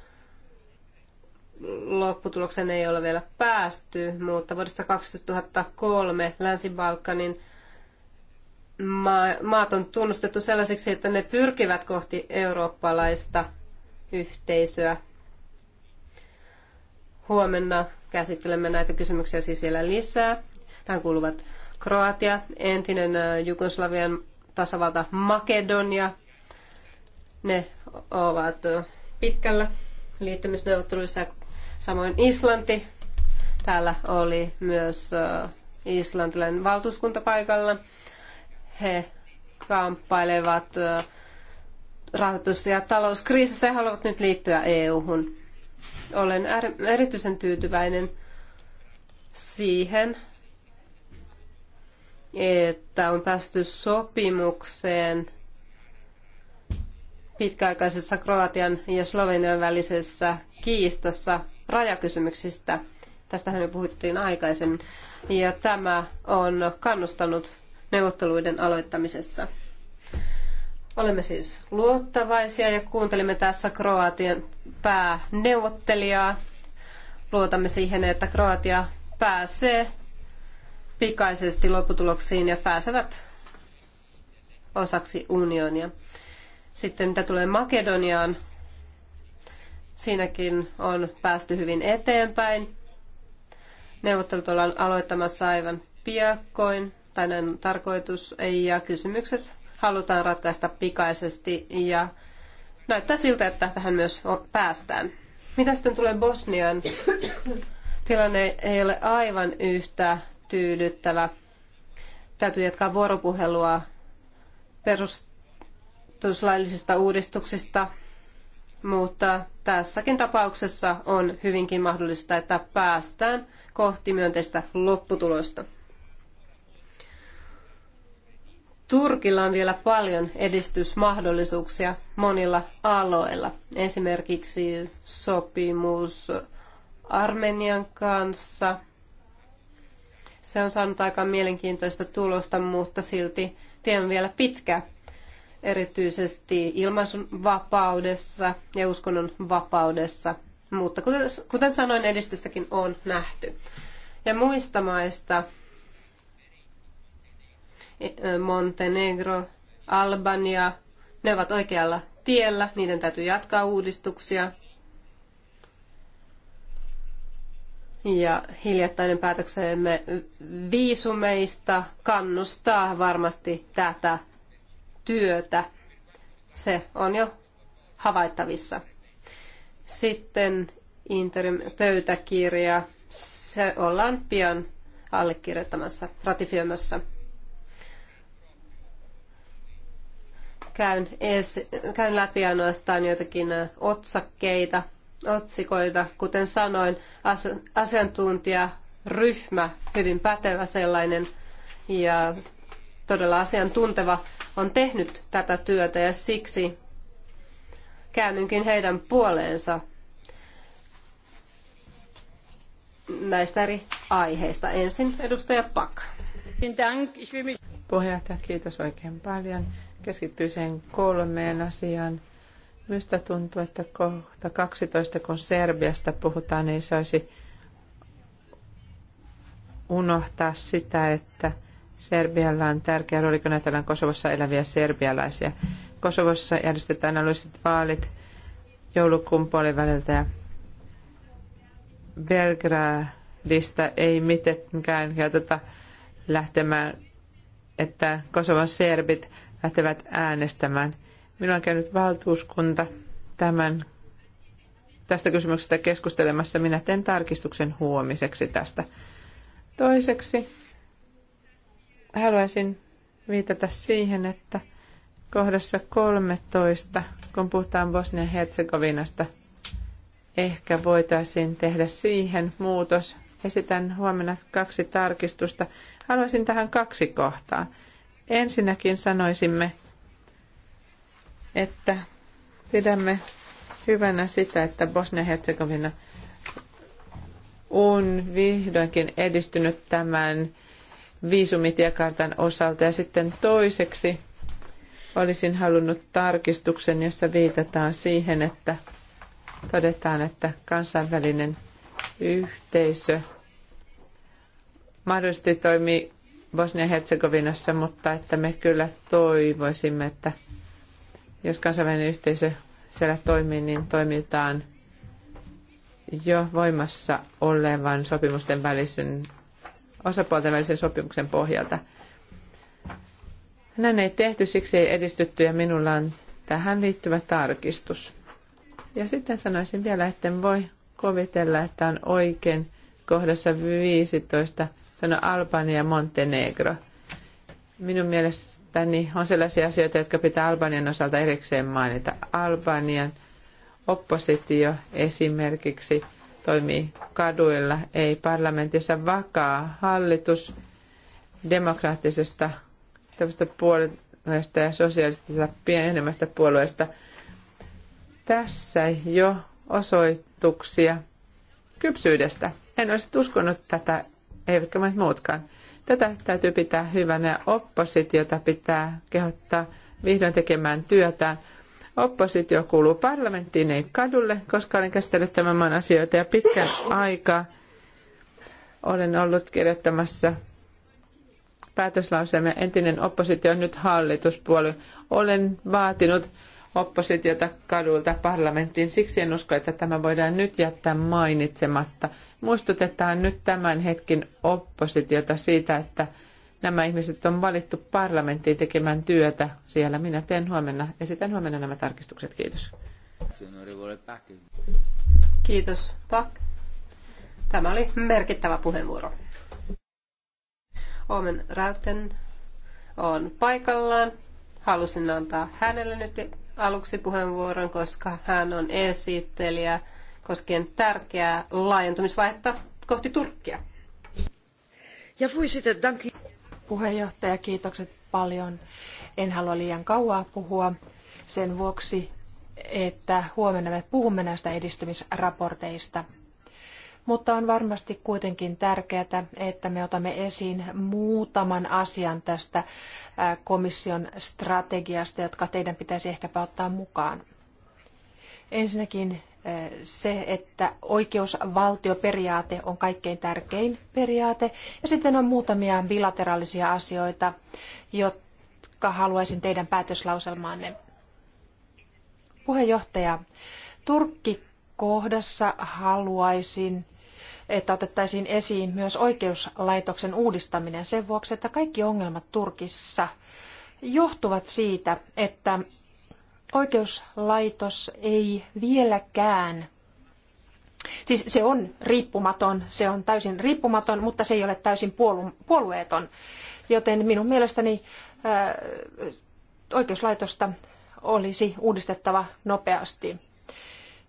lopputulokseen ei ole vielä päästy, mutta vuodesta 2003 Länsi-Balkanin maat on tunnustettu sellaisiksi, että ne pyrkivät kohti eurooppalaista yhteisöä. Huomenna käsittelemme näitä kysymyksiä siis vielä lisää. Tähän kuuluvat Kroatia, entinen äh, Jugoslavian tasavalta Makedonia. Ne ovat äh, pitkällä liittymisneuvotteluissa Samoin Islanti. Täällä oli myös islantilainen valtuuskunta paikalla. He kamppailevat rahoitus- ja talouskriisissä ja haluavat nyt liittyä EU-hun. Olen erityisen tyytyväinen siihen, että on päästy sopimukseen pitkäaikaisessa Kroatian ja Slovenian välisessä kiistassa rajakysymyksistä. Tästähän jo puhuttiin aikaisemmin. Ja tämä on kannustanut neuvotteluiden aloittamisessa. Olemme siis luottavaisia ja kuuntelimme tässä Kroatian pääneuvottelijaa. Luotamme siihen, että Kroatia pääsee pikaisesti lopputuloksiin ja pääsevät osaksi unionia. Sitten mitä tulee Makedoniaan, Siinäkin on päästy hyvin eteenpäin. Neuvottelut ollaan aloittamassa aivan piakkoin, tai näin on tarkoitus, ja kysymykset halutaan ratkaista pikaisesti, ja näyttää siltä, että tähän myös päästään. Mitä sitten tulee Bosniaan? Tilanne ei ole aivan yhtä tyydyttävä. Täytyy jatkaa vuoropuhelua perustuslaillisista uudistuksista, mutta tässäkin tapauksessa on hyvinkin mahdollista, että päästään kohti myönteistä lopputulosta. Turkilla on vielä paljon edistysmahdollisuuksia monilla aloilla. Esimerkiksi sopimus Armenian kanssa. Se on saanut aika mielenkiintoista tulosta, mutta silti tie on vielä pitkä erityisesti ilmaisun vapaudessa ja uskonnon vapaudessa. Mutta kuten, kuten sanoin, edistystäkin on nähty. Ja muista maista e, Montenegro, Albania, ne ovat oikealla tiellä, niiden täytyy jatkaa uudistuksia. Ja hiljattainen päätöksemme viisumeista kannustaa varmasti tätä työtä. Se on jo havaittavissa. Sitten interim pöytäkirja. Se ollaan pian allekirjoittamassa, ratifioimassa. Käyn, es, käyn läpi ainoastaan joitakin otsakkeita, otsikoita. Kuten sanoin, as, asiantuntijaryhmä, hyvin pätevä sellainen, ja todella asiantunteva, on tehnyt tätä työtä ja siksi käännynkin heidän puoleensa näistä eri aiheista. Ensin edustaja Pak. Puheenjohtaja, kiitos oikein paljon. Keskittyisin kolmeen asiaan. Mistä tuntuu, että kohta 12, kun Serbiasta puhutaan, ei niin saisi unohtaa sitä, että Serbialla on tärkeä rooli, kun ajatellaan Kosovossa eläviä serbialaisia. Kosovossa järjestetään alueelliset vaalit joulukuun puoliväliltä ja Belgradista ei mitenkään käytetä lähtemään, että Kosovan serbit lähtevät äänestämään. Minulla on käynyt valtuuskunta tämän, tästä kysymyksestä keskustelemassa. Minä teen tarkistuksen huomiseksi tästä. Toiseksi Haluaisin viitata siihen, että kohdassa 13, kun puhutaan Bosnia-Herzegovinasta, ehkä voitaisiin tehdä siihen muutos. Esitän huomenna kaksi tarkistusta. Haluaisin tähän kaksi kohtaa. Ensinnäkin sanoisimme, että pidämme hyvänä sitä, että Bosnia-Herzegovina on vihdoinkin edistynyt tämän viisumitiekartan osalta. Ja sitten toiseksi olisin halunnut tarkistuksen, jossa viitataan siihen, että todetaan, että kansainvälinen yhteisö mahdollisesti toimii Bosnia-Herzegovinassa, mutta että me kyllä toivoisimme, että jos kansainvälinen yhteisö siellä toimii, niin toimitaan jo voimassa olevan sopimusten välisen osapuolten välisen sopimuksen pohjalta. Näin ei tehty, siksi ei edistytty ja minulla on tähän liittyvä tarkistus. Ja sitten sanoisin vielä, että en voi kovitella, että on oikein kohdassa 15 sano Albania ja Montenegro. Minun mielestäni on sellaisia asioita, jotka pitää Albanian osalta erikseen mainita. Albanian oppositio esimerkiksi toimii kaduilla, ei parlamentissa vakaa hallitus demokraattisesta puolueesta ja sosiaalisesta pienemmästä puolueesta. Tässä jo osoituksia kypsyydestä. En olisi uskonut tätä, eivätkä monet muutkaan. Tätä täytyy pitää hyvänä ja oppositiota pitää kehottaa vihdoin tekemään työtään. Oppositio kuuluu parlamenttiin, ei kadulle, koska olen käsitellyt tämän maan asioita ja pitkän aikaa olen ollut kirjoittamassa päätöslauseemme entinen oppositio on nyt hallituspuolue. Olen vaatinut oppositiota kadulta parlamenttiin. Siksi en usko, että tämä voidaan nyt jättää mainitsematta. Muistutetaan nyt tämän hetken oppositiota siitä, että nämä ihmiset on valittu parlamenttiin tekemään työtä siellä. Minä teen huomenna, esitän huomenna nämä tarkistukset. Kiitos. Kiitos, Pak. Tämä oli merkittävä puheenvuoro. Omen Rauten on paikallaan. Halusin antaa hänelle nyt aluksi puheenvuoron, koska hän on esittelijä koskien tärkeää laajentumisvaihetta kohti Turkkia. Ja voi sitten, danki puheenjohtaja, kiitokset paljon. En halua liian kauaa puhua sen vuoksi, että huomenna me puhumme näistä edistymisraporteista. Mutta on varmasti kuitenkin tärkeää, että me otamme esiin muutaman asian tästä komission strategiasta, jotka teidän pitäisi ehkäpä ottaa mukaan. Ensinnäkin se, että oikeusvaltioperiaate on kaikkein tärkein periaate. Ja sitten on muutamia bilateraalisia asioita, jotka haluaisin teidän päätöslauselmaanne. Puheenjohtaja, Turkki-kohdassa haluaisin että otettaisiin esiin myös oikeuslaitoksen uudistaminen sen vuoksi, että kaikki ongelmat Turkissa johtuvat siitä, että oikeuslaitos ei vieläkään Siis se on riippumaton, se on täysin riippumaton, mutta se ei ole täysin puolueeton. Joten minun mielestäni ää, äh, oikeuslaitosta olisi uudistettava nopeasti.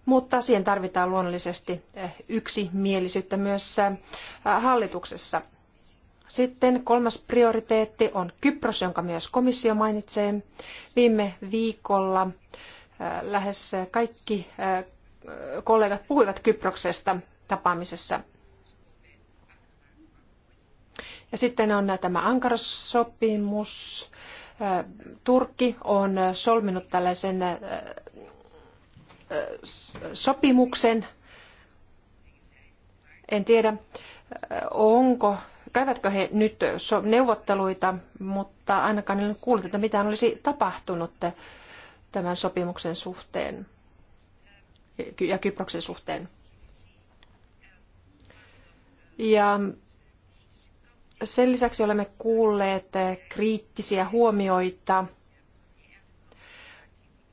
Mutta siihen tarvitaan luonnollisesti äh, yksimielisyyttä myös äh, hallituksessa. Sitten kolmas prioriteetti on Kypros, jonka myös komissio mainitsee. Viime viikolla äh, lähes kaikki äh, kollegat puhuivat Kyproksesta tapaamisessa. Ja sitten on tämä Ankara-sopimus. Äh, Turkki on solminut tällaisen sopimuksen. En tiedä, onko käyvätkö he nyt neuvotteluita, mutta ainakaan en ole kuullut, että mitään olisi tapahtunut tämän sopimuksen suhteen ja Kyproksen suhteen. Ja sen lisäksi olemme kuulleet kriittisiä huomioita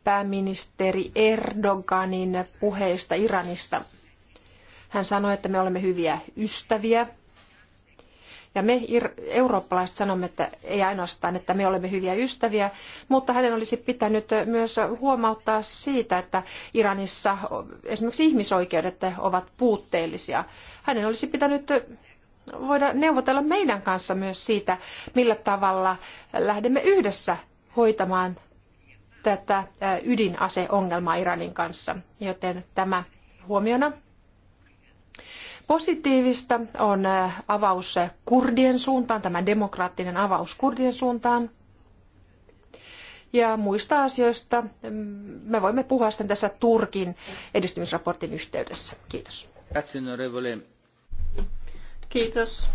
pääministeri Erdoganin puheista Iranista. Hän sanoi, että me olemme hyviä ystäviä ja me eurooppalaiset sanomme, että ei ainoastaan, että me olemme hyviä ystäviä, mutta hänen olisi pitänyt myös huomauttaa siitä, että Iranissa esimerkiksi ihmisoikeudet ovat puutteellisia. Hänen olisi pitänyt voida neuvotella meidän kanssa myös siitä, millä tavalla lähdemme yhdessä hoitamaan tätä ydinaseongelmaa Iranin kanssa. Joten tämä huomiona Positiivista on äh, avaus kurdien suuntaan, tämä demokraattinen avaus kurdien suuntaan. Ja muista asioista mm, me voimme puhua sitten tässä Turkin edistymisraportin yhteydessä. Kiitos. Kiitos.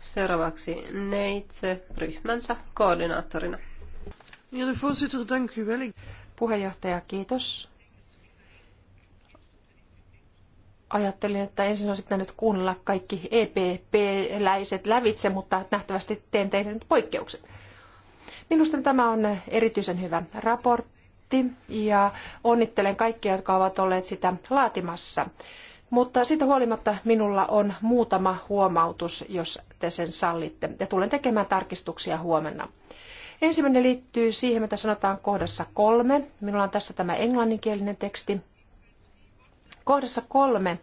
Seuraavaksi Neitse ryhmänsä koordinaattorina. Puheenjohtaja, kiitos. ajattelin, että ensin olisi pitänyt kuunnella kaikki EPP-läiset lävitse, mutta nähtävästi teen teille nyt poikkeuksen. Minusta tämä on erityisen hyvä raportti ja onnittelen kaikkia, jotka ovat olleet sitä laatimassa. Mutta siitä huolimatta minulla on muutama huomautus, jos te sen sallitte, ja tulen tekemään tarkistuksia huomenna. Ensimmäinen liittyy siihen, mitä sanotaan kohdassa kolme. Minulla on tässä tämä englanninkielinen teksti, Kohdassa kolme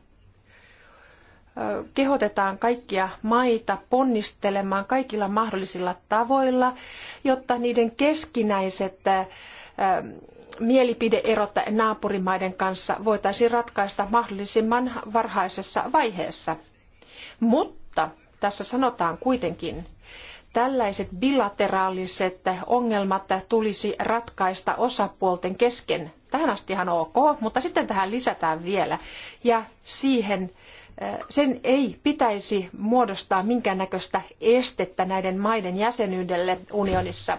kehotetaan kaikkia maita ponnistelemaan kaikilla mahdollisilla tavoilla, jotta niiden keskinäiset mielipideerot naapurimaiden kanssa voitaisiin ratkaista mahdollisimman varhaisessa vaiheessa. Mutta tässä sanotaan kuitenkin, tällaiset bilateraaliset ongelmat tulisi ratkaista osapuolten kesken Tähän asti ihan ok, mutta sitten tähän lisätään vielä. Ja siihen sen ei pitäisi muodostaa minkäännäköistä estettä näiden maiden jäsenyydelle unionissa.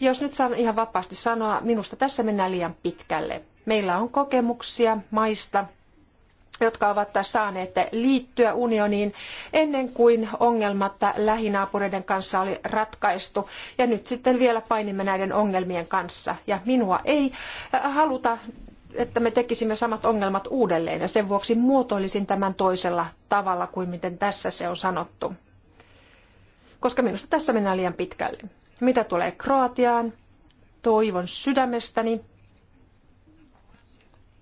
Jos nyt saan ihan vapaasti sanoa, minusta tässä mennään liian pitkälle. Meillä on kokemuksia maista, jotka ovat saaneet liittyä unioniin ennen kuin ongelmat lähinaapureiden kanssa oli ratkaistu. Ja nyt sitten vielä painimme näiden ongelmien kanssa. Ja minua ei äh, haluta että me tekisimme samat ongelmat uudelleen ja sen vuoksi muotoilisin tämän toisella tavalla kuin miten tässä se on sanottu. Koska minusta tässä mennään liian pitkälle. Mitä tulee Kroatiaan, toivon sydämestäni,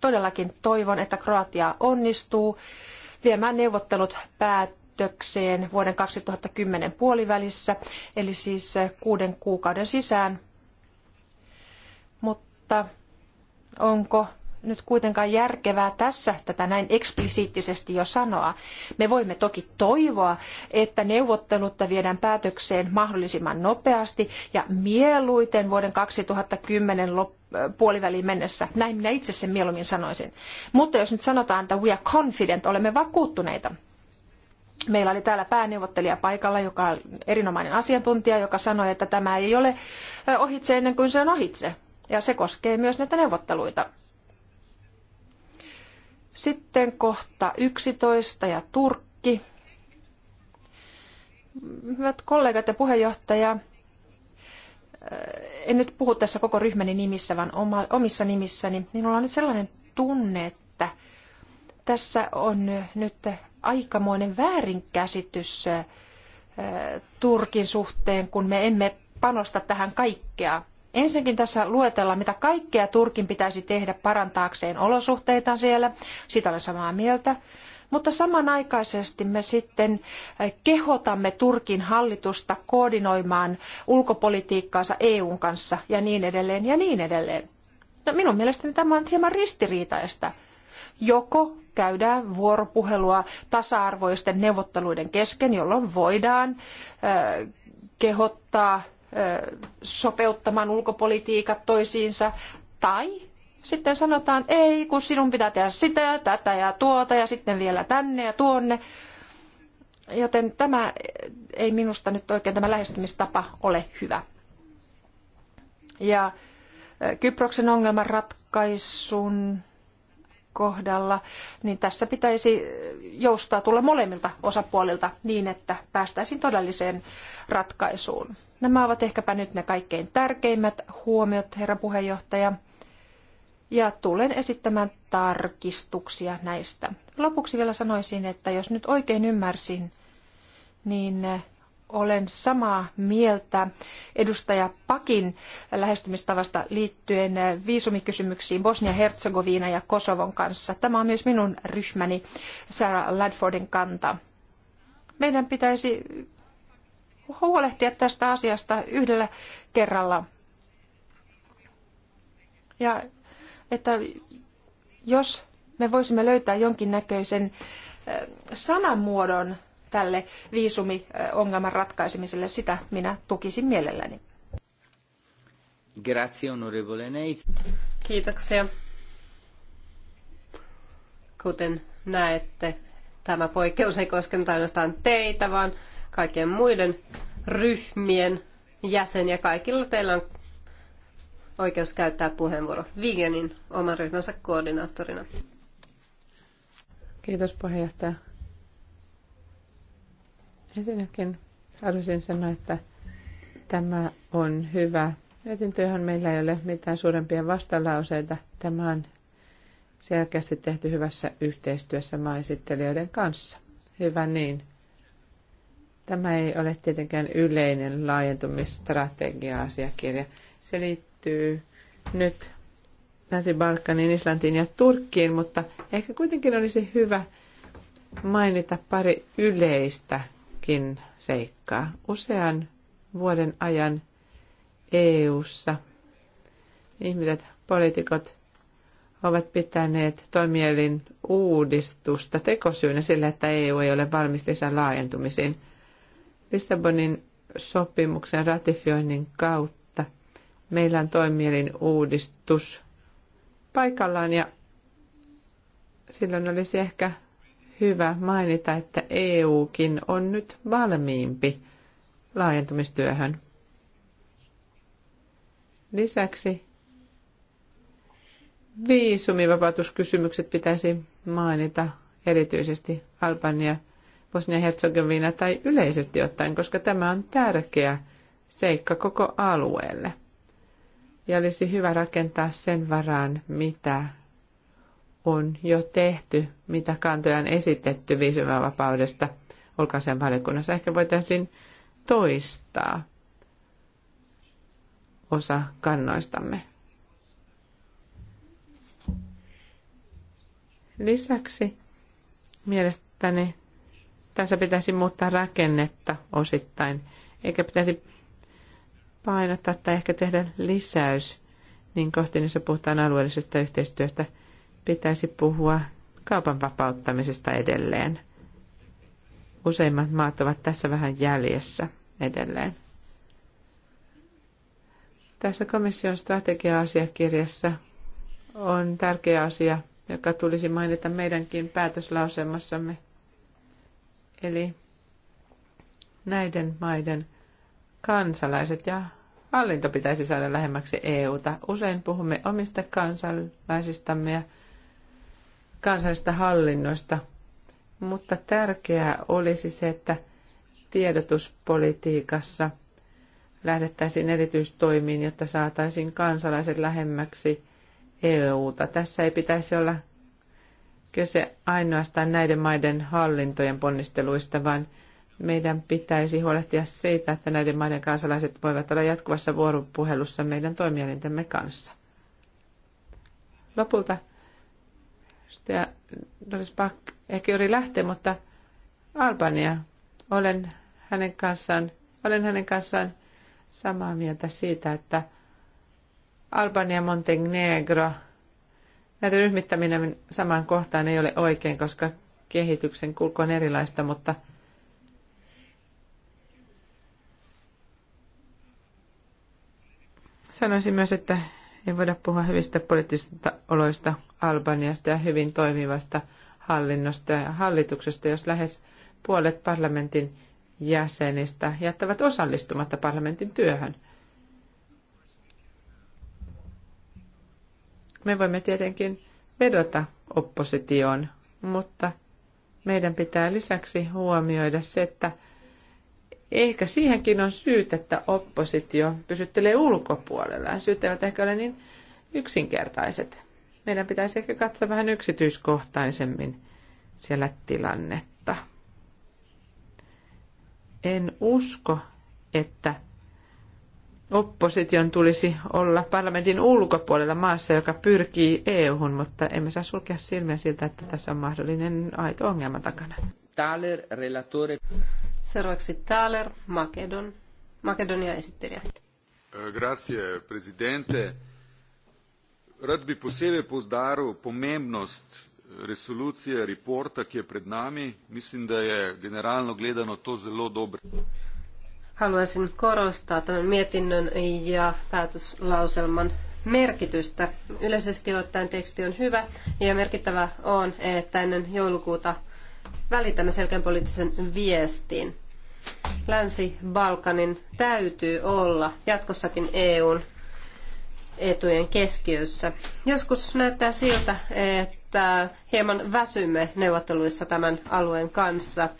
todellakin toivon, että Kroatia onnistuu viemään neuvottelut päätökseen vuoden 2010 puolivälissä, eli siis kuuden kuukauden sisään. Mutta onko nyt kuitenkaan järkevää tässä tätä näin eksplisiittisesti jo sanoa. Me voimme toki toivoa, että neuvottelut viedään päätökseen mahdollisimman nopeasti ja mieluiten vuoden 2010 lop- puoliväliin mennessä. Näin minä itse sen mieluummin sanoisin. Mutta jos nyt sanotaan, että we are confident, olemme vakuuttuneita, Meillä oli täällä pääneuvottelija paikalla, joka on erinomainen asiantuntija, joka sanoi, että tämä ei ole ohitse ennen kuin se on ohitse. Ja se koskee myös näitä neuvotteluita. Sitten kohta 11 ja Turkki. Hyvät kollegat ja puheenjohtaja, eh, en nyt puhu tässä koko ryhmäni nimissä, vaan omissa nimissäni. Minulla on nyt sellainen tunne, että tässä on nyt aikamoinen väärinkäsitys eh, Turkin suhteen, kun me emme panosta tähän kaikkea. Ensinnäkin tässä luetellaan, mitä kaikkea Turkin pitäisi tehdä parantaakseen olosuhteitaan siellä. Siitä olen samaa mieltä. Mutta samanaikaisesti me sitten eh, kehotamme Turkin hallitusta koordinoimaan ulkopolitiikkaansa EUn kanssa ja niin edelleen ja niin edelleen. No, minun mielestäni tämä on hieman ristiriitaista. Joko käydään vuoropuhelua tasa-arvoisten neuvotteluiden kesken, jolloin voidaan eh, kehottaa sopeuttamaan ulkopolitiikat toisiinsa, tai sitten sanotaan, ei, kun sinun pitää tehdä sitä ja tätä ja tuota ja sitten vielä tänne ja tuonne. Joten tämä ei minusta nyt oikein tämä lähestymistapa ole hyvä. Ja Kyproksen ongelman ratkaisun kohdalla, niin tässä pitäisi joustaa tulla molemmilta osapuolilta niin, että päästäisiin todelliseen ratkaisuun. Nämä ovat ehkäpä nyt ne kaikkein tärkeimmät huomiot, herra puheenjohtaja, ja tulen esittämään tarkistuksia näistä. Lopuksi vielä sanoisin, että jos nyt oikein ymmärsin, niin olen samaa mieltä edustaja Pakin lähestymistavasta liittyen viisumikysymyksiin Bosnia-Herzegovina ja Kosovon kanssa. Tämä on myös minun ryhmäni Sarah Ladfordin kanta. Meidän pitäisi huolehtia tästä asiasta yhdellä kerralla. Ja että jos me voisimme löytää jonkinnäköisen sanamuodon tälle viisumiongelman ratkaisemiselle, sitä minä tukisin mielelläni. Grazie, onorevole Neitz. Kiitoksia. Kuten näette, tämä poikkeus ei koskenut ainoastaan teitä, vaan kaikkien muiden ryhmien jäseniä. Kaikilla teillä on oikeus käyttää puheenvuoro Vigenin oman ryhmänsä koordinaattorina. Kiitos puheenjohtaja. Ensinnäkin haluaisin sanoa, että tämä on hyvä mietintö, johon meillä ei ole mitään suurempia vastalauseita. Tämä on selkeästi tehty hyvässä yhteistyössä maaesittelijöiden kanssa. Hyvä niin. Tämä ei ole tietenkään yleinen laajentumistrategia-asiakirja. Se liittyy nyt Länsi-Balkaniin, Islantiin ja Turkkiin, mutta ehkä kuitenkin olisi hyvä mainita pari yleistäkin seikkaa. Usean vuoden ajan EU:ssa ihmiset, poliitikot ovat pitäneet toimielin uudistusta tekosyynä sillä, että EU ei ole valmis lisää laajentumisiin – Lissabonin sopimuksen ratifioinnin kautta meillä on toimielin uudistus paikallaan ja silloin olisi ehkä hyvä mainita, että EUkin on nyt valmiimpi laajentumistyöhön. Lisäksi viisumivapautuskysymykset pitäisi mainita erityisesti Albania – Bosnia-Herzegovina tai yleisesti ottaen, koska tämä on tärkeä seikka koko alueelle. Ja olisi hyvä rakentaa sen varaan, mitä on jo tehty, mitä kantoja on esitetty viisumavapaudesta ulkoisen valiokunnassa. Ehkä voitaisiin toistaa osa kannoistamme. Lisäksi mielestäni tässä pitäisi muuttaa rakennetta osittain, eikä pitäisi painottaa tai ehkä tehdä lisäys, niin kohti niissä puhutaan alueellisesta yhteistyöstä, pitäisi puhua kaupan vapauttamisesta edelleen. Useimmat maat ovat tässä vähän jäljessä edelleen. Tässä komission strategia-asiakirjassa on tärkeä asia, joka tulisi mainita meidänkin päätöslauselmassamme – Eli näiden maiden kansalaiset ja hallinto pitäisi saada lähemmäksi EUta. Usein puhumme omista kansalaisistamme ja kansallisista hallinnoista, mutta tärkeää olisi se, että tiedotuspolitiikassa lähdettäisiin erityistoimiin, jotta saataisiin kansalaiset lähemmäksi EUta. Tässä ei pitäisi olla kyse ainoastaan näiden maiden hallintojen ponnisteluista, vaan meidän pitäisi huolehtia siitä, että näiden maiden kansalaiset voivat olla jatkuvassa vuoropuhelussa meidän toimielintemme kanssa. Lopulta Doris Bach ehkä juuri lähtee, mutta Albania. Olen hänen kanssaan, olen hänen kanssaan samaa mieltä siitä, että Albania Montenegro – näiden ryhmittäminen samaan kohtaan ei ole oikein, koska kehityksen kulku on erilaista, mutta sanoisin myös, että ei voida puhua hyvistä poliittisista oloista Albaniasta ja hyvin toimivasta hallinnosta ja hallituksesta, jos lähes puolet parlamentin jäsenistä jättävät osallistumatta parlamentin työhön – Me voimme tietenkin vedota oppositioon, mutta meidän pitää lisäksi huomioida se, että ehkä siihenkin on syyt, että oppositio pysyttelee ulkopuolella. Syyt eivät ehkä ole niin yksinkertaiset. Meidän pitäisi ehkä katsoa vähän yksityiskohtaisemmin siellä tilannetta. En usko, että opposition tulisi olla parlamentin ulkopuolella maassa, joka pyrkii EU-hun, mutta emme saa sulkea silmiä siltä, että tässä on mahdollinen aito ongelma takana. Thaler, relatore. Seuraavaksi Thaler, Makedon, Makedonia esittelijä. Eh, grazie, presidente. Rad bi posebej poudaril pomembnost eh, resolucije, reporta, ki je pred nami. Mislim, da je generalno gledano to zelo dobro. Haluaisin korostaa tämän mietinnön ja päätöslauselman merkitystä. Yleisesti ottaen teksti on hyvä ja merkittävä on, että ennen joulukuuta välitämme selkeän poliittisen viestin. Länsi-Balkanin täytyy olla jatkossakin EUn etujen keskiössä. Joskus näyttää siltä, että hieman väsymme neuvotteluissa tämän alueen kanssa –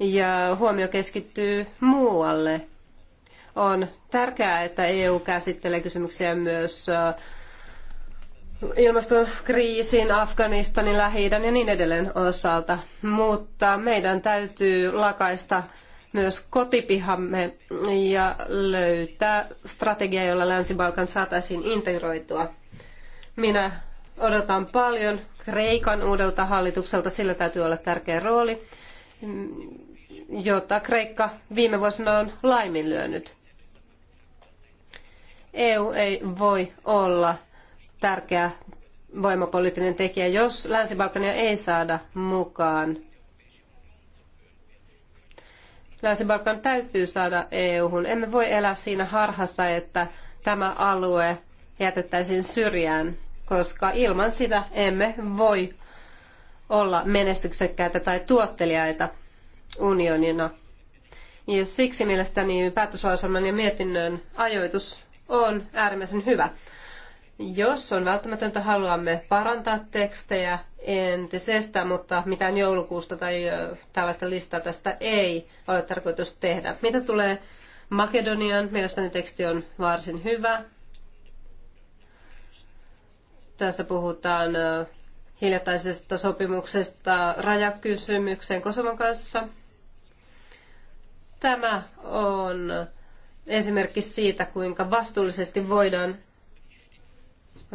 ja huomio keskittyy muualle. On tärkeää, että EU käsittelee kysymyksiä myös äh, ilmastokriisin, Afganistanin, lähi ja niin edelleen osalta, mutta meidän täytyy lakaista myös kotipihamme ja löytää strategia, jolla Länsi-Balkan saataisiin integroitua. Minä odotan paljon Kreikan uudelta hallitukselta, sillä täytyy olla tärkeä rooli jota Kreikka viime vuosina on laiminlyönyt. EU ei voi olla tärkeä voimapoliittinen tekijä, jos Länsi-Balkania ei saada mukaan. Länsi-Balkan täytyy saada EU-hun. Emme voi elää siinä harhassa, että tämä alue jätettäisiin syrjään, koska ilman sitä emme voi olla menestyksekkäitä tai tuotteliaita unionina. Ja siksi mielestäni päätöslauselman ja mietinnön ajoitus on äärimmäisen hyvä. Jos on välttämätöntä, haluamme parantaa tekstejä entisestä, mutta mitään joulukuusta tai tällaista listaa tästä ei ole tarkoitus tehdä. Mitä tulee Makedonian, mielestäni teksti on varsin hyvä. Tässä puhutaan hiljattaisesta sopimuksesta rajakysymykseen Kosovan kanssa – Tämä on esimerkki siitä, kuinka vastuullisesti voidaan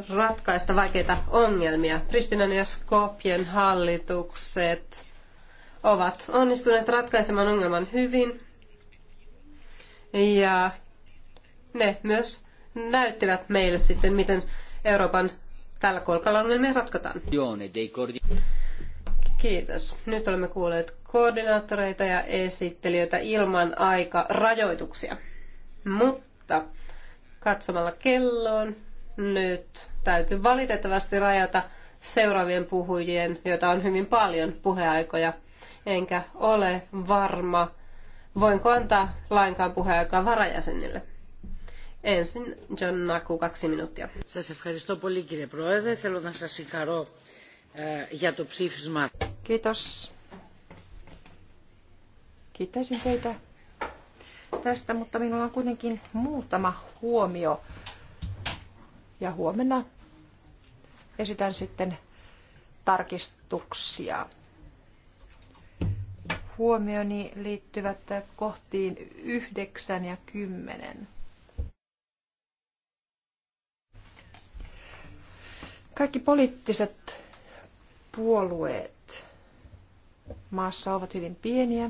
ratkaista vaikeita ongelmia. Pristinan ja Skopjen hallitukset ovat onnistuneet ratkaisemaan ongelman hyvin ja ne myös näyttivät meille sitten, miten Euroopan tällä kolkalla ongelmia ratkotaan. Kiitos. Nyt olemme kuulleet koordinaattoreita ja esittelijöitä ilman aikarajoituksia. Mutta katsomalla kelloon nyt täytyy valitettavasti rajata seuraavien puhujien, joita on hyvin paljon puheaikoja, enkä ole varma, voinko antaa lainkaan puheaikaa varajäsenille. Ensin John Naku, kaksi minuuttia. Σας ευχαριστώ πολύ κύριε Πρόεδρε. Θέλω να σας συγχαρώ για το ψήφισμα. Kiitos Kiittäisin teitä tästä, mutta minulla on kuitenkin muutama huomio. Ja huomenna esitän sitten tarkistuksia. Huomioni liittyvät kohtiin 9 ja 10. Kaikki poliittiset puolueet maassa ovat hyvin pieniä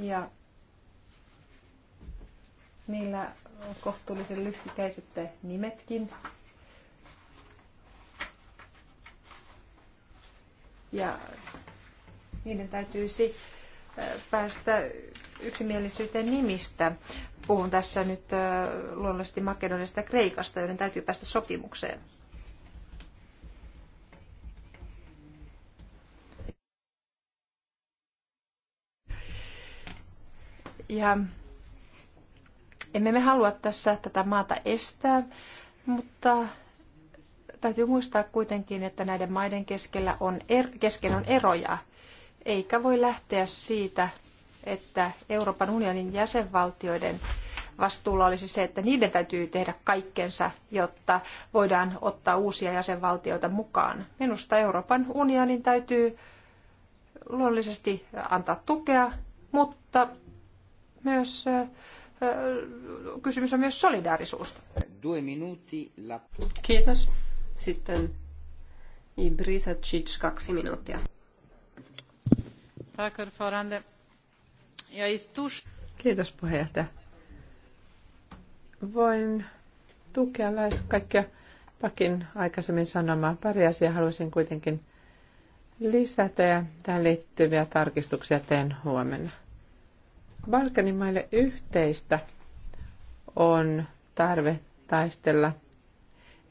ja niillä on kohtuullisen lyhykäiset nimetkin. Ja niiden täytyisi päästä yksimielisyyteen nimistä. Puhun tässä nyt luonnollisesti Makedoniasta ja Kreikasta, joiden täytyy päästä sopimukseen. Ja emme me halua tässä tätä maata estää, mutta täytyy muistaa kuitenkin, että näiden maiden keskellä on er, kesken on eroja, eikä voi lähteä siitä, että Euroopan unionin jäsenvaltioiden vastuulla olisi se, että niiden täytyy tehdä kaikkensa, jotta voidaan ottaa uusia jäsenvaltioita mukaan. Minusta Euroopan unionin täytyy luonnollisesti antaa tukea, mutta myös kysymys on myös solidaarisuus. Kiitos. Sitten Ibrisa Cic, kaksi minuuttia. Kiitos puheenjohtaja. Voin tukea lähes kaikkia Pakin aikaisemmin sanomaa. Pari asiaa haluaisin kuitenkin lisätä ja tähän liittyviä tarkistuksia teen huomenna. Balkanin maille yhteistä on tarve taistella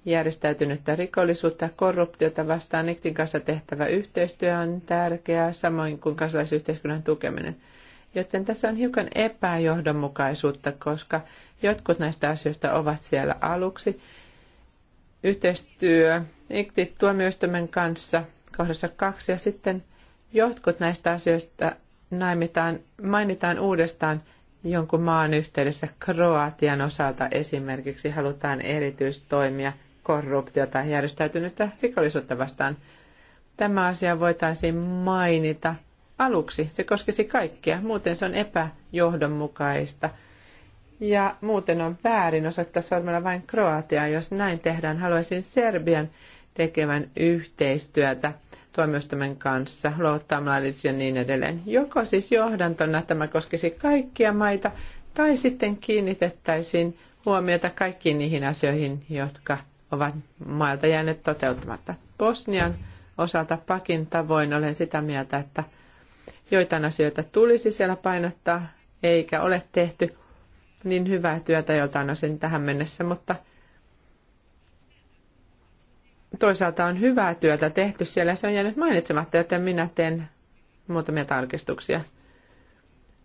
järjestäytynyttä rikollisuutta ja korruptiota vastaan. Niktin kanssa tehtävä yhteistyö on tärkeää, samoin kuin kansalaisyhteiskunnan tukeminen. Joten tässä on hiukan epäjohdonmukaisuutta, koska jotkut näistä asioista ovat siellä aluksi. Yhteistyö Niktit tuomioistuimen kanssa kohdassa kaksi ja sitten jotkut näistä asioista näin mainitaan uudestaan jonkun maan yhteydessä Kroatian osalta esimerkiksi halutaan erityistoimia korruptiota ja järjestäytynyttä rikollisuutta vastaan. Tämä asia voitaisiin mainita aluksi. Se koskisi kaikkia, muuten se on epäjohdonmukaista. Ja muuten on väärin osoittaa sormella vain Kroatiaa. Jos näin tehdään, haluaisin Serbian tekevän yhteistyötä tuomioistuimen kanssa, luovuttamalaiset ja niin edelleen. Joko siis johdantona tämä koskisi kaikkia maita, tai sitten kiinnitettäisiin huomiota kaikkiin niihin asioihin, jotka ovat mailta jääneet toteuttamatta. Bosnian osalta pakin tavoin olen sitä mieltä, että joitain asioita tulisi siellä painottaa, eikä ole tehty niin hyvää työtä joltain osin tähän mennessä, mutta – toisaalta on hyvää työtä tehty siellä. Se on jäänyt mainitsematta, joten minä teen muutamia tarkistuksia.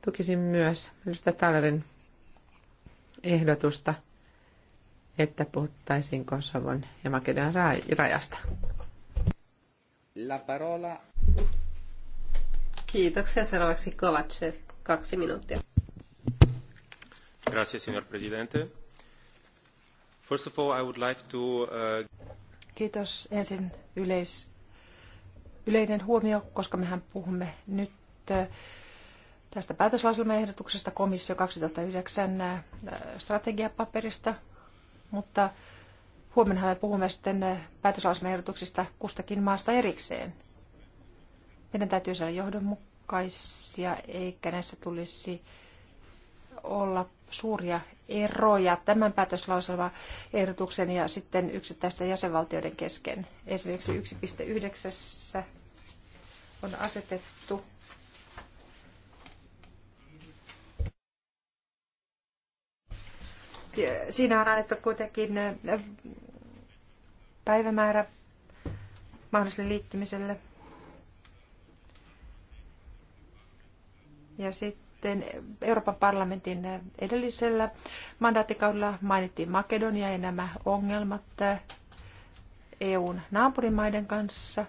Tukisin myös Lystä Tallerin ehdotusta, että puhuttaisiin Kosovon ja Makedonian rajasta. La parola. Kiitoksia. Seuraavaksi Kovacev. Kaksi minuuttia. Grazie, signor Presidente. First of all, I would like to... Uh... Kiitos. Ensin yleis, yleinen huomio, koska mehän puhumme nyt tästä päätöslauselmaehdotuksesta komissio 2009 strategiapaperista, mutta huomenna me puhumme sitten päätöslauselmaehdotuksista kustakin maasta erikseen. Meidän täytyy olla johdonmukaisia, eikä näissä tulisi olla suuria eroja tämän päätöslauselman ehdotuksen ja sitten yksittäisten jäsenvaltioiden kesken. Esimerkiksi 1.9 on asetettu Siinä on annettu kuitenkin päivämäärä mahdolliselle liittymiselle. Ja sitten sitten Euroopan parlamentin edellisellä mandaattikaudella mainittiin Makedonia ja nämä ongelmat EUn naapurimaiden kanssa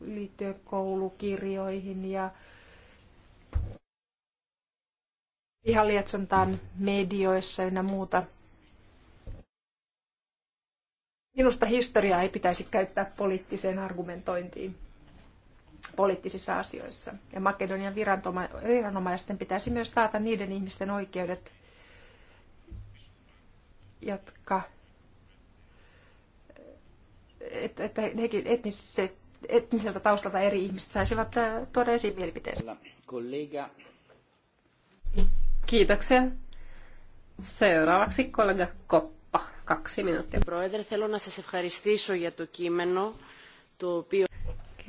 liittyen koulukirjoihin ja ihan lietsontaan medioissa ynnä muuta. Minusta historiaa ei pitäisi käyttää poliittiseen argumentointiin poliittisissa asioissa. Ja Makedonian viranomaisten pitäisi myös taata niiden ihmisten oikeudet, jotka että, että nekin etniset, etniseltä taustalta eri ihmiset saisivat äh, tuoda esiin mielipiteensä. Kiitoksia. Seuraavaksi kollega Koppa. Kaksi minuuttia. Πρόεδρε, θέλω να σας ευχαριστήσω για το κείμενο, το οποίο...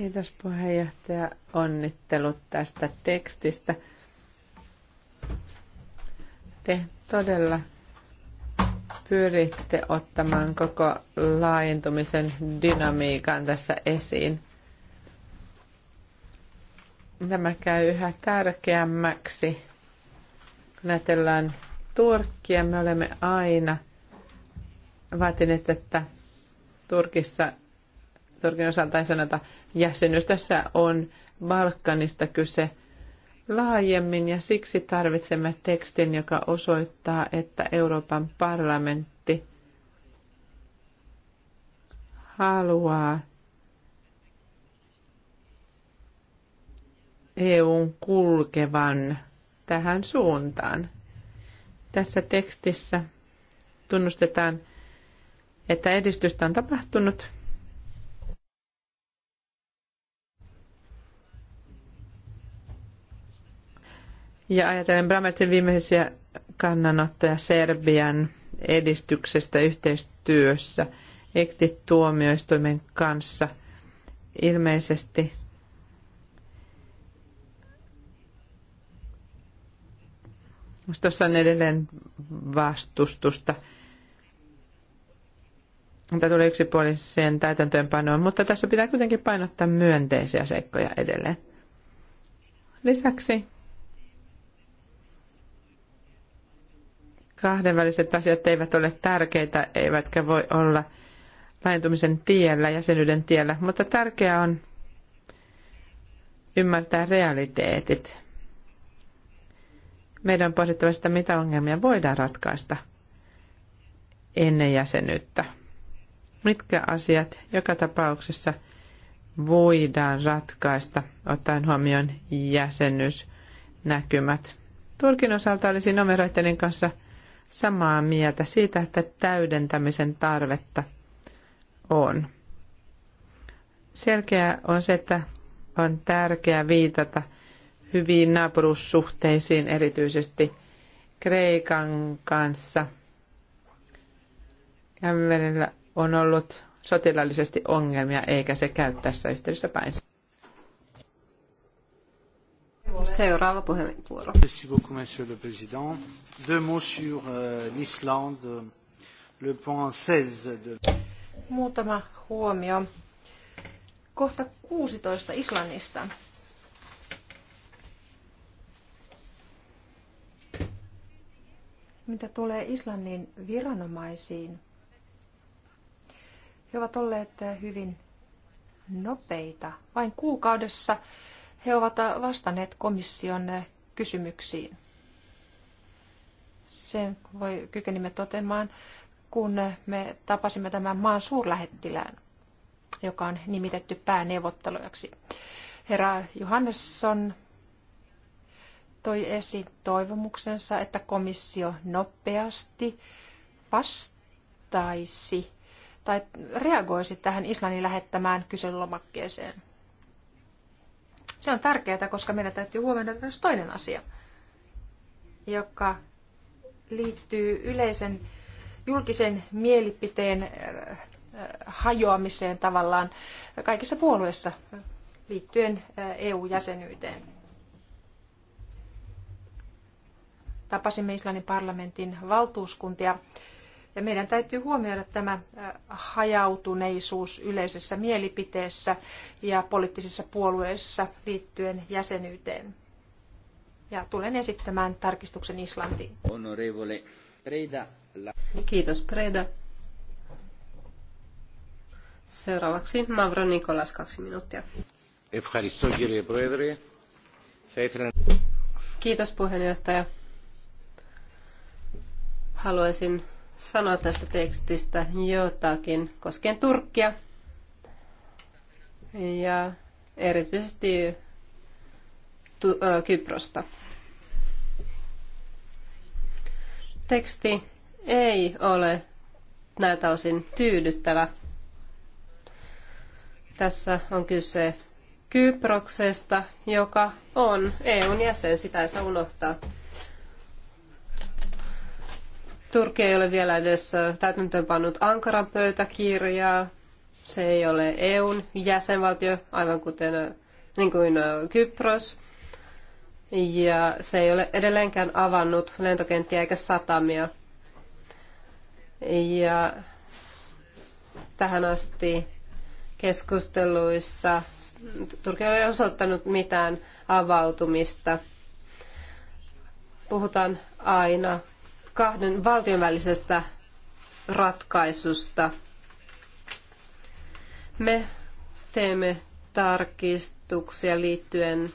Kiitos puheenjohtaja. Onnittelut tästä tekstistä. Te todella pyritte ottamaan koko laajentumisen dynamiikan tässä esiin. Tämä käy yhä tärkeämmäksi, kun ajatellaan Turkkia. Me olemme aina vaatineet, että Turkissa Turkin osalta ei sanota jäsenyys. Tässä on Balkanista kyse laajemmin ja siksi tarvitsemme tekstin, joka osoittaa, että Euroopan parlamentti haluaa EUn kulkevan tähän suuntaan. Tässä tekstissä tunnustetaan, että edistystä on tapahtunut Ja ajatellen Bramertin viimeisiä kannanottoja Serbian edistyksestä yhteistyössä ekti-tuomioistuimen kanssa. Ilmeisesti tuossa on edelleen vastustusta. Tämä tulee yksipuoliseen täytäntöönpanoon, mutta tässä pitää kuitenkin painottaa myönteisiä seikkoja edelleen. Lisäksi kahdenväliset asiat eivät ole tärkeitä, eivätkä voi olla laajentumisen tiellä, jäsenyyden tiellä, mutta tärkeää on ymmärtää realiteetit. Meidän on pohdittava sitä, mitä ongelmia voidaan ratkaista ennen jäsenyyttä. Mitkä asiat joka tapauksessa voidaan ratkaista, ottaen huomioon jäsenyysnäkymät. Turkin osalta olisin numeroitteiden kanssa – samaa mieltä siitä, että täydentämisen tarvetta on. Selkeää on se, että on tärkeää viitata hyviin naapuruussuhteisiin, erityisesti Kreikan kanssa. Kämmenellä on ollut sotilaallisesti ongelmia, eikä se käy tässä yhteydessä päinsä. Seuraava puheenvuoro. Merci beaucoup, monsieur le président. Deux mots sur euh, l'Islande, le point 16 Muutama huomio. Kohta 16 Islannista. Mitä tulee Islannin viranomaisiin, he ovat olleet hyvin nopeita. Vain kuukaudessa he ovat vastanneet komission kysymyksiin. Sen voi kykenimme totemaan, kun me tapasimme tämän maan suurlähettilään, joka on nimitetty pääneuvottelijaksi. Herra Johannesson toi esiin toivomuksensa, että komissio nopeasti vastaisi tai reagoisi tähän Islannin lähettämään kyselylomakkeeseen. Se on tärkeää, koska meidän täytyy huomioida myös toinen asia, joka liittyy yleisen julkisen mielipiteen äh, äh, hajoamiseen tavallaan kaikissa puolueissa liittyen äh, EU-jäsenyyteen. Tapasimme Islannin parlamentin valtuuskuntia ja meidän täytyy huomioida tämä hajautuneisuus yleisessä mielipiteessä ja poliittisissa puolueissa liittyen jäsenyyteen. Ja tulen esittämään tarkistuksen Islantiin. Honorevole Preda. Kiitos Preda. Seuraavaksi Mavro Nikolas, kaksi minuuttia. Kiitos puheenjohtaja. Haluaisin sanoa tästä tekstistä jotakin koskien Turkkia ja erityisesti Kyprosta. Teksti ei ole näiltä osin tyydyttävä. Tässä on kyse Kyproksesta, joka on EUn jäsen, sitä ei saa unohtaa. Turkki ei ole vielä edes täytäntöönpannut Ankaran pöytäkirjaa. Se ei ole EUn jäsenvaltio, aivan kuten niin kuin Kypros. Ja se ei ole edelleenkään avannut lentokenttiä eikä satamia. Ja tähän asti keskusteluissa Turkki ei ole osoittanut mitään avautumista. Puhutaan aina kahden valtion välisestä ratkaisusta. Me teemme tarkistuksia liittyen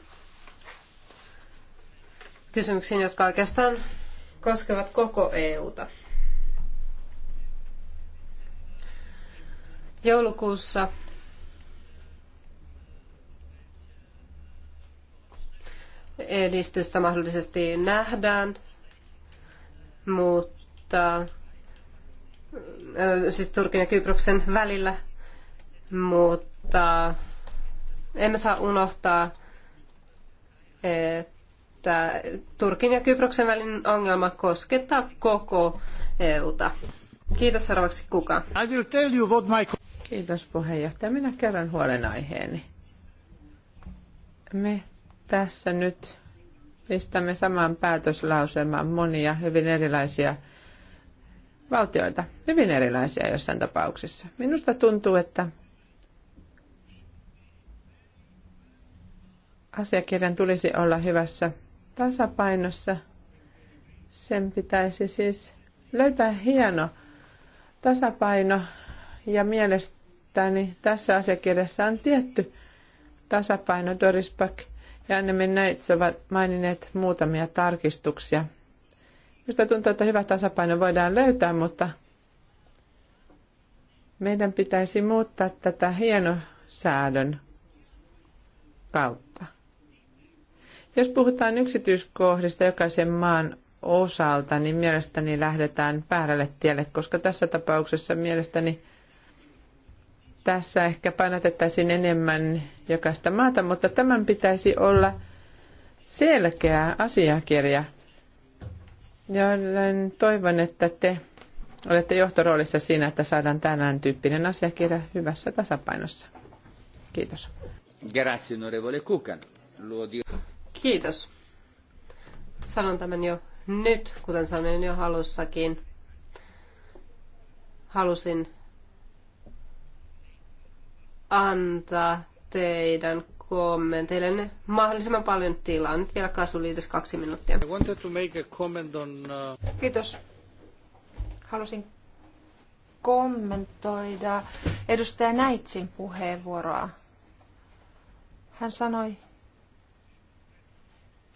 kysymyksiin, jotka oikeastaan koskevat koko EUta. Joulukuussa edistystä mahdollisesti nähdään mutta siis Turkin ja Kyproksen välillä, mutta emme saa unohtaa, että Turkin ja Kyproksen välinen ongelma koskettaa koko EUta. Kiitos seuraavaksi kuka. I will tell you what my... Kiitos puheenjohtaja. Minä kerron huolenaiheeni. Me tässä nyt pistämme samaan päätöslauselmaan monia hyvin erilaisia valtioita, hyvin erilaisia jossain tapauksessa. Minusta tuntuu, että asiakirjan tulisi olla hyvässä tasapainossa. Sen pitäisi siis löytää hieno tasapaino ja mielestäni tässä asiakirjassa on tietty tasapaino. Doris Back Janne Neits ovat maininneet muutamia tarkistuksia. Minusta tuntuu, että hyvä tasapaino voidaan löytää, mutta meidän pitäisi muuttaa tätä hienosäädön kautta. Jos puhutaan yksityiskohdista jokaisen maan osalta, niin mielestäni lähdetään väärälle tielle, koska tässä tapauksessa mielestäni – tässä ehkä painotettaisiin enemmän jokaista maata, mutta tämän pitäisi olla selkeä asiakirja, joten toivon, että te olette johtoroolissa siinä, että saadaan tänään tyyppinen asiakirja hyvässä tasapainossa. Kiitos. Grazie, Kiitos. Sanon tämän jo nyt, kuten sanoin jo halussakin. Halusin antaa teidän kommenteillenne mahdollisimman paljon tilaa. Nyt vielä Kasuliides kaksi minuuttia. Uh, Kiitos. Halusin kommentoida edustaja Näitsin puheenvuoroa. Hän sanoi,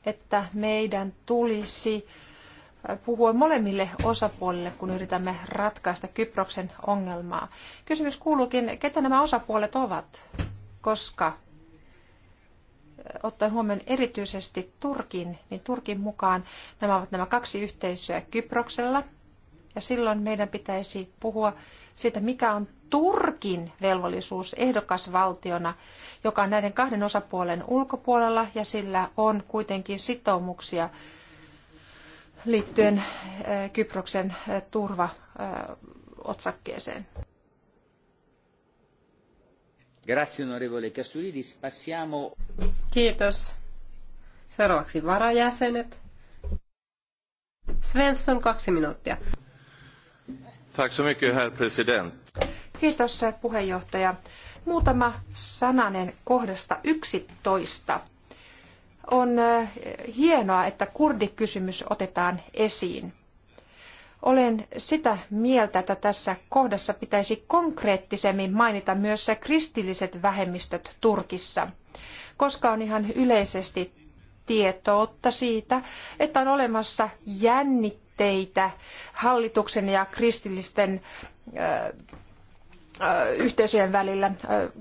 että meidän tulisi puhua molemmille osapuolille, kun yritämme ratkaista Kyproksen ongelmaa. Kysymys kuuluukin, ketä nämä osapuolet ovat, koska eh, ottaen huomioon erityisesti Turkin, niin Turkin mukaan nämä ovat nämä kaksi yhteisöä Kyproksella. Ja silloin meidän pitäisi puhua siitä, mikä on Turkin velvollisuus ehdokasvaltiona, joka on näiden kahden osapuolen ulkopuolella ja sillä on kuitenkin sitoumuksia liittyen eh, Kyproksen eh, turvaotsakkeeseen. Eh, Grazie onorevole Casulidis. Passiamo... Kiitos. Seuraavaksi varajäsenet. Svensson, kaksi minuuttia. Tack så mycket, herr president. Kiitos puheenjohtama sananen kohdasta 11 on hienoa, että kurdikysymys otetaan esiin. Olen sitä mieltä, että tässä kohdassa pitäisi konkreettisemmin mainita myös kristilliset vähemmistöt Turkissa, koska on ihan yleisesti tietoutta siitä, että on olemassa jännitteitä hallituksen ja kristillisten yhteisöjen välillä.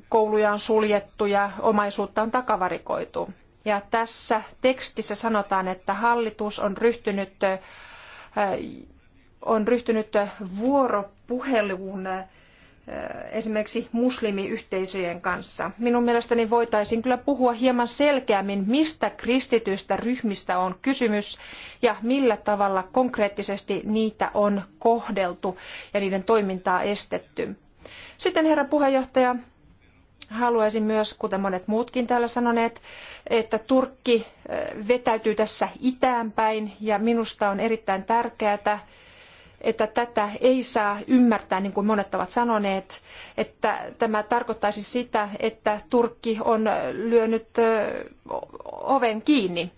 Kouluja on suljettu ja omaisuutta on takavarikoitu. Ja tässä tekstissä sanotaan, että hallitus on ryhtynyt, on ryhtynyt vuoropuheluun esimerkiksi muslimiyhteisöjen kanssa. Minun mielestäni voitaisiin kyllä puhua hieman selkeämmin, mistä kristityistä ryhmistä on kysymys ja millä tavalla konkreettisesti niitä on kohdeltu ja niiden toimintaa estetty. Sitten herra puheenjohtaja, haluaisin myös, kuten monet muutkin täällä sanoneet, että Turkki eh, vetäytyy tässä itäänpäin ja minusta on erittäin tärkeää, että tätä ei saa ymmärtää, niin kuin monet ovat sanoneet, että tämä tarkoittaisi sitä, että Turkki on lyönyt eh, oven kiinni.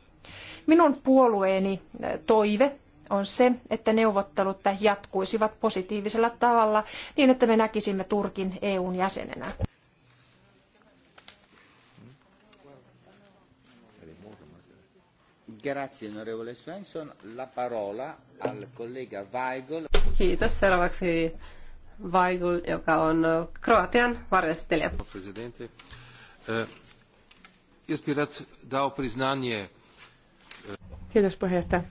Minun puolueeni eh, toive on se, että neuvottelut jatkuisivat positiivisella tavalla niin, että me näkisimme Turkin EUn jäsenenä. Grazie, onorevole Svensson. La parola al collega Kiitos. Seuraavaksi Weigel, joka on Kroatian varjostelija. Presidente, eh, jaz bi rad priznanje. Eh, Kiitos puheenjohtaja.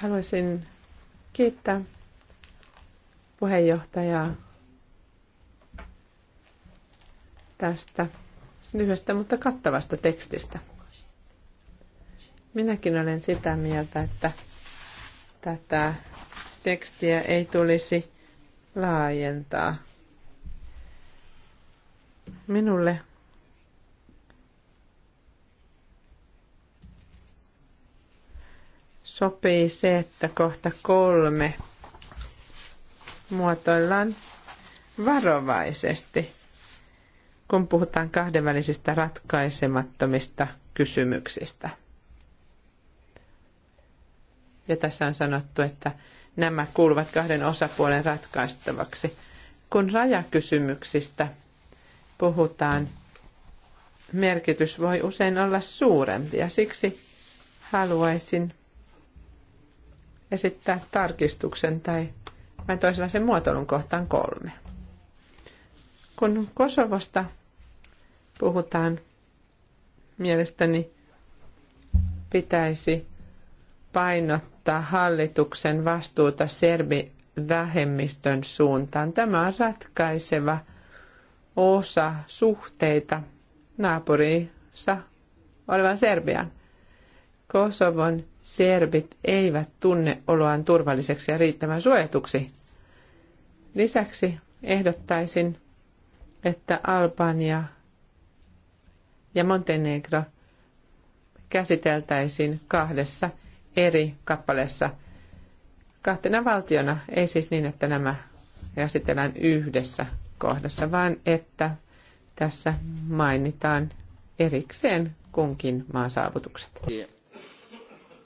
Haluaisin kiittää puheenjohtajaa tästä lyhyestä, mutta kattavasta tekstistä. Minäkin olen sitä mieltä, että tätä tekstiä ei tulisi laajentaa. Minulle sopii se, että kohta kolme muotoillaan varovaisesti kun puhutaan kahdenvälisistä ratkaisemattomista kysymyksistä. Ja tässä on sanottu, että nämä kuuluvat kahden osapuolen ratkaistavaksi. Kun rajakysymyksistä puhutaan, merkitys voi usein olla suurempi ja siksi haluaisin esittää tarkistuksen tai mä toisella sen muotoilun kohtaan kolme. Kun Kosovosta puhutaan, mielestäni pitäisi painottaa hallituksen vastuuta serbivähemmistön suuntaan. Tämä on ratkaiseva osa suhteita naapuriinsa olevan Serbian. Kosovon serbit eivät tunne oloaan turvalliseksi ja riittävän suojatuksi. Lisäksi ehdottaisin, että Albania ja Montenegro käsiteltäisiin kahdessa eri kappaleessa kahtena valtiona. Ei siis niin, että nämä käsitellään yhdessä kohdassa, vaan että tässä mainitaan erikseen kunkin maan saavutukset.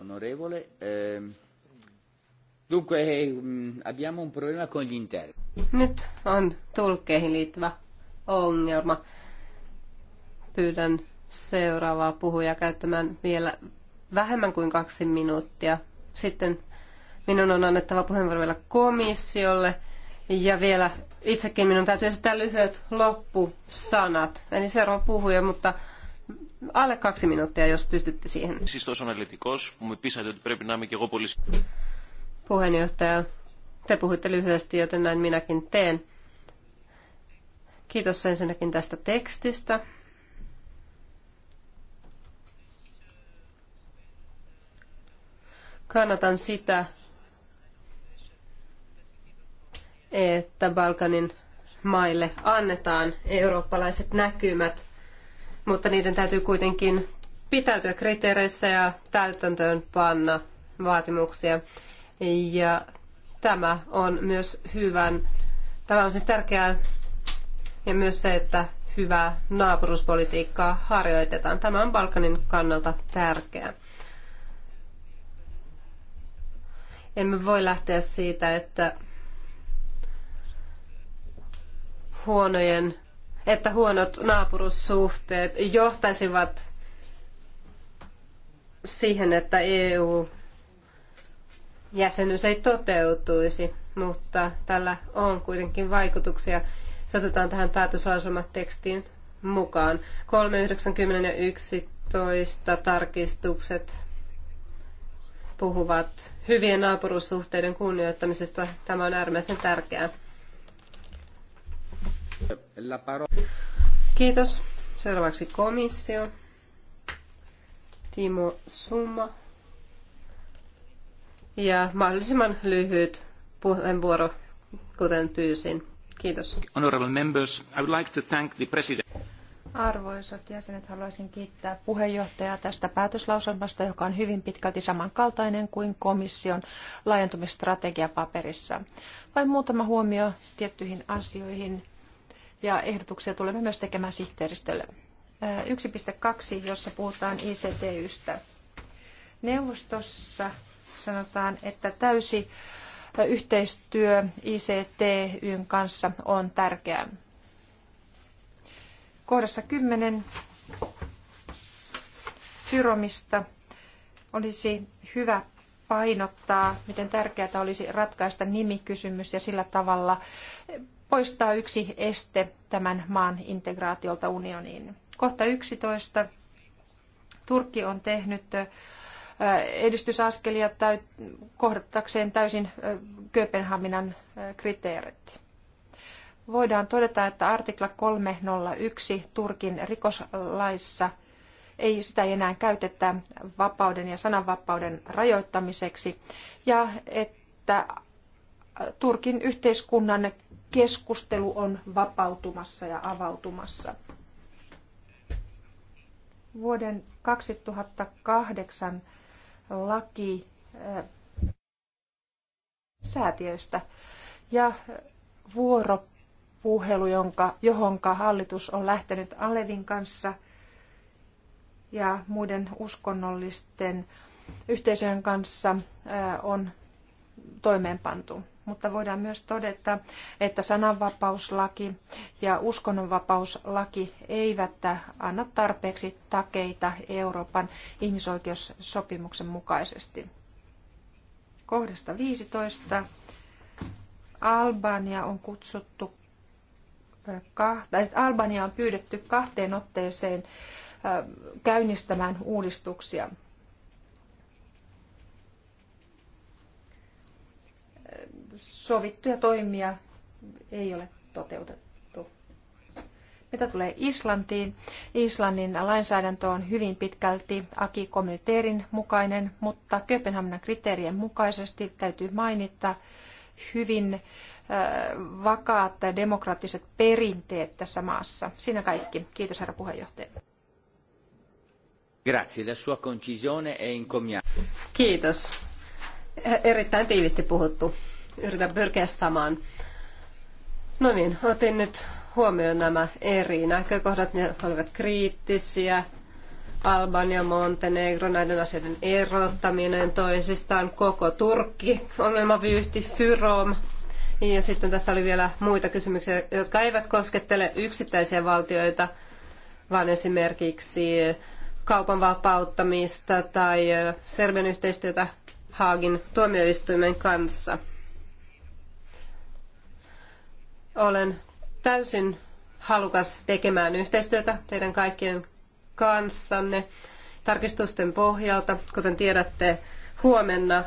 Honorevole, ehm, Dunque eh, mm, abbiamo un problema con gli Nyt on tulkkeihin liittyvä ongelma. Pyydän seuraavaa puhujaa käyttämään vielä vähemmän kuin kaksi minuuttia. Sitten minun on annettava puheenvuoro vielä komissiolle. Ja vielä itsekin minun täytyy esittää lyhyet loppusanat. Eli seuraava puhuja, mutta alle kaksi minuuttia, jos pystytte siihen. Siis tuossa on elitikos, me Puheenjohtaja, te puhuitte lyhyesti, joten näin minäkin teen. Kiitos ensinnäkin tästä tekstistä. kannatan sitä, että Balkanin maille annetaan eurooppalaiset näkymät, mutta niiden täytyy kuitenkin pitäytyä kriteereissä ja täytäntöön panna vaatimuksia. Ja tämä on myös hyvän, tämä on siis tärkeää ja myös se, että hyvää naapuruspolitiikkaa harjoitetaan. Tämä on Balkanin kannalta tärkeää. Emme voi lähteä siitä, että huonojen, että huonot naapurussuhteet johtaisivat siihen, että EU-jäsenyys ei toteutuisi, mutta tällä on kuitenkin vaikutuksia. Se otetaan tähän päätöslauselmatekstiin mukaan. 3.90 ja 11 tarkistukset puhuvat hyvien naapuruussuhteiden kunnioittamisesta. Tämä on äärimmäisen tärkeää. Kiitos. Seuraavaksi komissio. Timo Summa. Ja mahdollisimman lyhyt puheenvuoro, kuten pyysin. Kiitos. Honorable members, I would like to thank the president. Arvoisat jäsenet, haluaisin kiittää puheenjohtajaa tästä päätöslauselmasta, joka on hyvin pitkälti samankaltainen kuin komission laajentumistrategiapaperissa. Vain muutama huomio tiettyihin asioihin ja ehdotuksia tulemme myös tekemään sihteeristölle. 1.2, jossa puhutaan ICTYstä. Neuvostossa sanotaan, että täysi yhteistyö ICTYn kanssa on tärkeää. Kohdassa 10 Fyromista olisi hyvä painottaa, miten tärkeää olisi ratkaista nimikysymys ja sillä tavalla poistaa yksi este tämän maan integraatiolta unioniin. Kohta 11. Turkki on tehnyt edistysaskelia täyt, kohdattakseen täysin Kööpenhaminan kriteerit voidaan todeta, että artikla 301 Turkin rikoslaissa ei sitä enää käytetä vapauden ja sananvapauden rajoittamiseksi ja että Turkin yhteiskunnan keskustelu on vapautumassa ja avautumassa. Vuoden 2008 laki äh, säätiöistä ja vuoropuhelu puhelu, jonka, johonka hallitus on lähtenyt Alevin kanssa ja muiden uskonnollisten yhteisöjen kanssa on toimeenpantu. Mutta voidaan myös todeta, että sananvapauslaki ja uskonnonvapauslaki eivät anna tarpeeksi takeita Euroopan ihmisoikeussopimuksen mukaisesti. Kohdasta 15. Albania on kutsuttu kahta, Albania on pyydetty kahteen otteeseen käynnistämään uudistuksia. Sovittuja toimia ei ole toteutettu. Mitä tulee Islantiin, Islannin lainsäädäntö on hyvin pitkälti aki komiteerin mukainen, mutta Kööpenhaminan kriteerien mukaisesti täytyy mainita, hyvin vakaat demokraattiset perinteet tässä maassa. Siinä kaikki. Kiitos herra puheenjohtaja. Grazie, la sua concisione è Kiitos. Erittäin tiivisti puhuttu. Yritän pyrkiä samaan. No niin, otin nyt huomioon nämä eri näkökohdat. Ne olivat kriittisiä, Albania, Montenegro, näiden asioiden erottaminen toisistaan, koko Turkki, ongelmavyyhti, Fyrom. Ja sitten tässä oli vielä muita kysymyksiä, jotka eivät koskettele yksittäisiä valtioita, vaan esimerkiksi kaupan vapauttamista tai Serbian yhteistyötä Haagin tuomioistuimen kanssa. Olen täysin halukas tekemään yhteistyötä teidän kaikkien kanssanne tarkistusten pohjalta. Kuten tiedätte, huomenna